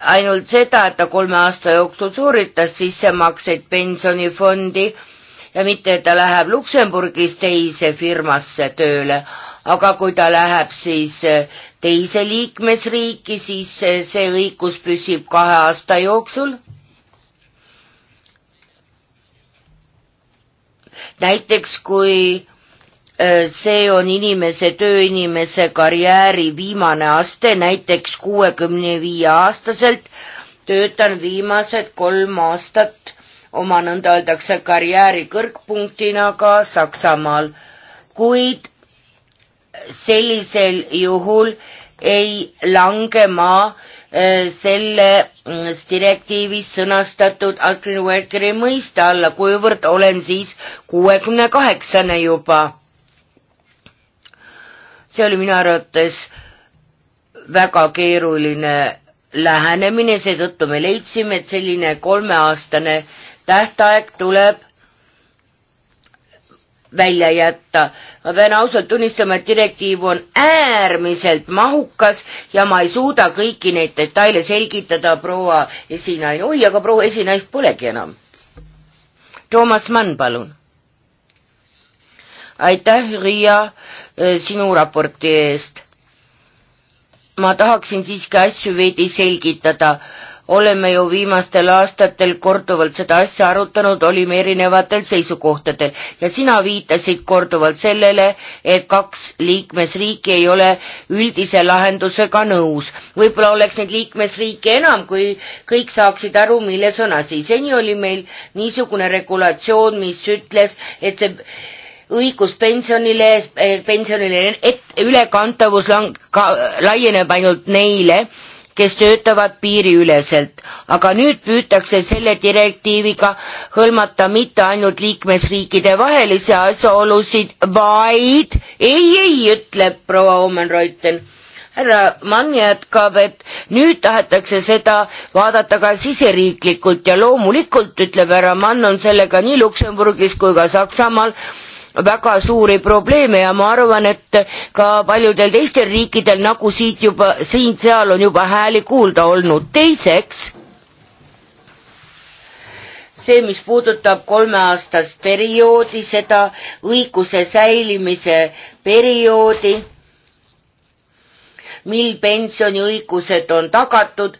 ainult seda, et ta kolme aasta jooksul sooritas sissemakseid pensionifondi ja mitte, et ta läheb Luksemburgis teise firmasse tööle, aga kui ta läheb siis eh, teise liikmesriiki, siis eh, see õigus püsib kahe aasta jooksul. näiteks kui eh, see on inimese, tööinimese karjääri viimane aste, näiteks kuuekümne viie aastaselt töötan viimased kolm aastat oma nõnda öeldakse karjääri kõrgpunktina ka Saksamaal, kuid sellisel juhul ei lange maa äh, selles mm, direktiivis sõnastatud agriworkeri mõiste alla, kuivõrd olen siis kuuekümne kaheksane juba. see oli minu arvates väga keeruline lähenemine, seetõttu me leidsime, et selline kolmeaastane tähtaeg tuleb välja jätta. ma pean ausalt tunnistama, et direktiiv on äärmiselt mahukas ja ma ei suuda kõiki neid detaile selgitada proua esinaine. oi, aga proua esinaist polegi enam. Toomas Mann, palun. aitäh, Riia, eh, sinu raporti eest. ma tahaksin siiski asju veidi selgitada oleme ju viimastel aastatel korduvalt seda asja arutanud, olime erinevatel seisukohtadel ja sina viitasid korduvalt sellele, et kaks liikmesriiki ei ole üldise lahendusega nõus. võib-olla oleks neid liikmesriike enam, kui kõik saaksid aru, milles on asi. seni oli meil niisugune regulatsioon, mis ütles, et see õigus pensionile, pensionile et ülekantavus lang-, ka, laieneb ainult neile, kes töötavad piiriüleselt, aga nüüd püütakse selle direktiiviga hõlmata mitte ainult liikmesriikide vahelisi asjaolusid, vaid ei, ei, ütleb proua Omen Reuten härra Mann jätkab, et nüüd tahetakse seda vaadata ka siseriiklikult ja loomulikult, ütleb härra Mann, on sellega nii Luksemburgis kui ka Saksamaal väga suuri probleeme ja ma arvan, et ka paljudel teistel riikidel, nagu siit juba, siin-seal on juba hääli kuulda olnud. teiseks, see, mis puudutab kolmeaastast perioodi, seda õiguse säilimise perioodi, mil pensioniõigused on tagatud,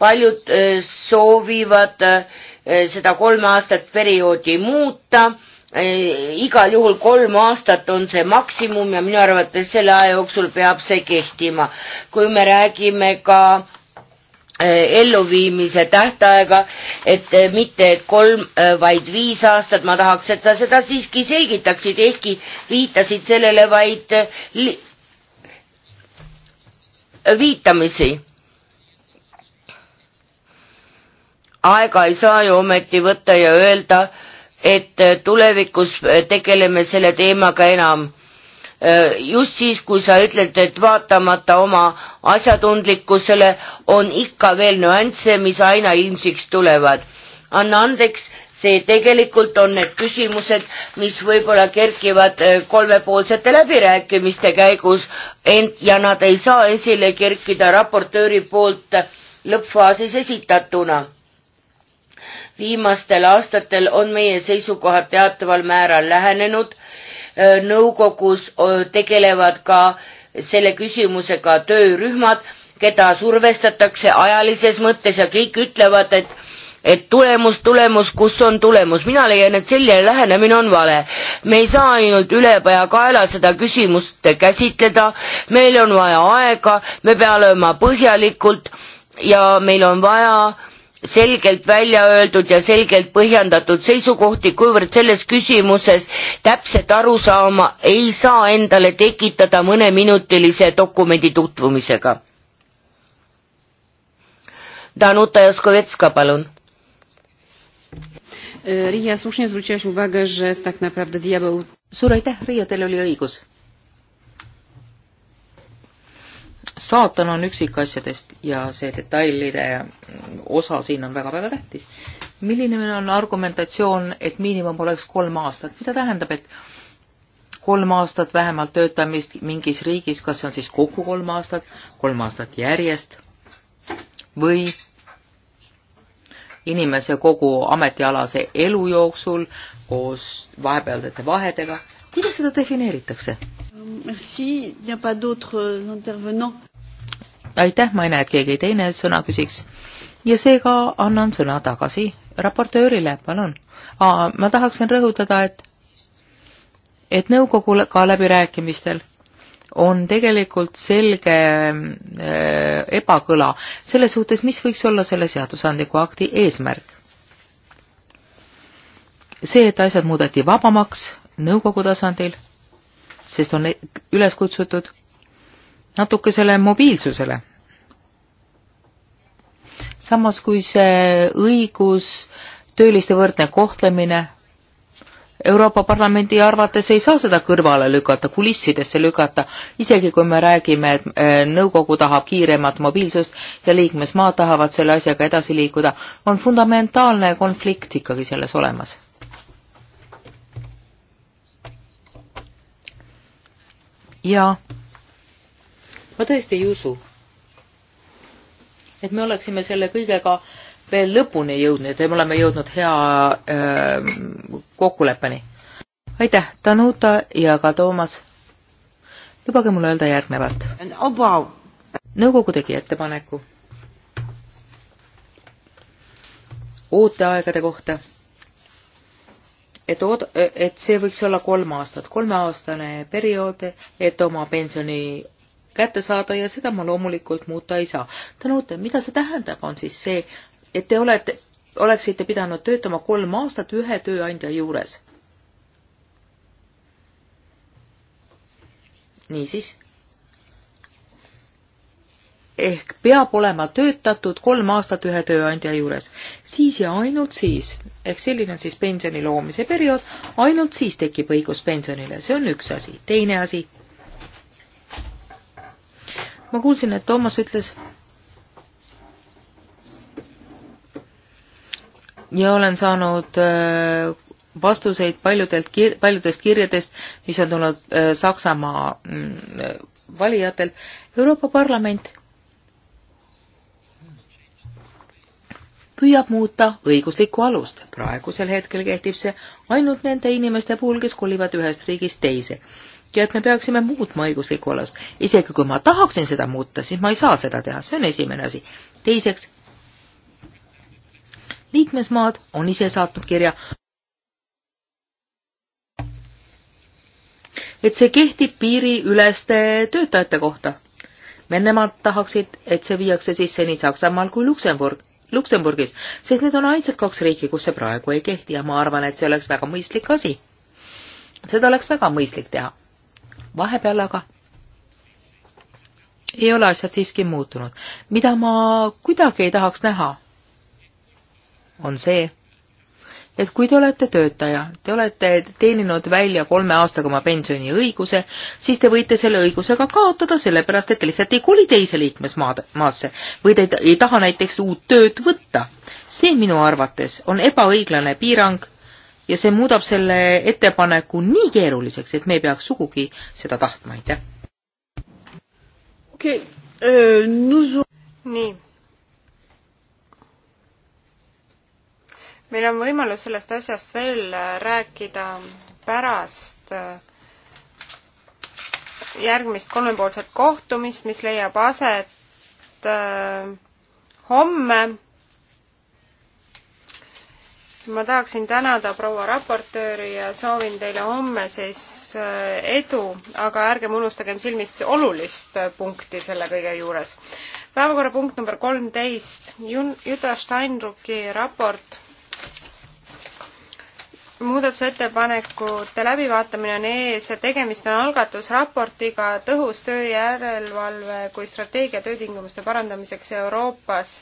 paljud äh, soovivad äh, seda kolme aastat perioodi muuta Äh, igal juhul kolm aastat on see maksimum ja minu arvates selle aja jooksul peab see kehtima. kui me räägime ka äh, elluviimise tähtaega, et äh, mitte et kolm, vaid viis aastat, ma tahaks, et sa seda siiski selgitaksid, ehkki viitasid sellele vaid viitamisi. aega ei saa ju ometi võtta ja öelda äh, et äh, tulevikus äh, tegeleme selle teemaga enam. Äh, just siis, kui sa ütled, et vaatamata oma asjatundlikkusele on ikka veel nüansse, mis aina ilmsiks tulevad. anna andeks, see tegelikult on need küsimused, mis võib-olla kerkivad kolmepoolsete läbirääkimiste käigus, ent ja nad ei saa esile kerkida raportööri poolt lõppfaasis esitatuna viimastel aastatel on meie seisukohad teataval määral lähenenud, äh, nõukogus tegelevad ka selle küsimusega töörühmad, keda survestatakse ajalises mõttes ja kõik ütlevad, et et tulemus, tulemus, kus on tulemus, mina leian, et selline lähenemine on vale. me ei saa ainult ülepeakaela seda küsimust käsitleda, meil on vaja aega, me peame olema põhjalikult ja meil on vaja äh, selgelt välja öeldud ja selgelt põhjendatud seisukohti, kuivõrd selles küsimuses täpset arusaama ei saa endale tekitada mõneminutilise dokumendi tutvumisega. Danuta Jaskovetska, palun. Riia, suur aitäh, Riia, teil oli õigus saatan on üksikasjadest ja see detailide osa siin on väga-väga tähtis. milline on argumentatsioon, et miinimum oleks kolm aastat, mida tähendab, et kolm aastat vähemalt töötamist mingis riigis, kas see on siis kogu kolm aastat, kolm aastat järjest või inimese kogu ametialase elu jooksul koos vahepealsete vahedega, kuidas seda defineeritakse? aitäh, ma ei näe, et keegi teine sõna küsiks. ja seega annan sõna tagasi raportöörile, palun. ma tahaksin rõhutada, et, et nõukoguga läbirääkimistel on tegelikult selge äh, ebakõla selles suhtes, mis võiks olla selle seadusandliku akti eesmärk. see, et asjad muudeti vabamaks nõukogu tasandil sest on üles kutsutud natukesele mobiilsusele. samas kui see õigus, tööliste võrdne kohtlemine, Euroopa Parlamendi arvates ei saa seda kõrvale lükata, kulissidesse lükata, isegi kui me räägime, et äh, nõukogu tahab kiiremat mobiilsust ja liikmesmaad tahavad selle asjaga edasi liikuda, on fundamentaalne konflikt ikkagi selles olemas ja ma tõesti ei usu, et me oleksime selle kõigega veel lõpuni jõudnud ja me oleme jõudnud hea äh, kokkuleppeni. aitäh, Danuta ja ka Toomas. lubage mul öelda järgnevat. nõukogu tegi ettepaneku ooteaegade kohta et ood-, et see võiks olla kolm aastat, kolmeaastane periood, et oma pensioni kätte saada ja seda ma loomulikult muuta ei saa. Te nõute, mida see tähendab, on siis see, et te olete, oleksite pidanud töötama kolm aastat ühe tööandja juures. niisiis ehk peab olema töötatud kolm aastat ühe tööandja juures. siis ja ainult siis, ehk selline on siis pensioni loomise periood, ainult siis tekib õigus pensionile, see on üks asi. teine asi. ma kuulsin, et Toomas ütles. ja olen saanud äh, vastuseid paljudelt kir-, paljudest kirjadest, mis on tulnud äh, Saksamaa mm, äh, valijatelt. Euroopa Parlament püüab muuta õiguslikku alust. praegusel hetkel kehtib see ainult nende inimeste puhul, kes kolivad ühest riigist teise. ja et me peaksime muutma õiguslikku alust. isegi kui ma tahaksin seda muuta, siis ma ei saa seda teha, see on esimene asi. teiseks, liikmesmaad on ise saatnud kirja, et see kehtib piiriüleste töötajate kohta. Venemaad tahaksid, et see viiakse sisse nii Saksamaal kui Luksemburg Luksemburgis, sest need on ainsad kaks riiki, kus see praegu ei kehti ja ma arvan, et see oleks väga mõistlik asi. seda oleks väga mõistlik teha. vahepeal aga ei ole asjad siiski muutunud. mida ma kuidagi ei tahaks näha, on see, et kui te olete töötaja, te olete teeninud välja kolme aastaga oma pensioniõiguse, siis te võite selle õiguse ka kaotada, sellepärast et te lihtsalt ei koli teise liikmesmaasse või te ei taha näiteks uut tööd võtta. see minu arvates on ebaõiglane piirang ja see muudab selle ettepaneku nii keeruliseks, et me ei peaks sugugi seda tahtma, aitäh. okei okay. uh,, nii meil on võimalus sellest asjast veel äh, rääkida pärast äh, järgmist kolmepoolset kohtumist, mis leiab aset äh, homme. ma tahaksin tänada proua raportööri ja soovin teile homme siis edu, aga ärgem unustagem silmist olulist punkti selle kõige juures. päevakorrapunkt number kolmteist, Jutta Steinrucki raport muudatusettepanekute läbivaatamine on ees, tegemist on algatusraportiga tõhus tööjärelevalve kui strateegia töötingimuste parandamiseks Euroopas.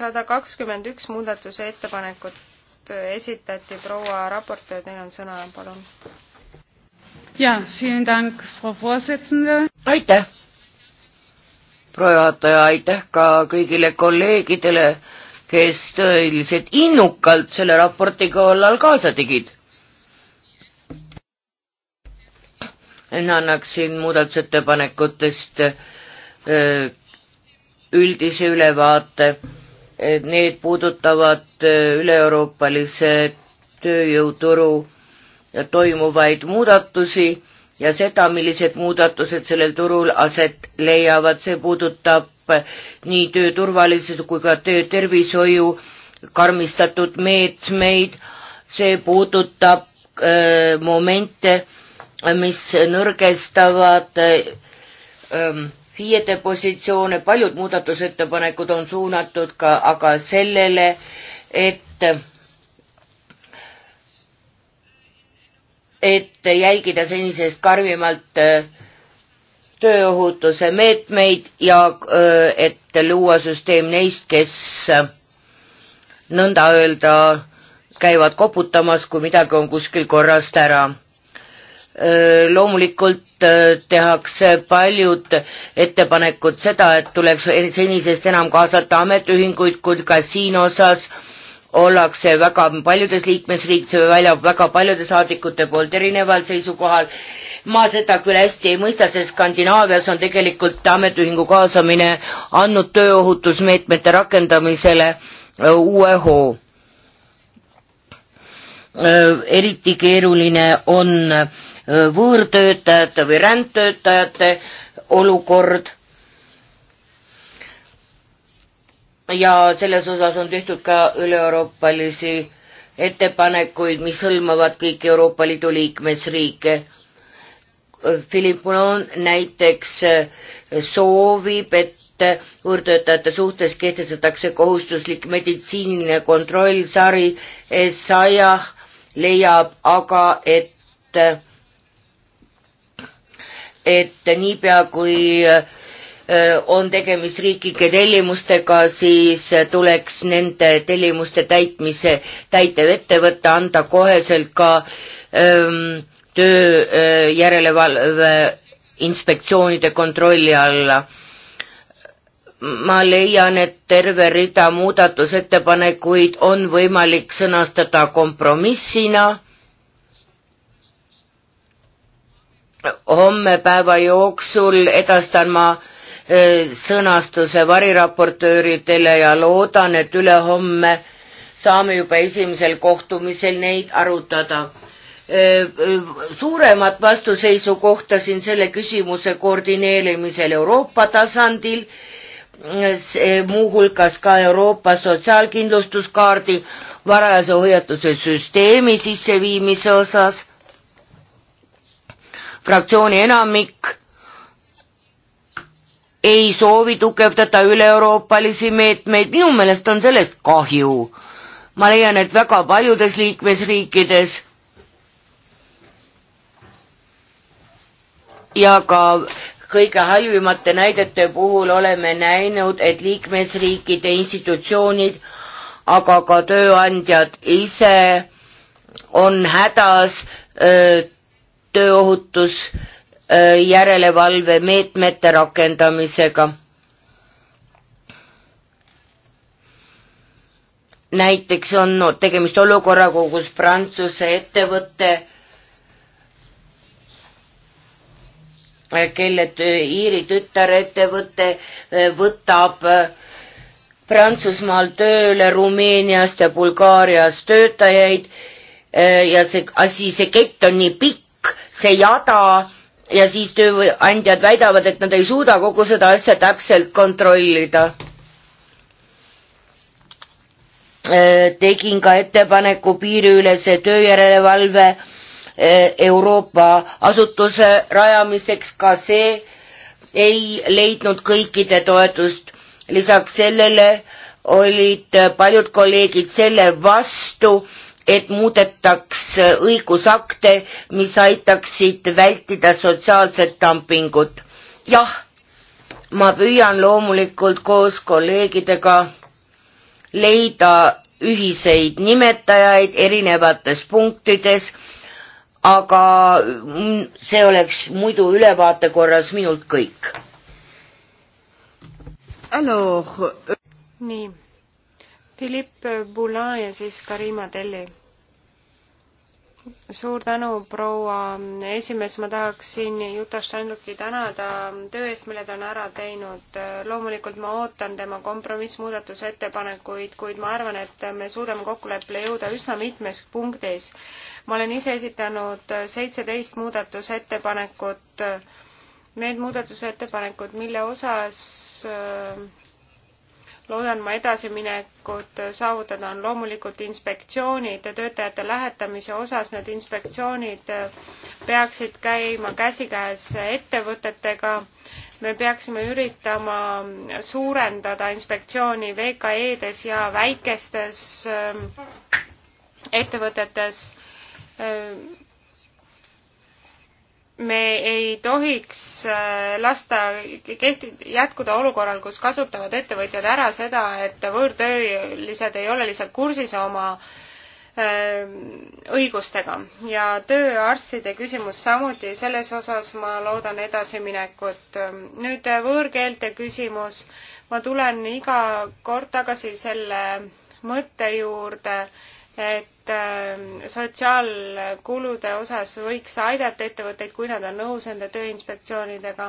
sada kakskümmend üks muudatusettepanekut esitati proua raportöö, teil on sõna, palun. jaa, aitäh proua juhataja, aitäh ka kõigile kolleegidele, kes tõeliselt innukalt selle raporti kallal kaasa tegid. mina annaksin muudatusettepanekutest äh, üldise ülevaate. Need puudutavad äh, üle-euroopalise tööjõuturu toimuvaid muudatusi ja seda, millised muudatused sellel turul aset leiavad, see puudutab nii tööturvalisuse kui ka töötervishoiu karmistatud meetmeid, see puudutab öö, äh, momente, mis nõrgestavad öö, ähm, FIE-de positsioone, paljud muudatusettepanekud on suunatud ka aga sellele, et et jälgida senisest karmimalt äh, tööohutuse meetmeid ja äh, et luua süsteem neist, kes äh, nõnda öelda käivad koputamas, kui midagi on kuskil korrast ära. Loomulikult tehakse paljud ettepanekud seda, et tuleks senisest enam kaasata ametiühinguid kui ka siin osas äh, ollakse väga paljudes liikmesriikides või välja väga paljude saadikute poolt erineval seisukohal. ma seda küll hästi ei mõista, sest Skandinaavias on tegelikult ametiühingu kaasamine andnud tööohutusmeetmete rakendamisele äh, uue hoo. Äh, eriti keeruline on äh, võõrtöötajate või rändtöötajate olukord ja selles osas on tehtud ka üle-euroopalisi ettepanekuid, mis hõlmavad kõiki Euroopa Liidu liikmesriike. Philipp Moulon näiteks soovib, et võõrtöötajate suhtes kehtestatakse kohustuslik meditsiiniline kontroll, sari saja leiab aga, et et niipea kui äh, Äh, on tegemist riiklike tellimustega, siis tuleks nende tellimuste täitmise täitevettevõte anda koheselt ka öö, ähm, töö äh, järelevalve inspektsioonide kontrolli alla ma leian, et terve rida muudatusettepanekuid on võimalik sõnastada kompromissina. homme päeva jooksul edastan ma äh, Äh, sõnastuse variraportööridele ja loodan, et ülehomme saame juba esimesel kohtumisel neid arutada. Äh, äh, suuremat vastuseisu kohtasin selle küsimuse koordineerimisel Euroopa tasandil, muuhulgas ka Euroopa sotsiaalkindlustuskaardi varajase hoiatuse süsteemi sisseviimise osas. fraktsiooni enamik ei soovi tugevdada üle-euroopalisi meetmeid, minu meelest on sellest kahju. ma leian, et väga paljudes liikmesriikides ja ka kõige halvimate näidete puhul oleme näinud, et liikmesriikide institutsioonid, aga ka tööandjad ise on hädas öö, tööohutus öö, Äh, järelevalvemeetmete rakendamisega. näiteks on no, tegemist olukorraga, kus Prantsuse ettevõte, kelle Iiri tütarettevõte äh, võtab äh, Prantsusmaal tööle Rumeeniast ja Bulgaariast töötajaid ja see asi, see kett on nii pikk, see jada ja siis tööandjad väidavad, et nad ei suuda kogu seda asja täpselt kontrollida. Äh, tegin ka ettepaneku piiriülese tööjärelevalve äh, Euroopa asutuse rajamiseks, ka see ei leidnud kõikide toetust. lisaks sellele olid paljud kolleegid selle vastu et muudetaks õigusakte, mis aitaksid vältida sotsiaalset dumpingut. jah, ma püüan loomulikult koos kolleegidega leida ühiseid nimetajaid erinevates punktides, aga see oleks muidu ülevaate korras minult kõik. nii, Philippe Boulin ja siis Karima Telli suur tänu, proua esimees, ma tahaksin Juta Steinrucki tänada töö eest, mille ta on ära teinud. loomulikult ma ootan tema kompromissmuudatusettepanekuid, kuid ma arvan, et me suudame kokkuleppele jõuda üsna mitmes punktis. ma olen ise esitanud seitseteist muudatusettepanekut. Need muudatusettepanekud, mille osas äh, loodan ma edasiminekut saavutada, on loomulikult inspektsioonid töötajate lähetamise osas, need inspektsioonid äh, peaksid käima käsikäes ettevõtetega. me peaksime üritama suurendada inspektsiooni VKE-des ja väikestes ähm, ettevõtetes äh, me ei tohiks äh, lasta kehti-, jätkuda olukorral, kus kasutavad ettevõtjad ära seda, et võõrtöölised ei ole lihtsalt kursis oma ähm, õigustega ja tööarstide küsimus samuti, selles osas ma loodan edasiminekut. nüüd äh, võõrkeelte küsimus, ma tulen iga kord tagasi selle mõtte juurde, et et äh, sotsiaalkulude osas võiks aidata ettevõtteid, kui nad on nõus nende tööinspektsioonidega.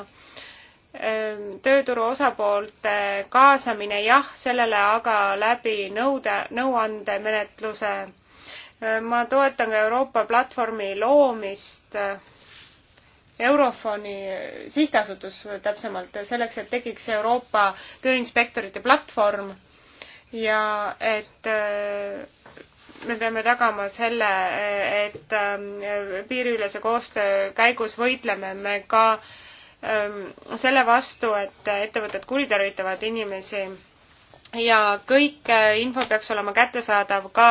Ähm, tööturu osapoolte kaasamine, jah, sellele aga läbi nõude, nõuandemenetluse. Äh, ma toetan ka Euroopa platvormi loomist äh, Eurofoni sihtasutus täpsemalt, selleks, et tekiks Euroopa tööinspektorite platvorm ja et me peame tagama selle, et ähm, piiriülese koostöö käigus võitleme me ka ähm, selle vastu, et ettevõtted kuritarvitavad inimesi ja kõik äh, info peaks olema kättesaadav ka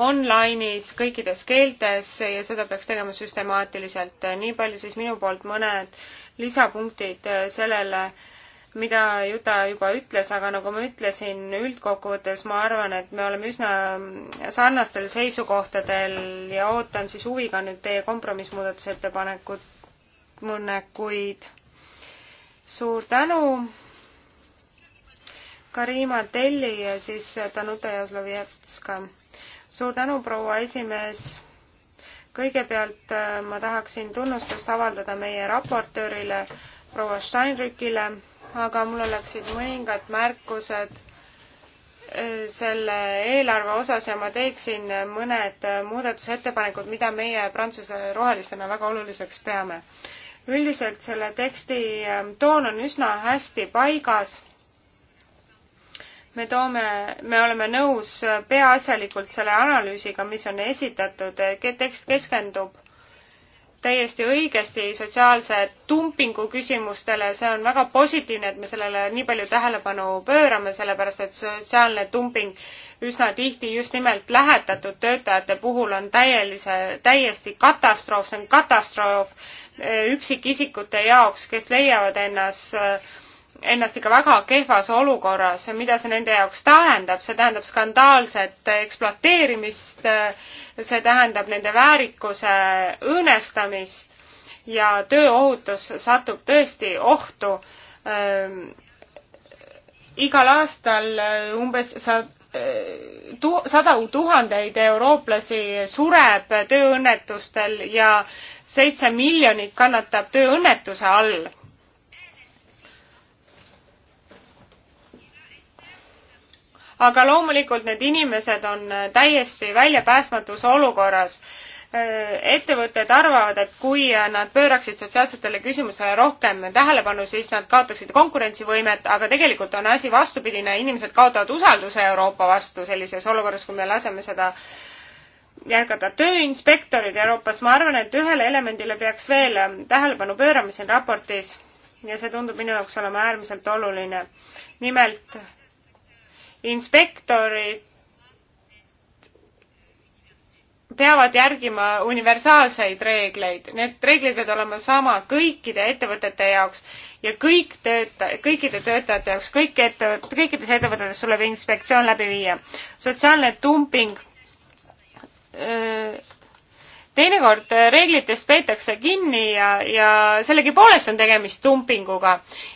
online'is kõikides keeltes ja seda peaks tegema süstemaatiliselt. nii palju siis minu poolt mõned lisapunktid äh, sellele äh, mida Juta juba ütles, aga nagu ma ütlesin, üldkokkuvõttes ma arvan, et me oleme üsna sarnastel seisukohtadel ja ootan siis huviga nüüd teie kompromissmuudatusettepanekut, mõnekuid. suur tänu, Karima Telli ja siis Danuta Jazlovetska. suur tänu, proua esimees kõigepealt äh, ma tahaksin tunnustust avaldada meie raportöörile proua Steinrückile aga mul oleksid mõningad märkused äh, selle eelarve osas ja ma teeksin mõned muudatusettepanekud, mida meie Prantsuse rohelistena väga oluliseks peame. üldiselt selle teksti äh, toon on üsna hästi paigas. me toome, me oleme nõus peaasjalikult selle analüüsiga, mis on esitatud, äh, tekst keskendub täiesti õigesti sotsiaalse dumpingu küsimustele, see on väga positiivne, et me sellele nii palju tähelepanu pöörame, sellepärast et sotsiaalne dumping üsna tihti just nimelt lähetatud töötajate puhul on täielise, täiesti katastroof, see on katastroof äh, üksikisikute jaoks, kes leiavad ennast äh, ennast ikka väga kehvas olukorras, mida see nende jaoks tähendab, see tähendab skandaalset ekspluateerimist, see tähendab nende väärikuse õõnestamist ja tööohutus satub tõesti ohtu. Ehm, igal aastal eh, umbes sa eh, tu-, sadu tuhandeid eurooplasi sureb tööõnnetustel ja seitse miljonit kannatab tööõnnetuse all aga loomulikult need inimesed on täiesti väljapäästmatus olukorras. ettevõtted arvavad, et kui nad pööraksid sotsiaalsetele küsimustele rohkem tähelepanu, siis nad kaotaksid konkurentsivõimet, aga tegelikult on asi vastupidine, inimesed kaotavad usalduse Euroopa vastu sellises olukorras, kui me laseme seda jätkata. tööinspektorid Euroopas, ma arvan, et ühele elemendile peaks veel tähelepanu pöörama siin raportis ja see tundub minu jaoks olema äärmiselt oluline. nimelt inspektorid peavad järgima universaalseid reegleid, need reeglid peavad olema sama kõikide ettevõtete jaoks ja kõik tööta-, kõikide töötajate jaoks, kõik ettevõtted, kõikides ettevõtetes tuleb inspektsioon läbi viia. sotsiaalne dumping öö, teinekord äh, reeglitest peetakse kinni ja, ja sellegipoolest on tegemist dumpinguga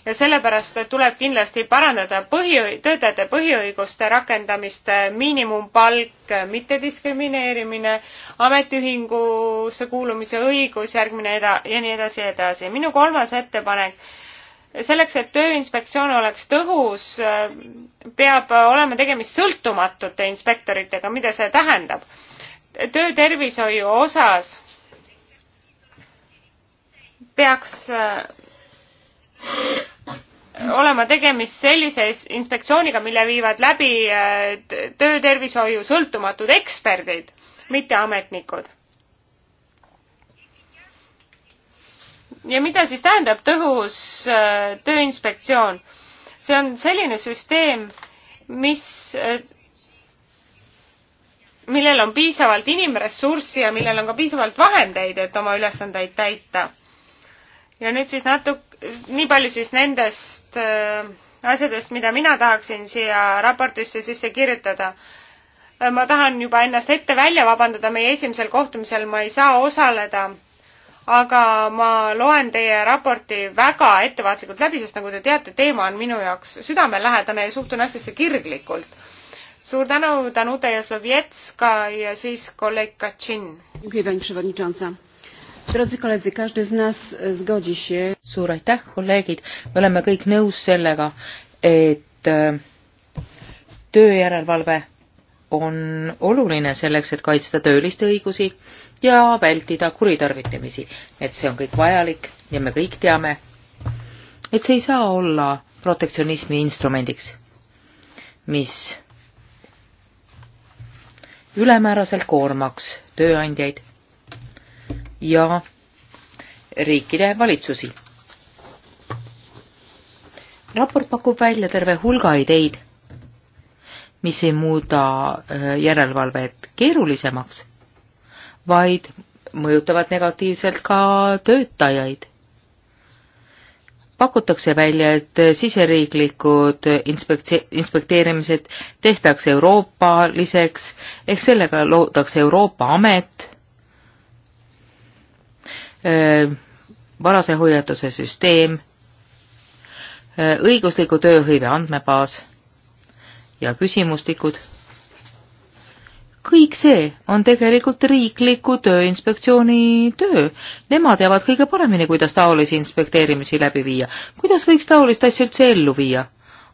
ja sellepärast tuleb kindlasti parandada põhi, töötajate põhiõiguste rakendamist, äh, miinimumpalk, äh, mittediskrimineerimine, ametiühingusse kuulumise õigus, järgmine eda- ja nii edasi ja edasi. minu kolmas ettepanek selleks, et Tööinspektsioon oleks tõhus, peab olema tegemist sõltumatute inspektoritega, mida see tähendab? töötervishoiu osas peaks äh, olema tegemist sellise inspektsiooniga, mille viivad läbi äh, töötervishoiu sõltumatud eksperdid, mitte ametnikud. ja mida siis tähendab tõhus äh, tööinspektsioon? see on selline süsteem, mis millel on piisavalt inimressurssi ja millel on ka piisavalt vahendeid, et oma ülesandeid täita. ja nüüd siis natuke, nii palju siis nendest äh, asjadest, mida mina tahaksin siia raportisse sisse kirjutada. Äh, ma tahan juba ennast ette välja vabandada, meie esimesel kohtumisel ma ei saa osaleda, aga ma loen teie raporti väga ettevaatlikult läbi, sest nagu te teate, teema on minu jaoks südamelähedane ja suhtun asjasse kirglikult suur tänu, Danuta Jaslovietska ja siis kolleeg Katšin. E, suur aitäh, kolleegid, me oleme kõik nõus sellega, et e, tööjärelevalve on oluline selleks, et kaitsta tööliste õigusi ja vältida kuritarvitamisi, et see on kõik vajalik ja me kõik teame, et see ei saa olla protektsionismi instrumendiks, mis ülemääraselt koormaks tööandjaid ja riikide valitsusi. raport pakub välja terve hulga ideid, mis ei muuda äh, järelevalvet keerulisemaks, vaid mõjutavad negatiivselt ka töötajaid pakutakse välja, et siseriiklikud inspektsi-, inspekteerimised tehtaks euroopaliseks ehk sellega loodaks Euroopa amet, äh, varase hoiatuse süsteem, äh, õigusliku tööhõive andmebaas ja küsimustikud kõik see on tegelikult riikliku tööinspektsiooni töö. Nemad teavad kõige paremini, kuidas taolisi inspekteerimisi läbi viia. kuidas võiks taolist asja üldse ellu viia,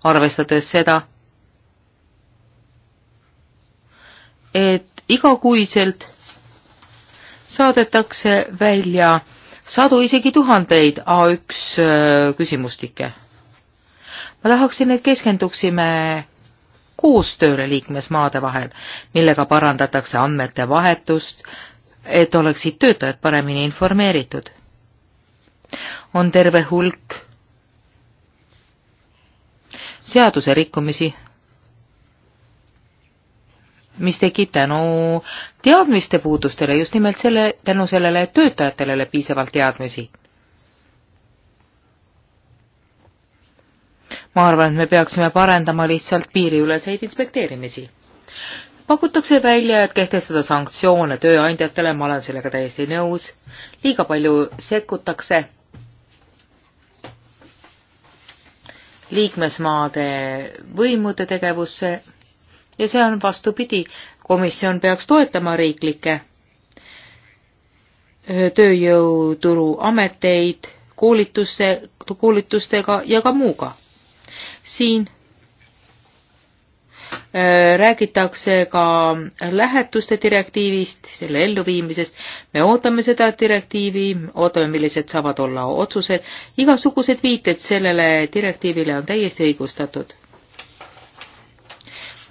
arvestades seda, et igakuiselt saadetakse välja sadu, isegi tuhandeid A1 äh, küsimustikke. ma tahaksin, et keskenduksime koostööle liikmesmaade vahel, millega parandatakse andmete vahetust, et oleksid töötajad paremini informeeritud. on terve hulk seaduserikkumisi, mis tekib tänu teadmiste puudustele, just nimelt selle, tänu sellele, et töötajatel ei ole piisavalt teadmisi ma arvan, et me peaksime parendama lihtsalt piiriüleseid inspekteerimisi. pakutakse välja, et kehtestada sanktsioone tööandjatele, ma olen sellega täiesti nõus, liiga palju sekkutakse liikmesmaade võimude tegevusse ja see on vastupidi, komisjon peaks toetama riiklikke tööjõuturu ameteid koolituste, koolitustega ja ka muuga siin äh, räägitakse ka lähetuste direktiivist, selle elluviimisest. me ootame seda direktiivi, ootame, millised saavad olla otsused. igasugused viited sellele direktiivile on täiesti õigustatud.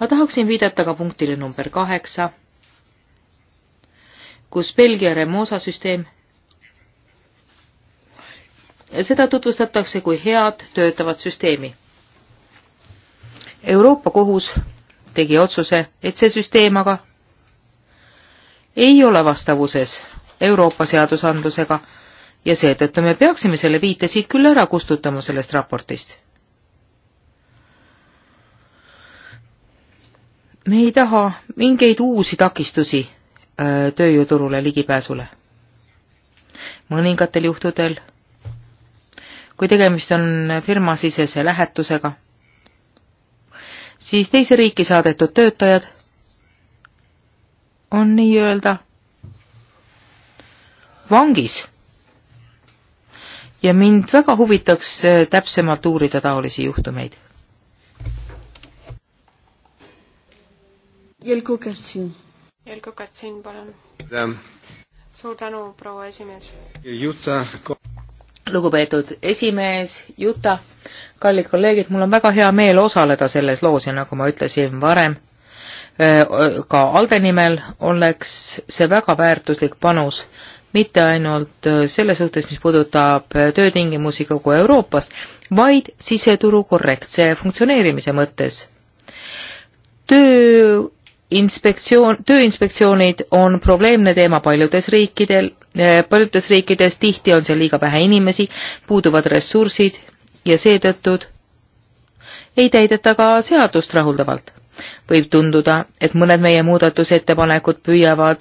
ma tahaksin viidata ka punktile number kaheksa, kus Belgia Remosa süsteem seda tutvustatakse kui head töötavat süsteemi Euroopa kohus tegi otsuse, et see süsteem aga ei ole vastavuses Euroopa seadusandlusega ja seetõttu me peaksime selle viite siit küll ära kustutama sellest raportist. me ei taha mingeid uusi takistusi öö, äh, tööjõuturule ligipääsule. mõningatel juhtudel, kui tegemist on firmasisese lähetusega, siis teise riiki saadetud töötajad on nii-öelda vangis. ja mind väga huvitaks äh, täpsemalt uurida taolisi juhtumeid. Jelko Katsin. Jelko Katsin, palun. suur tänu, proua esimees. Utah lugupeetud esimees Juta, kallid kolleegid, mul on väga hea meel osaleda selles loos ja nagu ma ütlesin varem, äh, ka Alde nimel oleks see väga väärtuslik panus, mitte ainult äh, selles suhtes, mis puudutab äh, töötingimusi kogu Euroopas, vaid siseturu korrektse funktsioneerimise mõttes. tööinspektsioon, tööinspektsioonid on probleemne teema paljudes riikidel Eh, paljudes riikides tihti on seal liiga vähe inimesi, puuduvad ressursid ja seetõttu ei täideta ka seadust rahuldavalt. võib tunduda, et mõned meie muudatusettepanekud püüavad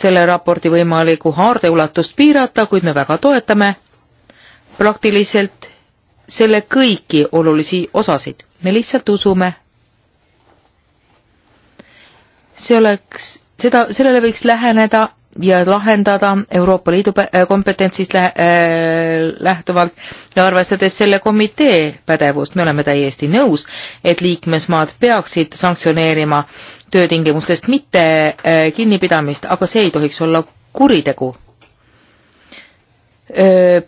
selle raporti võimalikku haardeulatust piirata, kuid me väga toetame praktiliselt selle kõiki olulisi osasid. me lihtsalt usume. see oleks, seda, sellele võiks läheneda ja lahendada Euroopa Liidu äh, kompetentsist äh, lähtuvalt ja arvestades selle komitee pädevust, me oleme täiesti nõus, et liikmesmaad peaksid sanktsioneerima töötingimustest mitte äh, kinnipidamist, aga see ei tohiks olla kuritegu.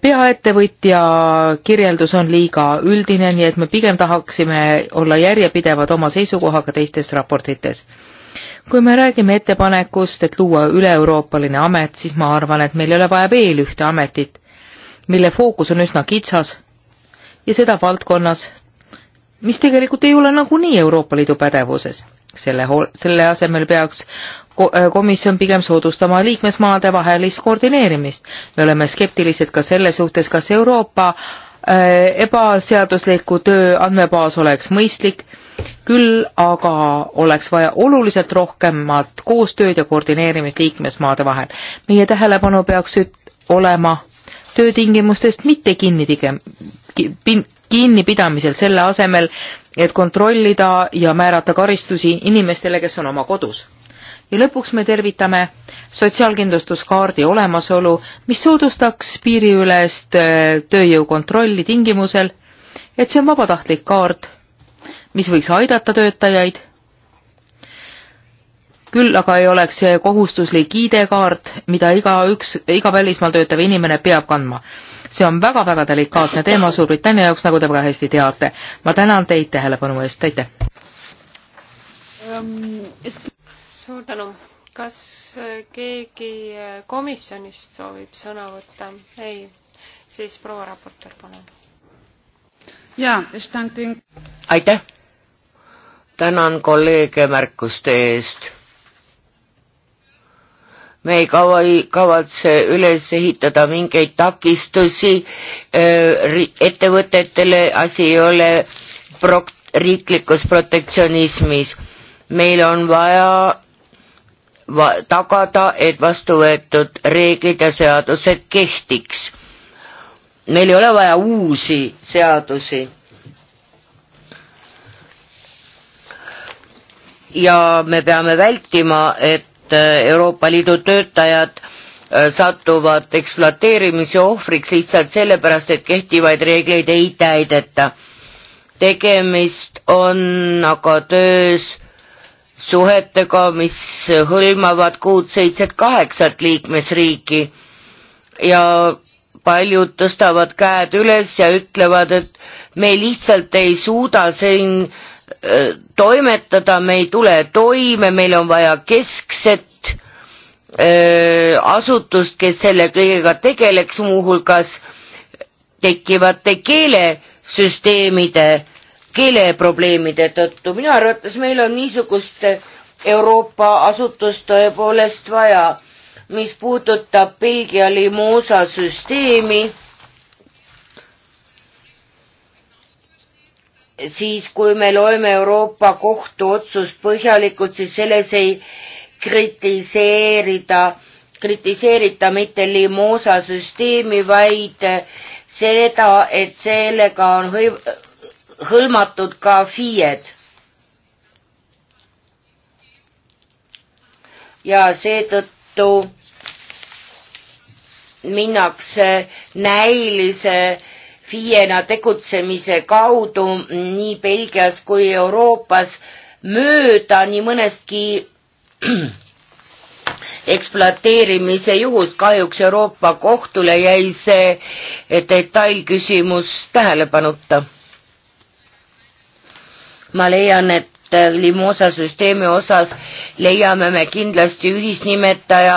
Peaettevõtja kirjeldus on liiga üldine, nii et me pigem tahaksime olla järjepidevad oma seisukohaga teistes raportites kui me räägime ettepanekust, et luua üle-euroopaline amet, siis ma arvan, et meil ei ole vaja veel ühte ametit, mille fookus on üsna kitsas ja seda valdkonnas, mis tegelikult ei ole nagunii Euroopa Liidu pädevuses. selle, selle asemel peaks äh, komisjon pigem soodustama liikmesmaade vahelist koordineerimist. me oleme skeptilised ka selle suhtes, kas Euroopa äh, ebaseadusliku töö andmebaas oleks mõistlik küll aga oleks vaja oluliselt rohkemat koostööd ja koordineerimist liikmesmaade vahel. meie tähelepanu peaks olema töötingimustest mitte kinni tige-, kinnipidamisel, selle asemel, et kontrollida ja määrata karistusi inimestele, kes on oma kodus. ja lõpuks me tervitame sotsiaalkindlustuskaardi olemasolu, mis soodustaks piiriülest äh, tööjõu kontrolli tingimusel, et see on vabatahtlik kaart mis võiks aidata töötajaid. küll aga ei oleks see kohustuslik ID-kaart, mida igaüks, iga välismaal töötav inimene peab kandma. see on väga-väga delikaatne teema Suurbritannia jaoks, nagu te väga hästi teate. ma tänan teid tähelepanu eest, aitäh! suur tänu! kas keegi komisjonist soovib sõna võtta? ei, siis proua raportöör, palun. aitäh tänan kolleege märkuste eest. me ei kava, ei kavatse üles ehitada mingeid takistusi äh, ettevõtetele, asi ei ole prok-, riiklikus protektsionismis. meil on vaja va tagada, et vastu võetud reeglid ja seadused kehtiks. meil ei ole vaja uusi seadusi ja me peame vältima, et äh, Euroopa Liidu töötajad äh, satuvad ekspluateerimise ohvriks lihtsalt sellepärast, et kehtivaid reegleid ei täideta. tegemist on aga töös suhetega, mis hõlmavad kuud-seitset-kaheksat liikmesriiki ja paljud tõstavad käed üles ja ütlevad, et me lihtsalt ei suuda siin äh, toimetada, me ei tule toime, meil on vaja keskset öö, asutust, kes selle kõigega tegeleks, muuhulgas tekivate keelesüsteemide, keeleprobleemide tõttu. minu arvates meil on niisugust Euroopa asutust tõepoolest vaja. mis puudutab Belgia Limosa süsteemi siis, kui me loeme Euroopa Kohtu otsust põhjalikult, siis selles ei kritiseerida, kritiseerita mitte limosa süsteemi, vaid seda, et sellega on hõiv-, hõlmatud ka FIE-d. ja seetõttu minnakse näilise äh, FIE-na tegutsemise kaudu nii Belgias kui Euroopas mööda nii mõnestki ekspluateerimise juhust. kahjuks Euroopa kohtule jäi see detailküsimus tähelepanuta. ma leian, et Äh, Limosa süsteemi osas leiame me kindlasti ühisnimetaja.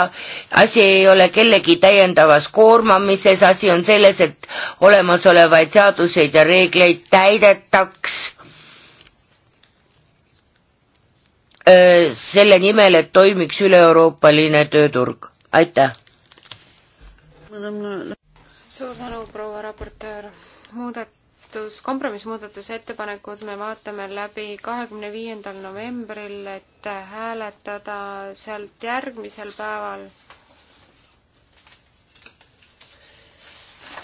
asi ei ole kellegi täiendavas koormamises, asi on selles, et olemasolevaid seaduseid ja reegleid täidetaks äh, selle nimel, et toimiks üle-euroopaline tööturg. aitäh! suur tänu, proua raportöör! muudat-, muudatus, kompromissmuudatuse ettepanekud me vaatame läbi kahekümne viiendal novembril, et hääletada sealt järgmisel päeval.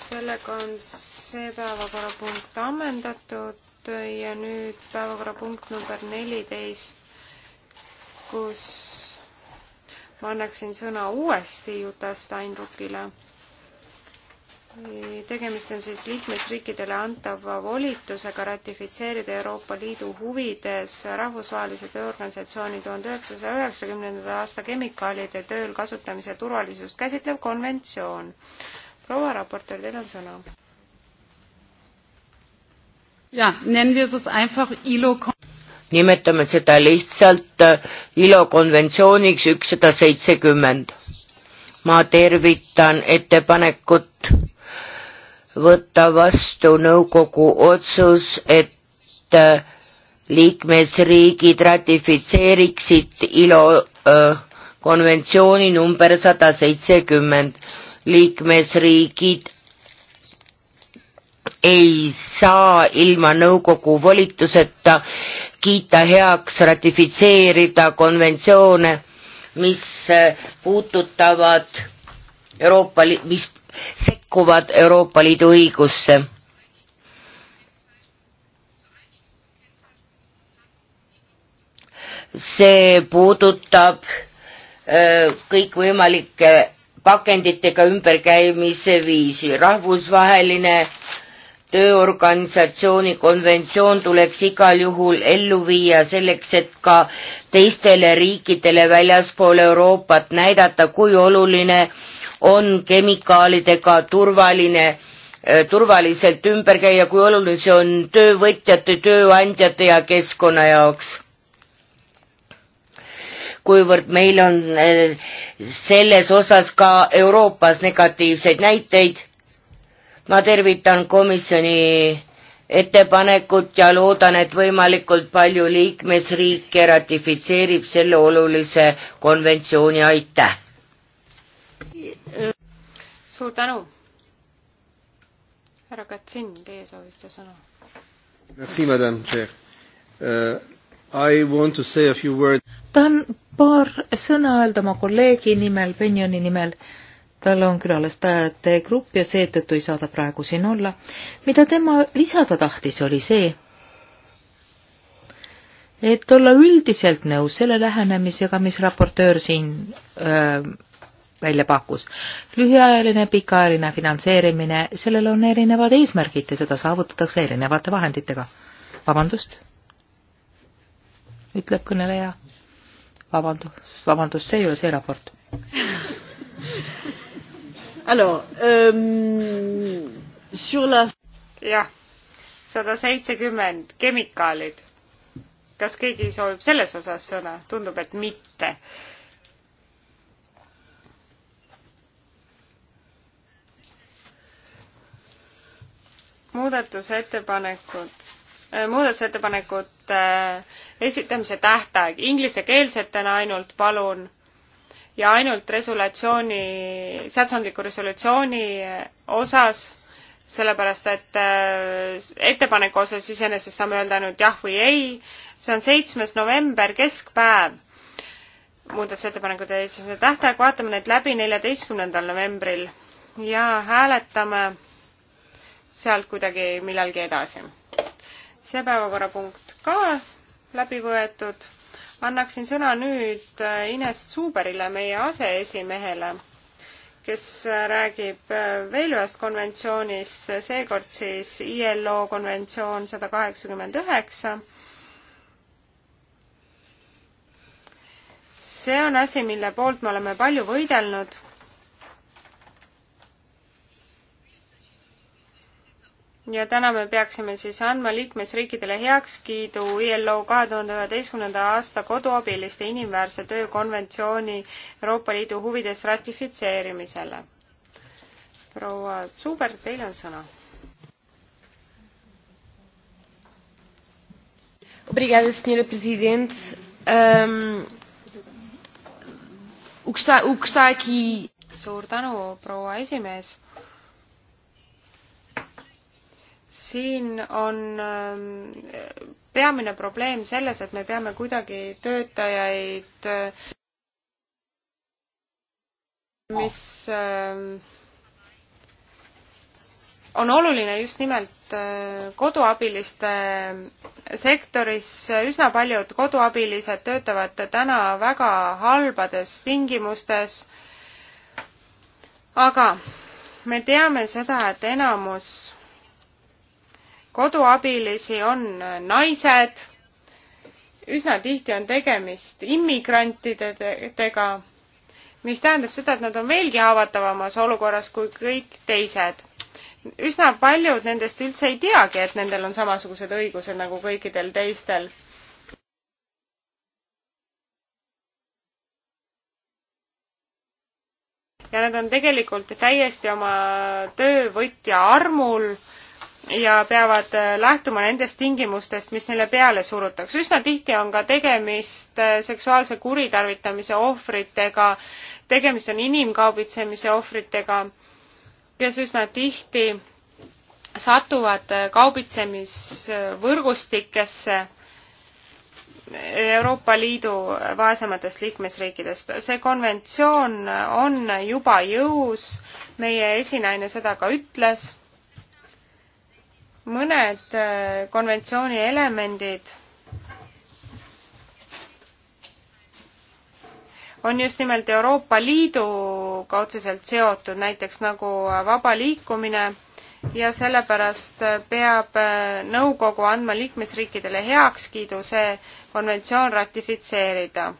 sellega on see päevakorrapunkt ammendatud ja nüüd päevakorrapunkt number neliteist, kus ma annaksin sõna uuesti Juta Steinruckile tegemist on siis liikmesriikidele antava volitusega ratifitseerida Euroopa Liidu huvides rahvusvahelise tööorganisatsiooni tuhande üheksasaja üheksakümnenda aasta kemikaalide tööl kasutamise turvalisust käsitlev konventsioon. proua raportöör, teil on sõna. jah, nimetame seda lihtsalt äh, ILO konventsiooniks ükssada seitsekümmend. ma tervitan ettepanekut võtta vastu nõukogu otsus, et äh, liikmesriigid ratifitseeriksid ILO äh, konventsiooni number sada seitsekümmend. liikmesriigid ei saa ilma nõukogu volituseta kiita heaks ratifitseerida konventsioone, mis äh, puudutavad Euroopa, mis sekkuvad Euroopa Liidu õigusse. see puudutab äh, kõikvõimalike pakenditega ümberkäimise viisi, rahvusvaheline tööorganisatsiooni konventsioon tuleks igal juhul ellu viia selleks, et ka teistele riikidele väljaspool Euroopat näidata, kui oluline äh, on kemikaalidega turvaline äh, turvaliselt ümber käia, kui oluline see on töövõtjate, tööandjate ja keskkonna jaoks. kuivõrd meil on äh, selles osas ka Euroopas negatiivseid näiteid, ma tervitan komisjoni ettepanekut ja loodan, et võimalikult palju liikmesriike ratifitseerib selle olulise konventsiooni, aitäh! suur tänu. härra Katsin, teie soovisite sõna. Merci, madam chair uh,. I want to say a few words. tahan paar sõna öelda oma kolleegi nimel, Benjoni nimel tal on külastajate grupp ja seetõttu ei saa ta praegu siin olla. mida tema lisada tahtis, oli see, et olla üldiselt nõus selle lähenemisega, mis raportöör siin öö, äh, välja pakkus. lühiajaline, pikaajaline finantseerimine, sellel on erinevad eesmärgid ja seda saavutatakse erinevate vahenditega. vabandust? ütleb kõneleja. vabandust, vabandust, see ei ole see raport Alors, euh, sur la... jah, sada seitsekümmend kemikaalid. kas keegi soovib selles osas sõna? tundub, et mitte. muudatusettepanekud, äh, muudatusettepanekute äh, esitamise tähtaeg inglisekeelsetena ainult, palun, ja ainult resolutsiooni, seadusandliku resolutsiooni äh, osas, sellepärast et ettepaneku osas iseenesest saame öelda ainult jah või ei, see on seitsmes november, keskpäev muudatusettepanekute esitamise tähtaeg, vaatame need läbi neljateistkümnendal novembril ja hääletame sealt kuidagi millalgi edasi. see päevakorrapunkt ka läbi võetud. annaksin sõna nüüd äh, Ines Zuberile, meie aseesimehele, kes räägib äh, veel ühest konventsioonist, seekord siis ILO konventsioon sada kaheksakümmend üheksa see on asi, mille poolt me oleme palju võidelnud ja täna me peaksime siis andma liikmesriikidele heakskiidu ILO kahe tuhande üheteistkümnenda aasta koduabiliste inimväärse töö konventsiooni Euroopa Liidu huvides ratifitseerimisele. proua Zuber, teil on sõna. Obrigada, senhora presidente. Um, o que está, o que está aqui... Suur tänu, proua esimees siin on ähm, peamine probleem selles, et me peame kuidagi töötajaid, äh, mis ähm, on oluline just nimelt äh, koduabiliste äh, sektoris, üsna paljud koduabilised töötavad täna väga halbades tingimustes, aga me teame seda, et enamus koduabilisi on naised, üsna tihti on tegemist immigrantidega, mis tähendab seda, et nad on veelgi haavatavamas olukorras kui kõik teised. üsna paljud nendest üldse ei teagi, et nendel on samasugused õigused nagu kõikidel teistel ja nad on tegelikult täiesti oma töövõtja armul ja peavad äh, lähtuma nendest tingimustest, mis neile peale surutakse. üsna tihti on ka tegemist äh, seksuaalse kuritarvitamise ohvritega, tegemist on inimkaubitsemise ohvritega, kes üsna tihti satuvad äh, kaubitsemisvõrgustikesse Euroopa Liidu vaesematest liikmesriikidest. see konventsioon on juba jõus, meie esinaine seda ka ütles mõned äh, konventsiooni elemendid on just nimelt Euroopa Liiduga otseselt seotud, näiteks nagu äh, vaba liikumine ja sellepärast äh, peab nõukogu andma liikmesriikidele heakskiidu see konventsioon ratifitseerida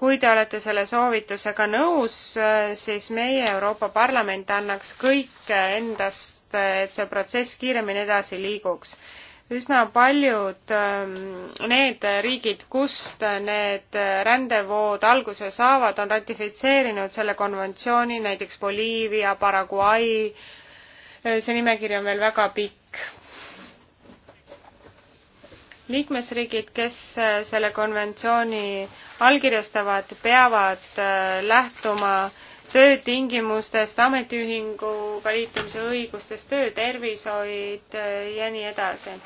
kui te olete selle soovitusega nõus, äh, siis meie Euroopa Parlament annaks kõik endast, äh, et see protsess kiiremini edasi liiguks. üsna paljud ähm, need riigid, kust need äh, rändevood alguse saavad, on ratifitseerinud selle konventsiooni, näiteks Boliivia, Paraguay, see nimekiri on veel väga pikk liikmesriigid, kes äh, selle konventsiooni allkirjastavad, peavad äh, lähtuma töötingimustest, ametiühinguga liitumise õigustest, töötervishoid äh, ja nii edasi.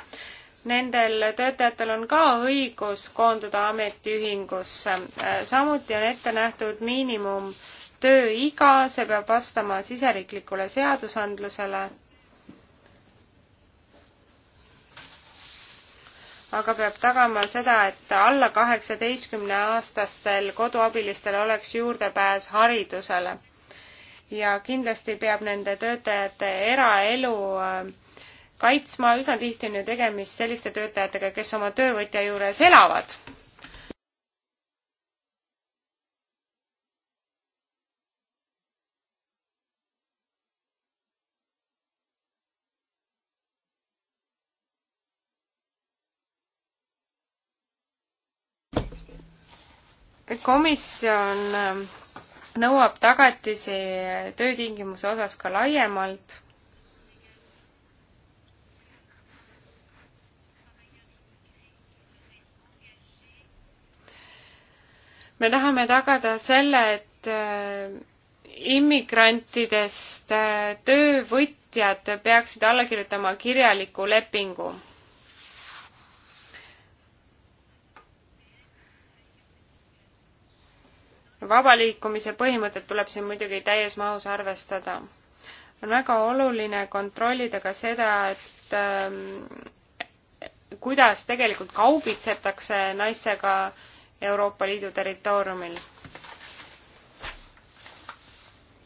Nendel töötajatel on ka õigus koonduda ametiühingusse. samuti on ette nähtud miinimum tööiga, see peab vastama siseriiklikule seadusandlusele aga peab tagama seda, et alla kaheksateistkümne aastastel koduabilistel oleks juurdepääs haridusele. ja kindlasti peab nende töötajate eraelu äh, kaitsma, üsna tihti on ju tegemist selliste töötajatega, kes oma töövõtja juures elavad komisjon ähm, nõuab tagatisi töötingimuse osas ka laiemalt. me tahame tagada selle, et äh, immigrantidest äh, töövõtjad peaksid alla kirjutama kirjaliku lepingu vaba liikumise põhimõtet tuleb siin muidugi täies mahus arvestada. on väga oluline kontrollida ka seda, et ähm, kuidas tegelikult kaubitsetakse naistega Euroopa Liidu territooriumil.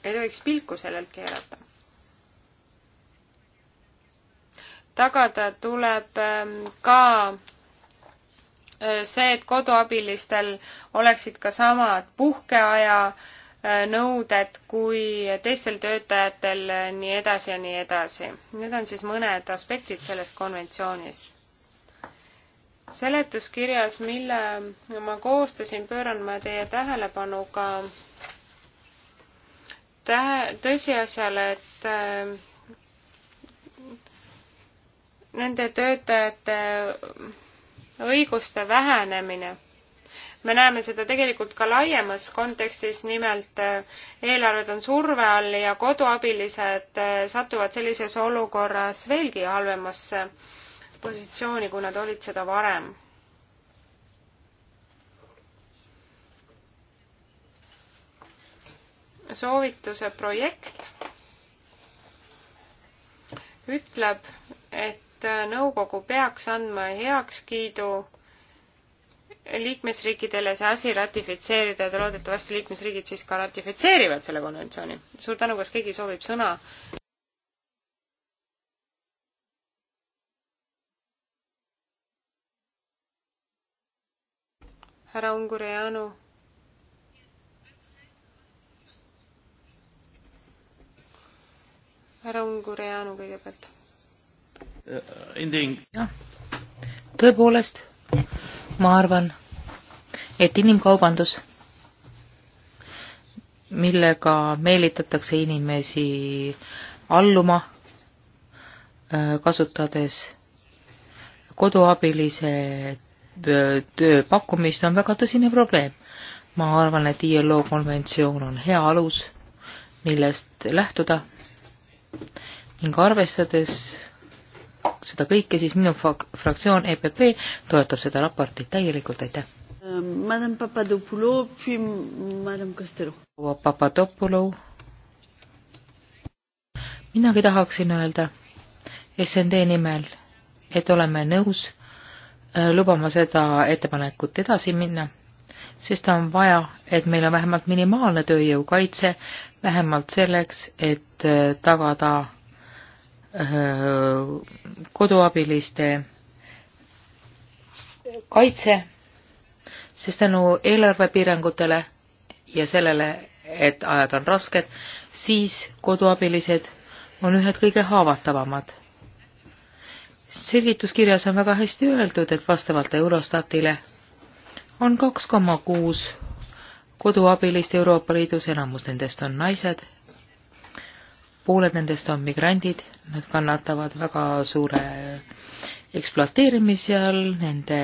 ei tohiks pilku sellelt keerata. tagada tuleb ähm, ka Äh, see, et koduabilistel oleksid ka samad puhkeaja äh, nõuded kui teistel töötajatel, äh, nii edasi ja nii edasi. Need on siis mõned aspektid sellest konventsioonist. seletuskirjas, mille ma koostasin, pööran ma teie tähelepanu ka tähe-, tõsiasjale, et nende töötajate õiguste vähenemine. me näeme seda tegelikult ka laiemas kontekstis, nimelt eh, eelarved on surve all ja koduabilised eh, satuvad sellises olukorras veelgi halvemasse positsiooni, kui nad olid seda varem. soovituse projekt ütleb, et et nõukogu peaks andma heakskiidu liikmesriikidele see asi ratifitseerida ja loodetavasti liikmesriigid siis ka ratifitseerivad selle konventsiooni. suur tänu, kas keegi soovib sõna? härra Ungureanu. härra Ungureanu kõigepealt Äh, jah, tõepoolest, ma arvan, et inimkaubandus, millega meelitatakse inimesi alluma, äh, kasutades koduabilise töö, äh, töö pakkumist, on väga tõsine probleem. ma arvan, et ILO konventsioon on hea alus, millest lähtuda ning arvestades seda kõike, siis minu fraktsioon EPP toetab seda raportit täielikult, aitäh. Euh, Madame Papadopoulou, puis Madame Costello. proua Papadopoulou. minagi tahaksin öelda SND nimel, et oleme nõus äh, lubama seda ettepanekut edasi minna, sest on vaja, et meil on vähemalt minimaalne tööjõukaitse, vähemalt selleks, et äh, tagada Äh, koduabiliste kaitse, sest tänu eelarvepiirangutele ja sellele, et ajad on rasked, siis koduabilised on ühed kõige haavatavamad. selgituskirjas on väga hästi öeldud, et vastavalt Eurostatile on kaks koma kuus koduabilist Euroopa Liidus, enamus nendest on naised pooled nendest on migrandid, nad kannatavad väga suure ekspluateerimise all, nende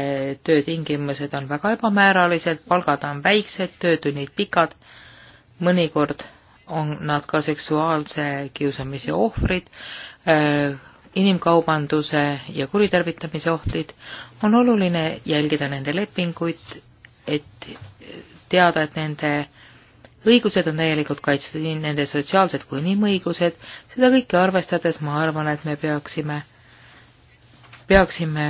töötingimused on väga ebamääralised, palgad on väiksed, töötunnid pikad, mõnikord on nad ka seksuaalse kiusamise ohvrid, äh, inimkaubanduse ja kuritarvitamise ohtlid, on oluline jälgida nende lepinguid, et teada, et nende äh, õigused on täielikult kaitstud, nii nende sotsiaalsed kui inimõigused, seda kõike arvestades ma arvan, et me peaksime, peaksime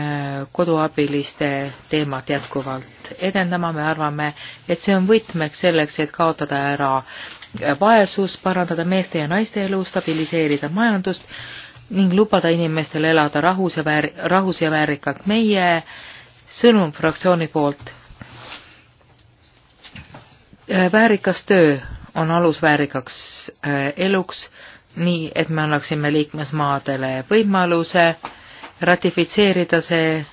koduabiliste teemat jätkuvalt edendama, me arvame, et see on võtmeks selleks, et kaotada ära vaesus, parandada meeste ja naiste elu, stabiliseerida majandust ning lubada inimestel elada rahus ja väär-, rahus ja väärikalt. meie sõnum fraktsiooni poolt Äh, väärikas töö on alus väärikaks äh, eluks, nii et me annaksime liikmesmaadele võimaluse ratifitseerida see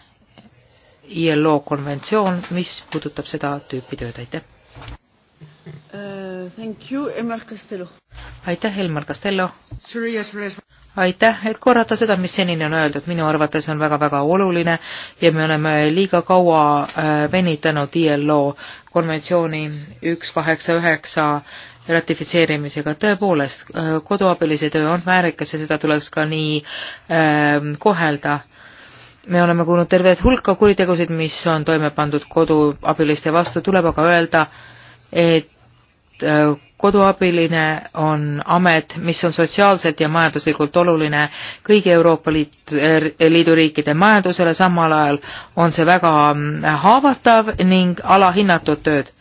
ILO konventsioon, mis puudutab seda tüüpi tööd, aitäh uh,. Thank you, Elmar Costello. aitäh, Elmar Costello aitäh, et korrata seda, mis senini on öeldud, minu arvates on väga-väga oluline ja me oleme liiga kaua äh, venitanud ILO konventsiooni üks kaheksa üheksa ratifitseerimisega. tõepoolest, äh, koduabilise töö on väärikas ja seda tuleks ka nii äh, kohelda. me oleme kuulnud tervet hulka kuritegusid, mis on toime pandud koduabiliste vastu, tuleb aga öelda, et äh, koduabiline on amet, mis on sotsiaalselt ja majanduslikult oluline kõigi Euroopa Liit, er, Liidu riikide majandusele, samal ajal on see väga mm, haavatav ning alahinnatud tööd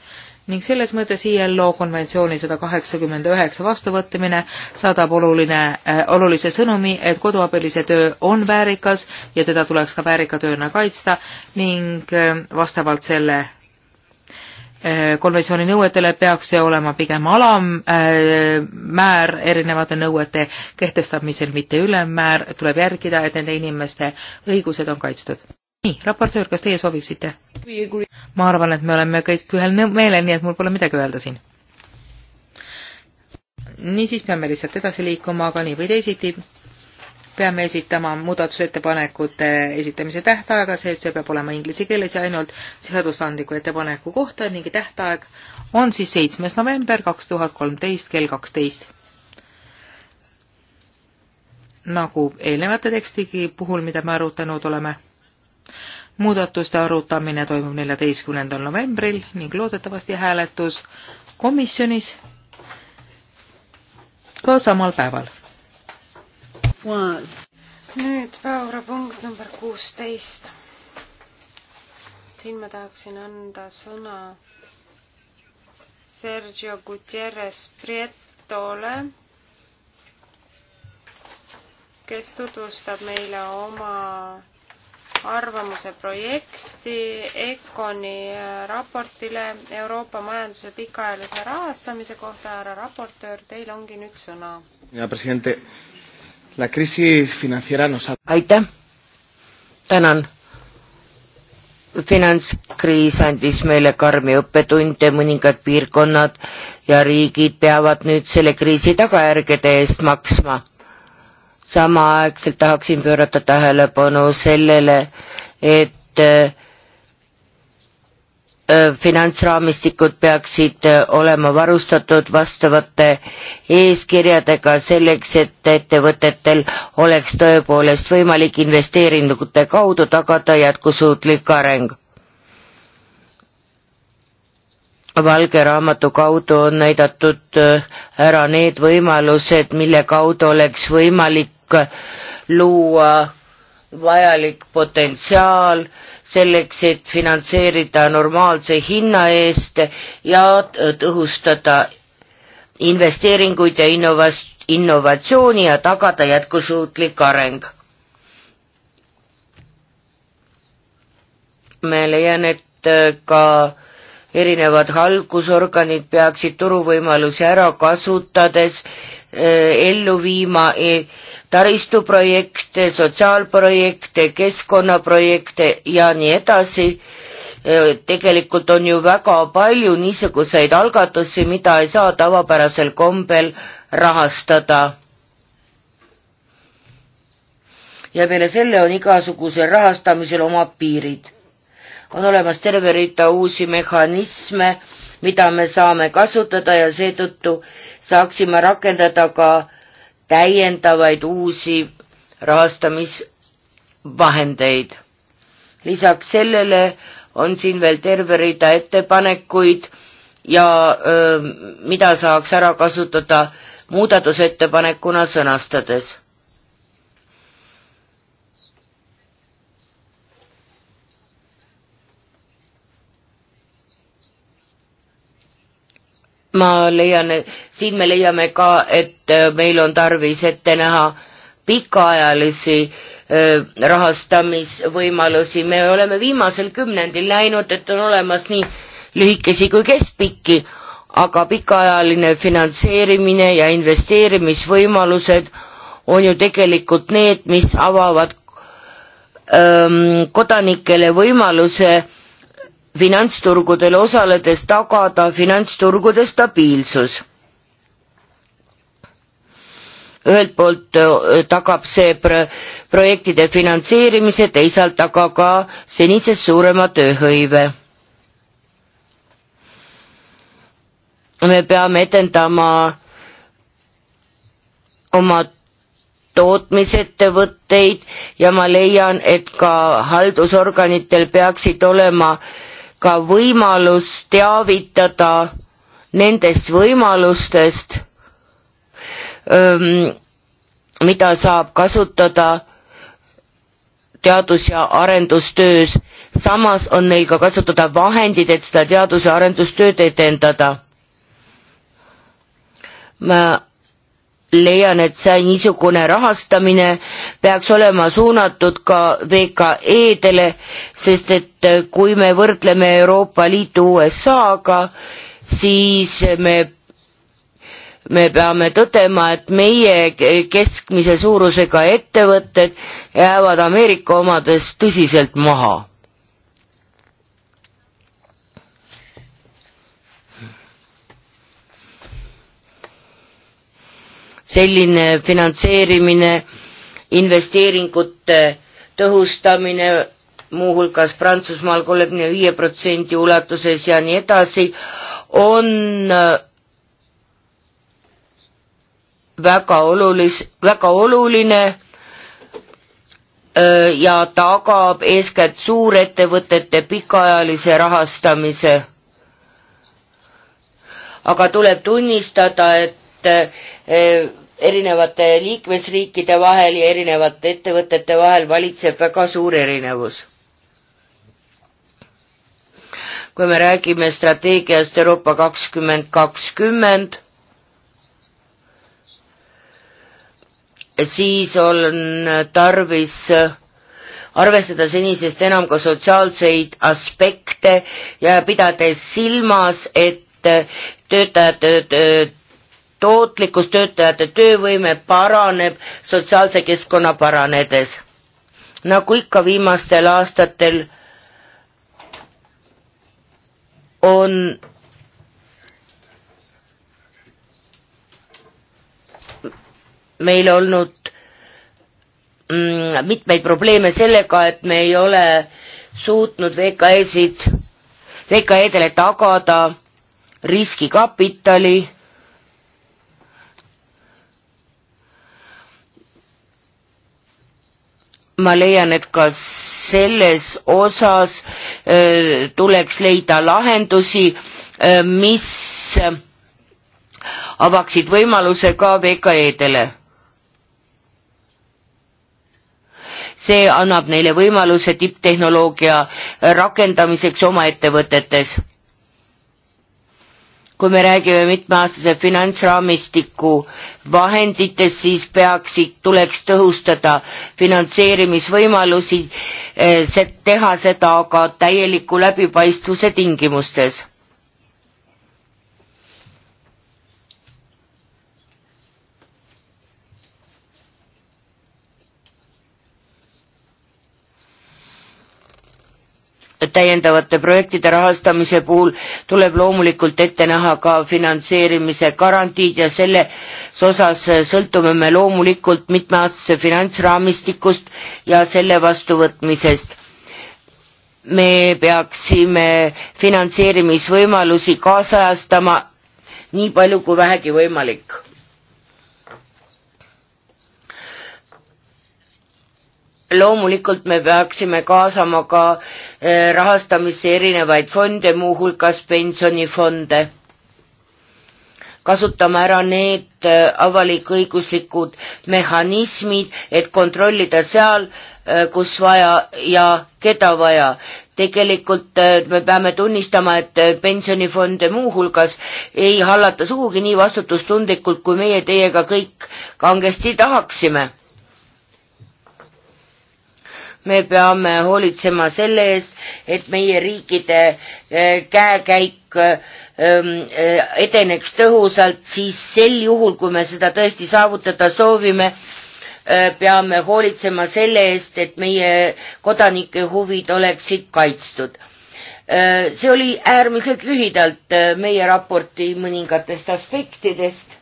ning selles mõttes ILO konventsiooni sada kaheksakümmend üheksa vastuvõtmine saadab oluline äh,, eh, olulise sõnumi, et koduabilise töö on väärikas ja teda tuleks ka väärika tööna kaitsta ning äh, vastavalt selle Äh, konventsiooni nõuetele peaks see olema pigem alammäär äh, erinevate nõuete kehtestamisel, mitte ülemmäär, tuleb järgida, et nende inimeste õigused on kaitstud. nii, raportöör, kas teie sooviksite? ma arvan, et me oleme kõik ühel meelel, nii et mul pole midagi öelda siin. niisiis peame lihtsalt edasi liikuma, aga nii või teisiti peame esitama muudatusettepanekute esitamise tähtaega, see, see peab olema inglise keeles ja ainult seadusandliku ettepaneku kohta ning tähtaeg on siis seitsmes november kaks tuhat kolmteist kell kaksteist. nagu eelnevate tekstigi puhul, mida me arutanud oleme, muudatuste arutamine toimub neljateistkümnendal novembril ning loodetavasti hääletus komisjonis ka samal päeval nüüd päevakorrapunkt number kuusteist. siin ma tahaksin anda sõna Sergio Gutierrez Prietole, kes tutvustab meile oma arvamuse projekti EKONi raportile Euroopa majanduse pikaajalise rahastamise kohta. härra raportöör, teil ongi nüüd sõna. hea president aitäh, tänan. finantskriis andis meile karmi õppetunde, mõningad piirkonnad ja riigid peavad nüüd selle kriisi tagajärgede eest maksma. samaaegselt tahaksin pöörata tähelepanu sellele, et äh, finantsraamistikud peaksid olema varustatud vastavate eeskirjadega selleks, et ettevõtetel oleks tõepoolest võimalik investeeringute kaudu tagada jätkusuutlik areng. valge raamatu kaudu on näidatud ära need võimalused, mille kaudu oleks võimalik luua vajalik potentsiaal äh, selleks, et finantseerida normaalse hinna eest ja tõhustada investeeringuid ja innovas, innovatsiooni ja tagada jätkusuutlik areng. ma leian, et äh, ka erinevad halgusorganid peaksid turuvõimalusi ära kasutades Eh, ellu viima eh, taristuprojekte, sotsiaalprojekte, keskkonnaprojekte ja nii edasi. Eh, tegelikult on ju väga palju niisuguseid algatusi, mida ei saa tavapärasel kombel rahastada. ja peale selle on igasugusel rahastamisel omad piirid. on olemas terve rida uusi mehhanisme mida me saame kasutada ja seetõttu saaksime rakendada ka täiendavaid uusi rahastamisvahendeid. lisaks sellele on siin veel terve rida ettepanekuid ja öö, mida saaks ära kasutada muudatusettepanekuna sõnastades ma leian, siin me leiame ka, et äh, meil on tarvis ette näha pikaajalisi äh, rahastamisvõimalusi, me oleme viimasel kümnendil näinud, et on olemas nii lühikesi kui keskpikki, aga pikaajaline finantseerimine ja investeerimisvõimalused on ju tegelikult need, mis avavad öö, ähm, kodanikele võimaluse öö, finantsturgudel osaledes tagada finantsturgude stabiilsus. ühelt poolt äh, tagab see projektide finantseerimise, teisalt aga ka senisest suurema tööhõive. me peame edendama oma tootmisettevõtteid ja ma leian, et ka haldusorganitel peaksid olema äh, ka võimalus teavitada nendest võimalustest, ähm, mida saab kasutada teadus- ja arendustöös. samas on neil ka kasutada vahendid, et seda teadus- ja arendustööd edendada. ma leian, et see niisugune rahastamine peaks olema suunatud ka VKE-dele, sest et äh, kui me võrdleme Euroopa Liitu USA-ga, siis me, me peame tõdema, et meie keskmise suurusega ettevõtted jäävad Ameerika omadest tõsiselt maha selline finantseerimine, investeeringute tõhustamine, muuhulgas Prantsusmaal kolmekümne viie protsendi ulatuses ja nii edasi, on äh, väga olulis-, väga oluline äh, ja tagab eeskätt suurettevõtete pikaajalise rahastamise. aga tuleb tunnistada, et äh, erinevate liikmesriikide vahel ja erinevate ettevõtete vahel valitseb väga suur erinevus. kui me räägime strateegiast Euroopa kakskümmend kakskümmend, siis on tarvis arvestada senisest enam ka sotsiaalseid aspekte ja pidades silmas, et töötajate tootlikkus, töötajate töövõime paraneb sotsiaalse keskkonna paranedes. nagu ikka viimastel aastatel on meil olnud mm, mitmeid probleeme sellega, et me ei ole suutnud VKE-sid, VKE-dele tagada riskikapitali ma leian, et ka selles osas äh, tuleks leida lahendusi, äh, mis avaksid võimaluse ka VKE-dele. see annab neile võimaluse tipptehnoloogia rakendamiseks oma ettevõtetes kui me räägime mitmeaastase finantsraamistiku vahenditest, siis peaksid, tuleks tõhustada finantseerimisvõimalusi, eh, teha seda aga täieliku läbipaistvuse tingimustes täiendavate projektide rahastamise puhul tuleb loomulikult ette näha ka finantseerimise garantiid ja selles osas sõltume me loomulikult mitmeaastase finantsraamistikust ja selle vastuvõtmisest. me peaksime finantseerimisvõimalusi kaasajastama nii palju kui vähegi võimalik loomulikult me peaksime kaasama ka eh, rahastamisse erinevaid fonde, muuhulgas pensionifonde. kasutama ära need eh, avalik-õiguslikud mehhanismid, et kontrollida seal, eh, kus vaja ja keda vaja. tegelikult me peame tunnistama, et pensionifonde muuhulgas ei hallata sugugi nii vastutustundlikult, kui meie teiega kõik kangesti tahaksime me peame hoolitsema selle eest, et meie riikide eh, käekäik ehm, eh, edeneks tõhusalt, siis sel juhul, kui me seda tõesti saavutada soovime, eh, peame hoolitsema selle eest, et meie kodanike huvid oleksid kaitstud. see oli äärmiselt lühidalt meie raporti mõningatest aspektidest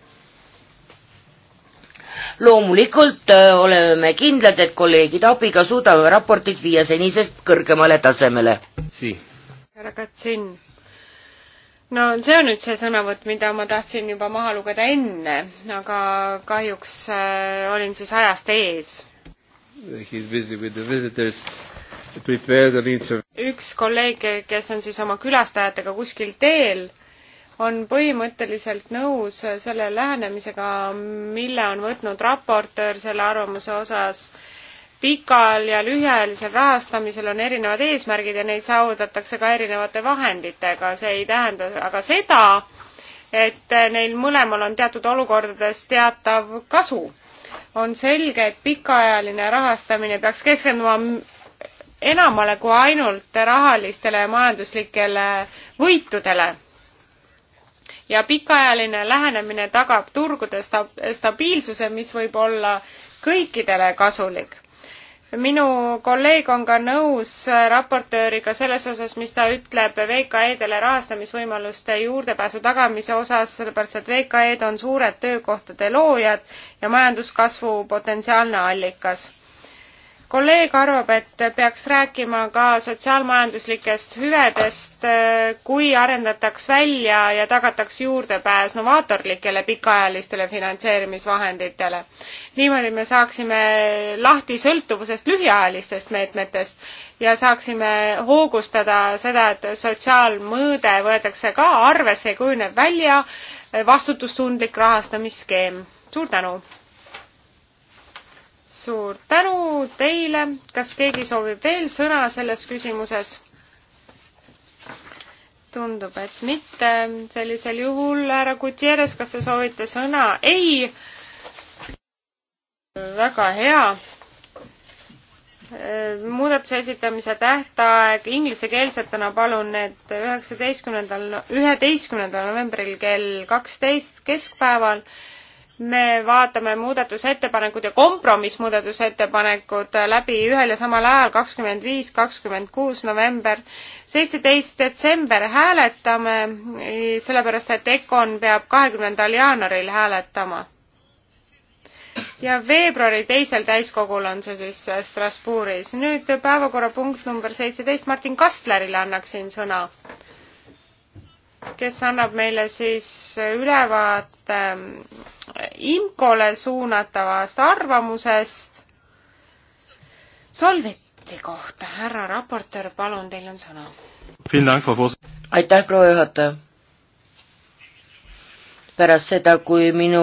loomulikult äh, oleme kindlad, et kolleegide abiga suudame raportit viia senisest kõrgemale tasemele. härra Katsin, no see on nüüd see sõnavõtt, mida ma tahtsin juba maha lugeda enne, aga kahjuks äh, olin siis ajast ees. He is busy with the visitors üks kolleeg, kes on siis oma külastajatega kuskil teel, on põhimõtteliselt nõus selle lähenemisega, mille on võtnud raportöör selle arvamuse osas. pikal ja lühiajalisel rahastamisel on erinevad eesmärgid ja neid saavutatakse ka erinevate vahenditega, see ei tähenda aga seda, et neil mõlemal on teatud olukordades teatav kasu. on selge, et pikaajaline rahastamine peaks keskenduma enamale kui ainult rahalistele ja majanduslikele võitudele ja pikaajaline lähenemine tagab turgude sta-, stabiilsuse, mis võib olla kõikidele kasulik. minu kolleeg on ka nõus raportööriga selles osas, mis ta ütleb VKE-dele rahastamisvõimaluste juurdepääsu tagamise osas, sellepärast et VKE-d on suured töökohtade loojad ja majanduskasvu potentsiaalne allikas kolleeg arvab, et peaks rääkima ka sotsiaalmajanduslikest hüvedest, äh, kui arendataks välja ja tagataks juurdepääs novaatorlikele pikaajalistele finantseerimisvahenditele. niimoodi me saaksime lahti sõltuvusest lühiajalistest meetmetest ja saaksime hoogustada seda, et sotsiaalmõõde võetakse ka arvesse ja kujuneb välja vastutustundlik rahastamisskeem. suur tänu! suur tänu teile, kas keegi soovib veel sõna selles küsimuses? tundub, et mitte, sellisel juhul härra Gutierrez, kas te soovite sõna? ei! väga hea äh, muudatuse esitamise tähtaeg inglisekeelsetena palun need üheksateistkümnendal, üheteistkümnendal novembril kell kaksteist keskpäeval me vaatame muudatusettepanekud ja kompromissmuudatusettepanekud läbi ühel ja samal ajal, kakskümmend viis, kakskümmend kuus november, seitseteist detsember hääletame, sellepärast et EKOn peab kahekümnendal jaanuaril hääletama. ja veebruari teisel täiskogul on see siis Strasbourgis. nüüd päevakorrapunkt number seitseteist, Martin Kastlerile annaksin sõna kes annab meile siis ülevaate ähm, IMCO-le suunatavast arvamusest Solveti kohta. härra raportöör, palun, teil on sõna. aitäh, proua juhataja pärast seda, kui minu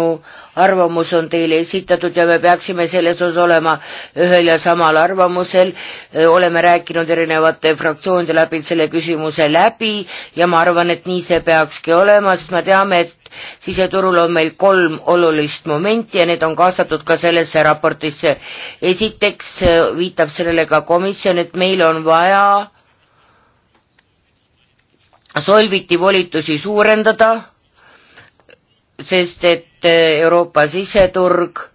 arvamus on teile esitatud ja me peaksime selles osas olema ühel ja samal arvamusel. oleme rääkinud erinevate fraktsioonide läbi selle küsimuse läbi ja ma arvan, et nii see peakski olema, sest me teame, et siseturul on meil kolm olulist momenti ja need on kaasatud ka sellesse raportisse. esiteks viitab sellele ka komisjon, et meil on vaja solviti volitusi suurendada sest et eh, Euroopa siseturg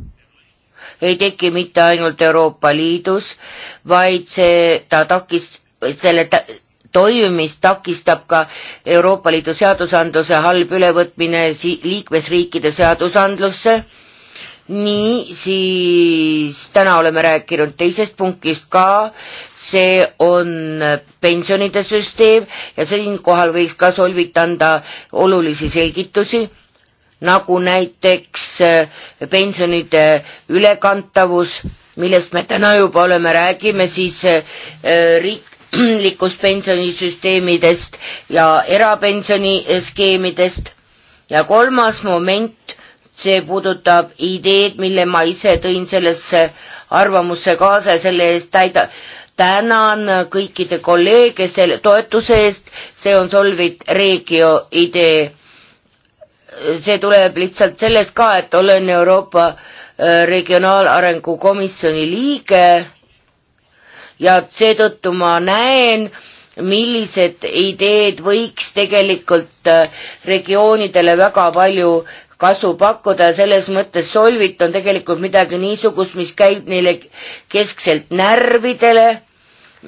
ei teki mitte ainult Euroopa Liidus, vaid see, ta takist-, selle ta, toimimist takistab ka Euroopa Liidu seadusandluse halb ülevõtmine si liikmesriikide seadusandlusse. nii, siis täna oleme rääkinud teisest punktist ka, see on pensionide süsteem ja siinkohal võiks ka Solvit anda olulisi selgitusi nagu näiteks äh, pensionide ülekantavus, millest me täna juba oleme, räägime siis äh, äh, riiklikust pensionisüsteemidest ja erapensioniskeemidest ja kolmas moment, see puudutab ideed, mille ma ise tõin sellesse arvamusse kaasa ja selle eest täida, tänan kõikide kolleege selle toetuse eest, see on Solvit Regio idee see tuleb lihtsalt sellest ka, et olen Euroopa äh, Regionaalarengu Komisjoni liige ja seetõttu ma näen, millised ideed võiks tegelikult äh, regioonidele väga palju kasu pakkuda ja selles mõttes solvit on tegelikult midagi niisugust, mis käib neile keskselt närvidele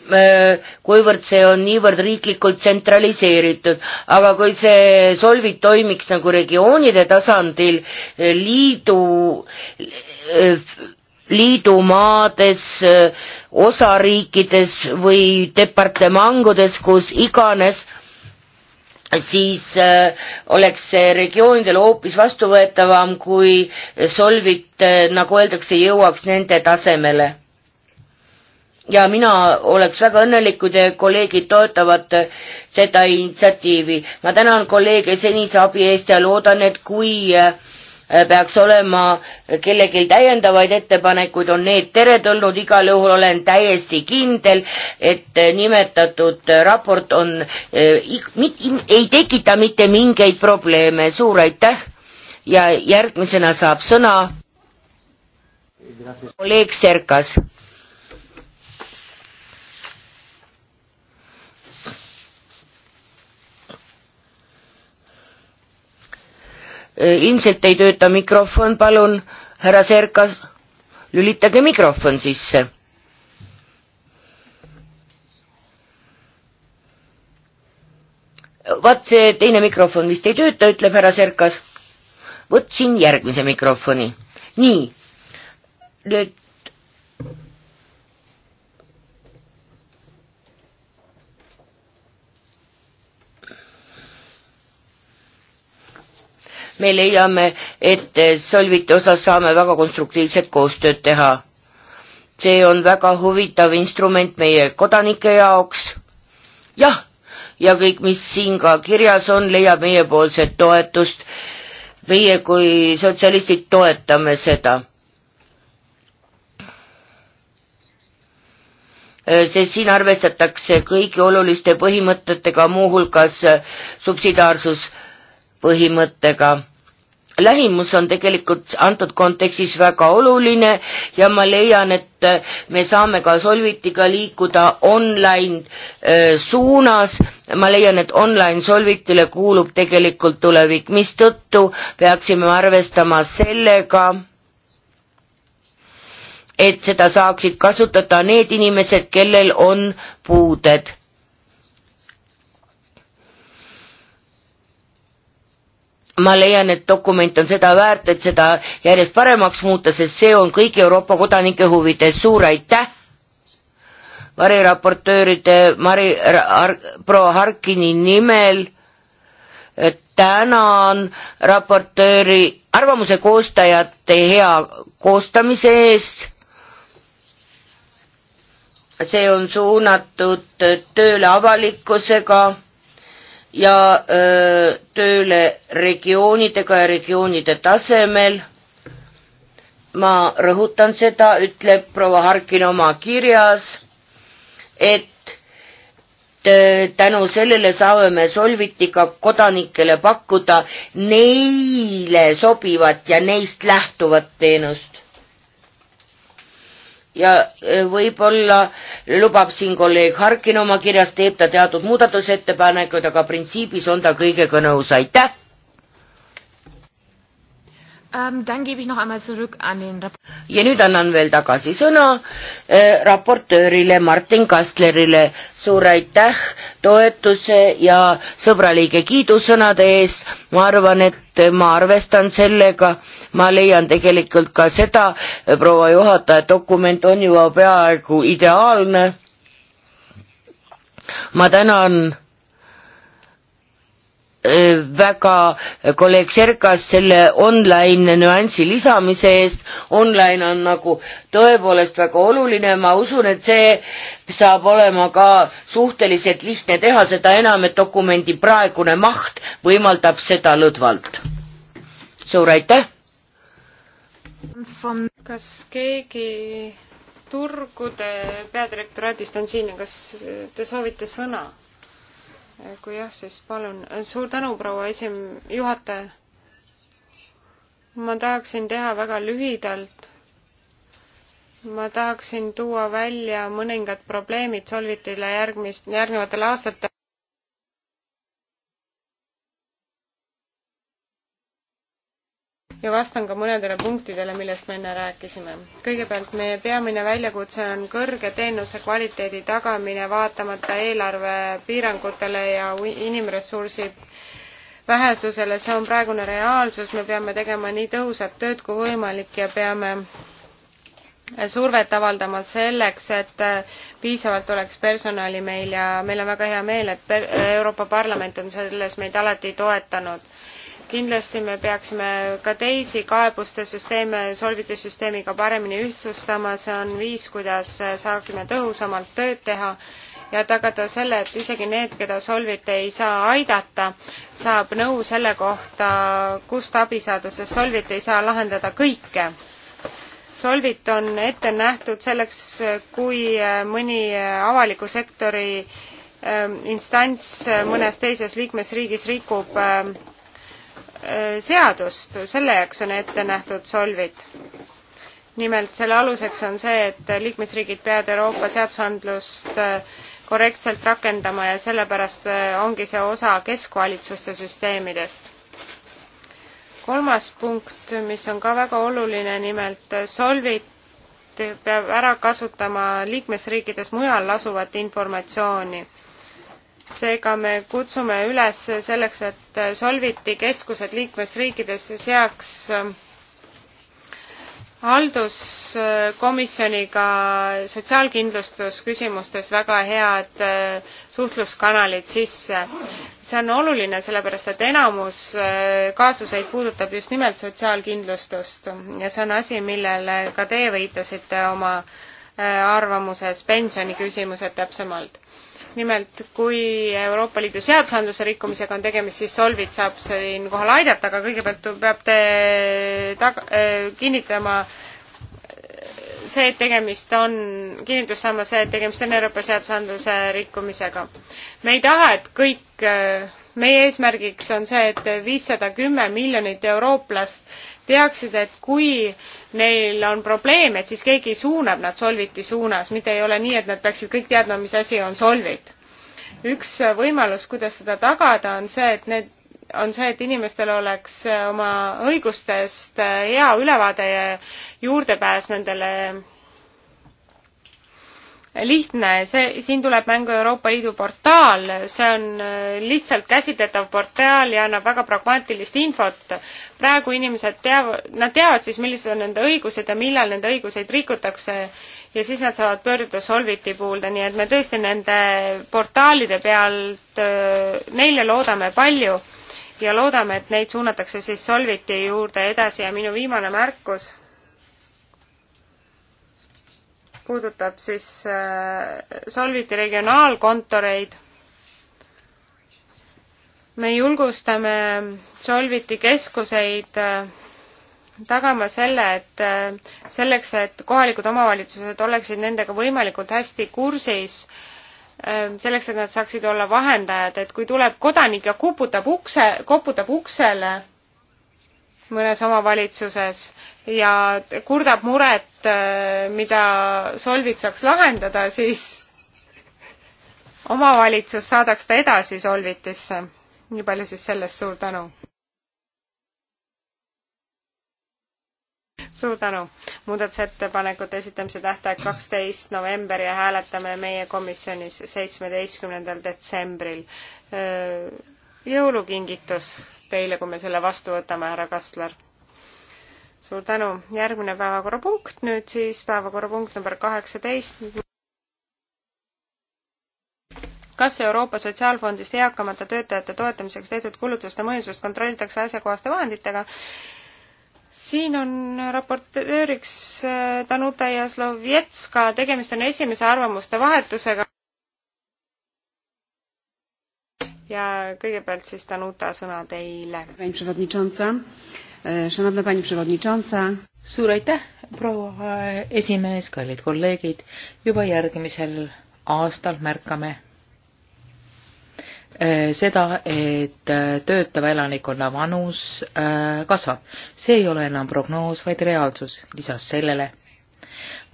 Äh, kuivõrd see on niivõrd riiklikult tsentraliseeritud, aga kui see solvid toimiks nagu regioonide tasandil äh, liidu, äh, liidumaades, osariikides või departemangudes, kus iganes, siis oleks see regioonidele hoopis vastuvõetavam, kui solvid, nagu öeldakse, jõuaks nende tasemele ja mina oleks väga õnnelik, kui teie kolleegid toetavad seda initsiatiivi. ma tänan kolleege senise abi eest ja loodan, et kui äh, peaks olema kellelgi täiendavaid ettepanekuid, on need teretulnud, igal juhul olen täiesti kindel, et äh, nimetatud raport on, äh, ei tekita mitte mingeid probleeme, suur aitäh ja järgmisena saab sõna kolleeg Serkas Äh, ilmselt ei tööta mikrofon, palun, härra Serkas, lülitage mikrofon sisse. vaat see teine mikrofon vist ei tööta, ütleb härra Serkas. võtsin järgmise mikrofoni. nii, nüüd me leiame, et Solviti osas saame väga konstruktiivset koostööd teha. see on väga huvitav instrument meie kodanike jaoks. jah, ja kõik, mis siin ka kirjas on, leiab meiepoolset toetust. meie kui sotsialistid toetame seda sest siin arvestatakse kõigi oluliste põhimõtetega, muuhulgas subsidiaarsuspõhimõttega lähimus on tegelikult antud kontekstis väga oluline ja ma leian, et äh, me saame ka Solvitiga liikuda online äh, suunas, ma leian, et online Solvitile kuulub tegelikult tulevik, mistõttu peaksime arvestama sellega, et seda saaksid kasutada need inimesed, kellel on puuded ma leian, et dokument on seda väärt, et seda järjest paremaks muuta, sest see on kõigi Euroopa kodanike huvides. suur aitäh variraportööride Mari Ar, proua Harkini nimel. Äh, tänan raportööri arvamuse koostajate hea koostamise eest. see on suunatud tööle avalikkusega ja öö, tööle regioonidega ja regioonide tasemel. ma rõhutan seda, ütleb proua Harkin oma kirjas, et tänu sellele saame me Solvitiga kodanikele pakkuda neile sobivat ja neist lähtuvat teenust ja e, võib-olla lubab siin kolleeg Harkin oma kirjas, teeb ta teatud muudatusettepanekuid, aga printsiibis on ta kõigega nõus, aitäh! Ähm, ja nüüd annan veel tagasi sõna äh, raportöörile Martin Kastlerile. suur aitäh toetuse ja sõbralike kiidusõnade eest. ma arvan, et ma arvestan sellega. ma leian tegelikult ka seda, äh, proua juhataja, dokument on juba peaaegu ideaalne. ma tänan väga kolleeg Serkas selle online nüansi lisamise eest. Online on nagu tõepoolest väga oluline, ma usun, et see saab olema ka suhteliselt lihtne teha, seda enam, et dokumendi praegune maht võimaldab seda lõdvalt. suur aitäh! kas keegi turgude peadirektoraadist on siin ja kas te soovite sõna? kui jah, siis palun. suur tänu, proua esim-, juhataja. ma tahaksin teha väga lühidalt. ma tahaksin tuua välja mõningad probleemid Solvitile järgmist, järgnevatel aastatel. ja vastan ka mõnedele punktidele, millest me enne rääkisime. kõigepealt meie peamine väljakutse on kõrge teenuse kvaliteedi tagamine vaatamata eelarvepiirangutele ja inimressursi vähesusele, see on praegune reaalsus, me peame tegema nii tõhusat tööd kui võimalik ja peame survet avaldama selleks, et piisavalt oleks personali meil ja meil on väga hea meel, et Euroopa Parlament on selles meid alati toetanud kindlasti me peaksime ka teisi kaebuste süsteeme solvide süsteemiga paremini ühtsustama, see on viis, kuidas saaksime tõhusamalt tööd teha ja tagada selle, et isegi need, keda Solvit ei saa aidata, saab nõu selle kohta, kust abi saada, sest Solvit ei saa lahendada kõike. Solvit on ette nähtud selleks, kui mõni avaliku sektori ähm, instants mõnes teises liikmesriigis rikub ähm, Äh, seadust, selle jaoks on ette nähtud solvid. nimelt selle aluseks on see, et liikmesriigid peavad Euroopa seadusandlust äh, korrektselt rakendama ja sellepärast äh, ongi see osa keskvalitsuste süsteemidest. kolmas punkt, mis on ka väga oluline, nimelt solvid peab ära kasutama liikmesriikides mujal asuvat informatsiooni seega me kutsume üles selleks, et Solviti keskused liikmesriikides seaks ähm, halduskomisjoniga sotsiaalkindlustusküsimustes väga head äh, suhtluskanalid sisse. see on oluline, sellepärast et enamus äh, kaasuseid puudutab just nimelt sotsiaalkindlustust ja see on asi, millele ka teie viitasite oma äh, arvamuses, pensioniküsimused täpsemalt nimelt kui Euroopa Liidu seadusandluse rikkumisega on tegemist, siis Solvit saab siinkohal aidata, aga kõigepealt peab te tag-, äh, kinnitama see, et tegemist on, kinnitust saama see, et tegemist on Euroopa seadusandluse rikkumisega. me ei taha, et kõik äh, meie eesmärgiks on see, et viissada kümme miljonit eurooplast teaksid, et kui neil on probleem, et siis keegi suunab nad Solviti suunas, mitte ei ole nii, et nad peaksid kõik teadma, mis asi on Solvit. üks võimalus, kuidas seda tagada, on see, et need, on see, et inimestel oleks oma õigustest hea ülevaade ja juurdepääs nendele lihtne, see, siin tuleb mängu Euroopa Liidu portaal, see on äh, lihtsalt käsitletav portaal ja annab väga pragmaatilist infot. praegu inimesed teavad, nad teavad siis, millised on nende õigused ja millal nende õiguseid rikutakse ja siis nad saavad pöörduda Solviti puulde, nii et me tõesti nende portaalide pealt, äh, neile loodame palju ja loodame, et neid suunatakse siis Solviti juurde edasi ja minu viimane märkus puudutab siis äh, Solviti regionaalkontoreid. me julgustame Solviti keskuseid äh, tagama selle, et äh, selleks, et kohalikud omavalitsused oleksid nendega võimalikult hästi kursis, selleks, et nad saaksid olla vahendajad, et kui tuleb kodanik ja kuputab ukse, koputab uksele mõnes omavalitsuses ja kurdab muret, mida Solvit saaks lahendada, siis omavalitsus saadaks ta edasi Solvitisse. nii palju siis sellest, suur tänu. suur tänu. muudatusettepanekute esitamise tähtaeg kaksteist november ja hääletame meie komisjonis seitsmeteistkümnendal detsembril. jõulukingitus teile, kui me selle vastu võtame, härra Kastler. suur tänu. järgmine päevakorrapunkt nüüd siis, päevakorrapunkt number kaheksateist. kas Euroopa Sotsiaalfondist eakamate töötajate toetamiseks tehtud kulutuste mõjusust kontrollitakse asjakohaste vahenditega? siin on raportööriks äh, Danuta Jaslovjetska, tegemist on esimese arvamuste vahetusega. ja kõigepealt siis Danuta sõna teile. E, suur aitäh, proua e, esimees, kallid kolleegid, juba järgmisel aastal märkame e, seda, et töötava elanikkonna vanus kasvab. see ei ole enam prognoos, vaid reaalsus, lisas sellele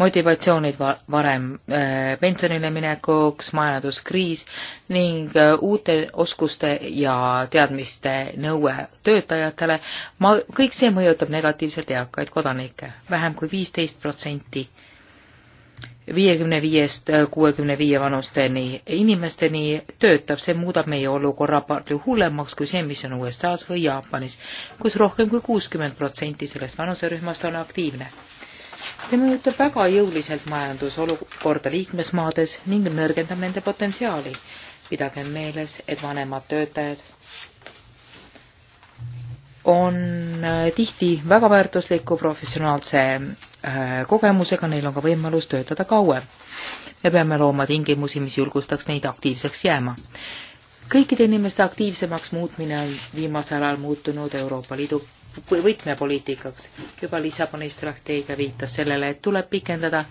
motivatsioonid va varem äh, pensionile minekuks, majanduskriis ning äh, uute oskuste ja teadmiste nõue töötajatele, ma, kõik see mõjutab negatiivselt eakaid kodanikke, vähem kui viisteist protsenti viiekümne viiest äh, kuuekümne viie vanusteni inimesteni töötab, see muudab meie olukorra palju hullemaks kui see, mis on USA-s või Jaapanis, kus rohkem kui kuuskümmend protsenti sellest vanuserühmast on aktiivne see mõjutab väga jõuliselt majandusolukorda liikmesmaades ning nõrgendab nende potentsiaali. pidagem meeles, et vanemad töötajad on äh, tihti väga väärtusliku professionaalse äh, kogemusega, neil on ka võimalus töötada kauem. me peame looma tingimusi, mis julgustaks neid aktiivseks jääma. kõikide inimeste aktiivsemaks muutmine on viimasel ajal muutunud Euroopa Liidu võtmepoliitikaks. juba Lissaboni strateegia viitas sellele, et tuleb pikendada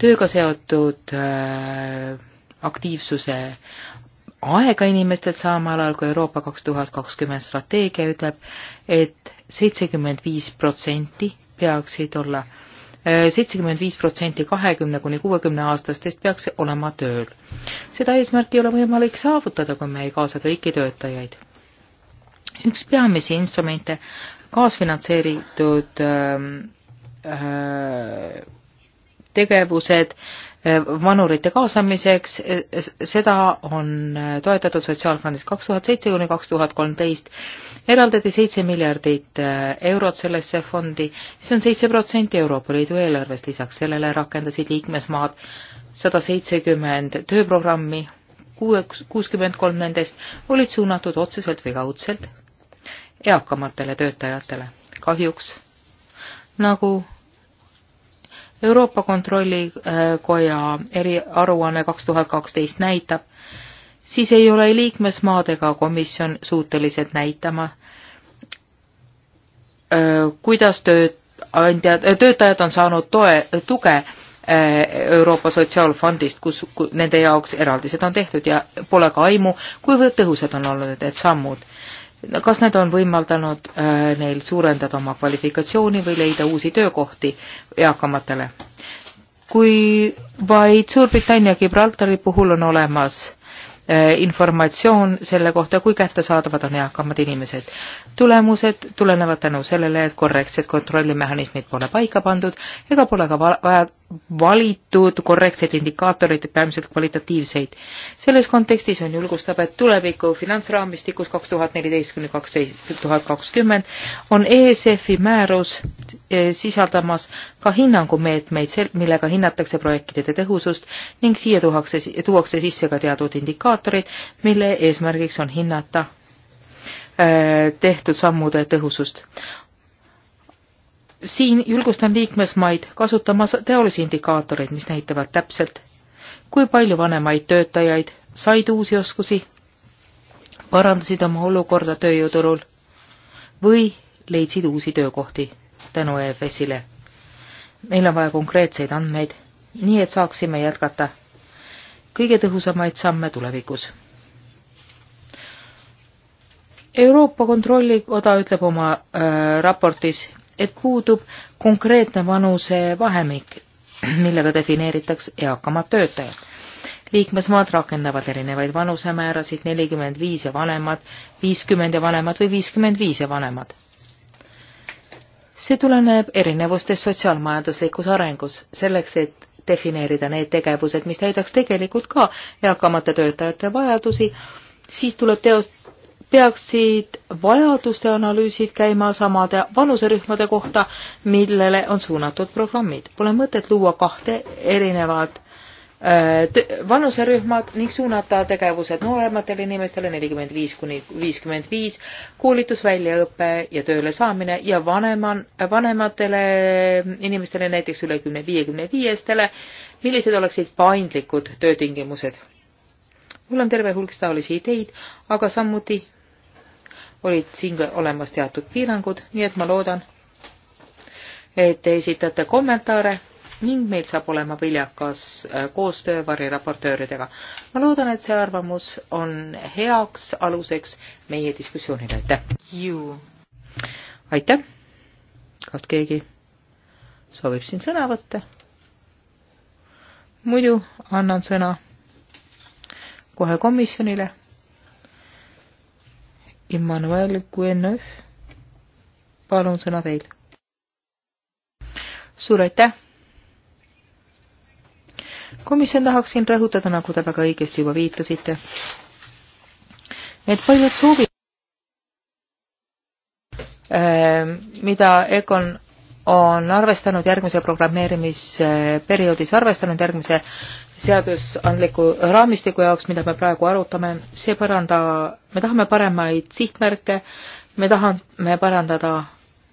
tööga seotud äh, aktiivsuse aega inimestelt, samal ajal kui Euroopa kaks tuhat kakskümmend strateegia ütleb et, et seitsekümmend viis protsenti peaksid olla äh, seitsekümmend viis protsenti kahekümne kuni kuuekümne aastastest peaks olema tööl. seda eesmärki ei ole võimalik saavutada, kui me ei kaasa kõiki töötajaid üks peamisi instrumente kaasfinantseeritud ähm, äh, tegevused äh, vanurite kaasamiseks, äh, seda on toetatud Sotsiaalfondist kaks tuhat seitse kuni kaks tuhat kolmteist, eraldati seitse miljardit eurot sellesse fondi, see on seitse protsenti Euroopa Liidu eelarvest, lisaks sellele rakendasid liikmesmaad sada seitsekümmend tööprogrammi, kuuskümmend kolm nendest olid suunatud otseselt või kaudselt eakamatele töötajatele. kahjuks nagu Euroopa Kontrollikoja eriaruanne kaks tuhat kaksteist näitab, siis ei ole liikmesmaad ega komisjon suutelised näitama, kuidas tööandjad, töötajad on saanud toe, tuge Euroopa Sotsiaalfondist, kus nende jaoks eraldised on tehtud ja pole ka aimu, kuivõrd tõhusad on olnud need sammud kas need on võimaldanud äh, neil suurendada oma kvalifikatsiooni või leida uusi töökohti eakamatele? kui vaid Suurbritannia Gibraltari puhul on olemas äh, informatsioon selle kohta, kui kättesaadavad on eakamad inimesed. tulemused tulenevad tänu sellele, et korrektsed kontrollimehhanismid pole paika pandud ega pole ka vaja valitud korrektsed indikaatorid, peamiselt kvalitatiivseid. selles kontekstis on julgustav, et tuleviku finantsraamistikus kaks tuhat neliteist kuni kaksteist tuhat kakskümmend on ESF-i määrus eh, sisaldamas ka hinnangumeetmeid, millega hinnatakse projektide tõhusust ning siia tuhakse, tuuakse sisse ka teatud indikaatorid, mille eesmärgiks on hinnata eh, tehtud sammude tõhusust siin julgustan liikmesmaid kasutama teolisi indikaatoreid, mis näitavad täpselt, kui palju vanemaid töötajaid said uusi oskusi, parandasid oma olukorda tööjõuturul või leidsid uusi töökohti tänu EFS-ile. meil on vaja konkreetseid andmeid, nii et saaksime jätkata kõige tõhusamaid samme tulevikus. Euroopa Kontrollikoda ütleb oma äh, raportis et puudub konkreetne vanusevahemik, millega defineeritakse eakamad töötajad. liikmesmaad rakendavad erinevaid vanusemäärasid nelikümmend viis ja vanemad, viiskümmend ja vanemad või viiskümmend viis ja vanemad. see tuleneb erinevustest sotsiaalmajanduslikus arengus, selleks et defineerida need tegevused, mis täidaks tegelikult ka eakamate töötajate vajadusi, siis tuleb teost, peaksid vajaduste analüüsid käima samade vanuserühmade kohta, millele on suunatud programmid. Pole mõtet luua kahte erinevat äh, vanuserühmad ning suunata tegevused noorematele inimestele nelikümmend viis kuni viiskümmend viis, koolitus, väljaõpe ja tööle saamine ja vanema, vanematele inimestele, näiteks üle kümne viiekümne viiestele, millised oleksid paindlikud töötingimused. mul on terve hulk taolisi ideid, aga samuti olid siin olemas teatud piirangud, nii et ma loodan, et te esitate kommentaare ning meil saab olema viljakas äh, koostöö variraportööridega. ma loodan, et see arvamus on heaks aluseks meie diskussioonile, aitäh! aitäh! kas keegi soovib siin sõna võtta? muidu annan sõna kohe komisjonile Emmanuel Guenov, palun sõna teil. suur aitäh! komisjon tahaksin rõhutada, nagu te väga õigesti juba viitasite, et paljud soovid, äh, mida Econ on arvestanud järgmise programmeerimisperioodis, arvestanud järgmise seadusandliku raamistiku jaoks, mida me praegu arutame, see paranda, me tahame paremaid sihtmärke, me tahame parandada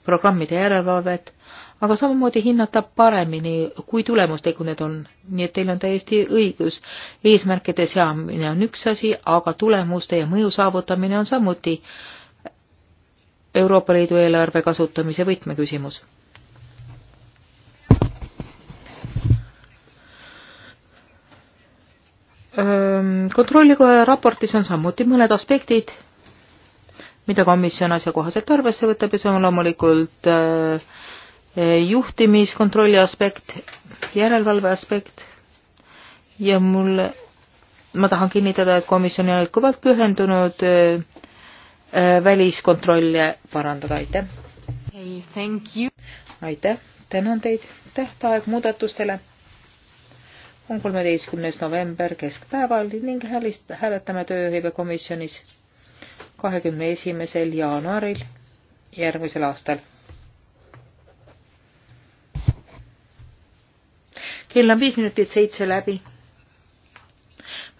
programmide järelevalvet, aga samamoodi hinnata paremini, kui tulemuslikud need on. nii et teil on täiesti õigus, eesmärkide seamine on üks asi, aga tulemuste ja mõju saavutamine on samuti Euroopa Liidu eelarve kasutamise võtmeküsimus kontrollikoja raportis on samuti mõned aspektid, mida komisjon asjakohaselt arvesse võtab ja see on loomulikult juhtimiskontrolli aspekt, järelevalve aspekt ja mul, ma tahan kinnitada, et komisjon on jätkuvalt pühendunud väliskontrolle parandada, aitäh hey,! aitäh, tänan teid, tähtaeg muudatustele on kolmeteistkümnes november keskpäeval ning hääletame tööhõivekomisjonis kahekümne esimesel jaanuaril järgmisel aastal. kell on viis minutit seitse läbi.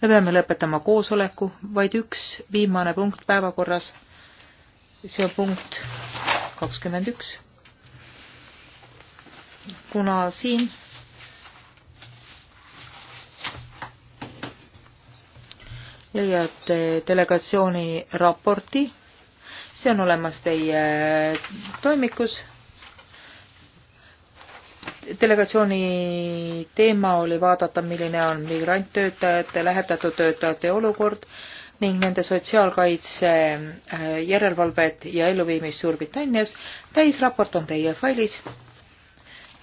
me peame lõpetama koosoleku, vaid üks viimane punkt päevakorras. see on punkt kakskümmend üks. kuna siin leiate delegatsiooni raporti, see on olemas teie toimikus. delegatsiooni teema oli vaadata, milline on migranttöötajate, lähetatud töötajate olukord ning nende sotsiaalkaitse äh, järelevalvet ja elluviimist Suurbritannias. täisraport on teie failis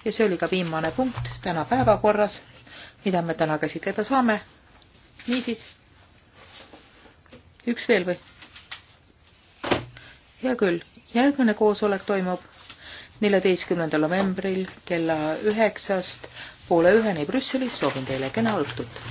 ja see oli ka viimane punkt täna päevakorras, mida me täna käsitleda saame. niisiis üks veel või? hea küll, järgmine koosolek toimub neljateistkümnendal novembril kella üheksast poole üheni Brüsselis, soovin teile kena õhtut!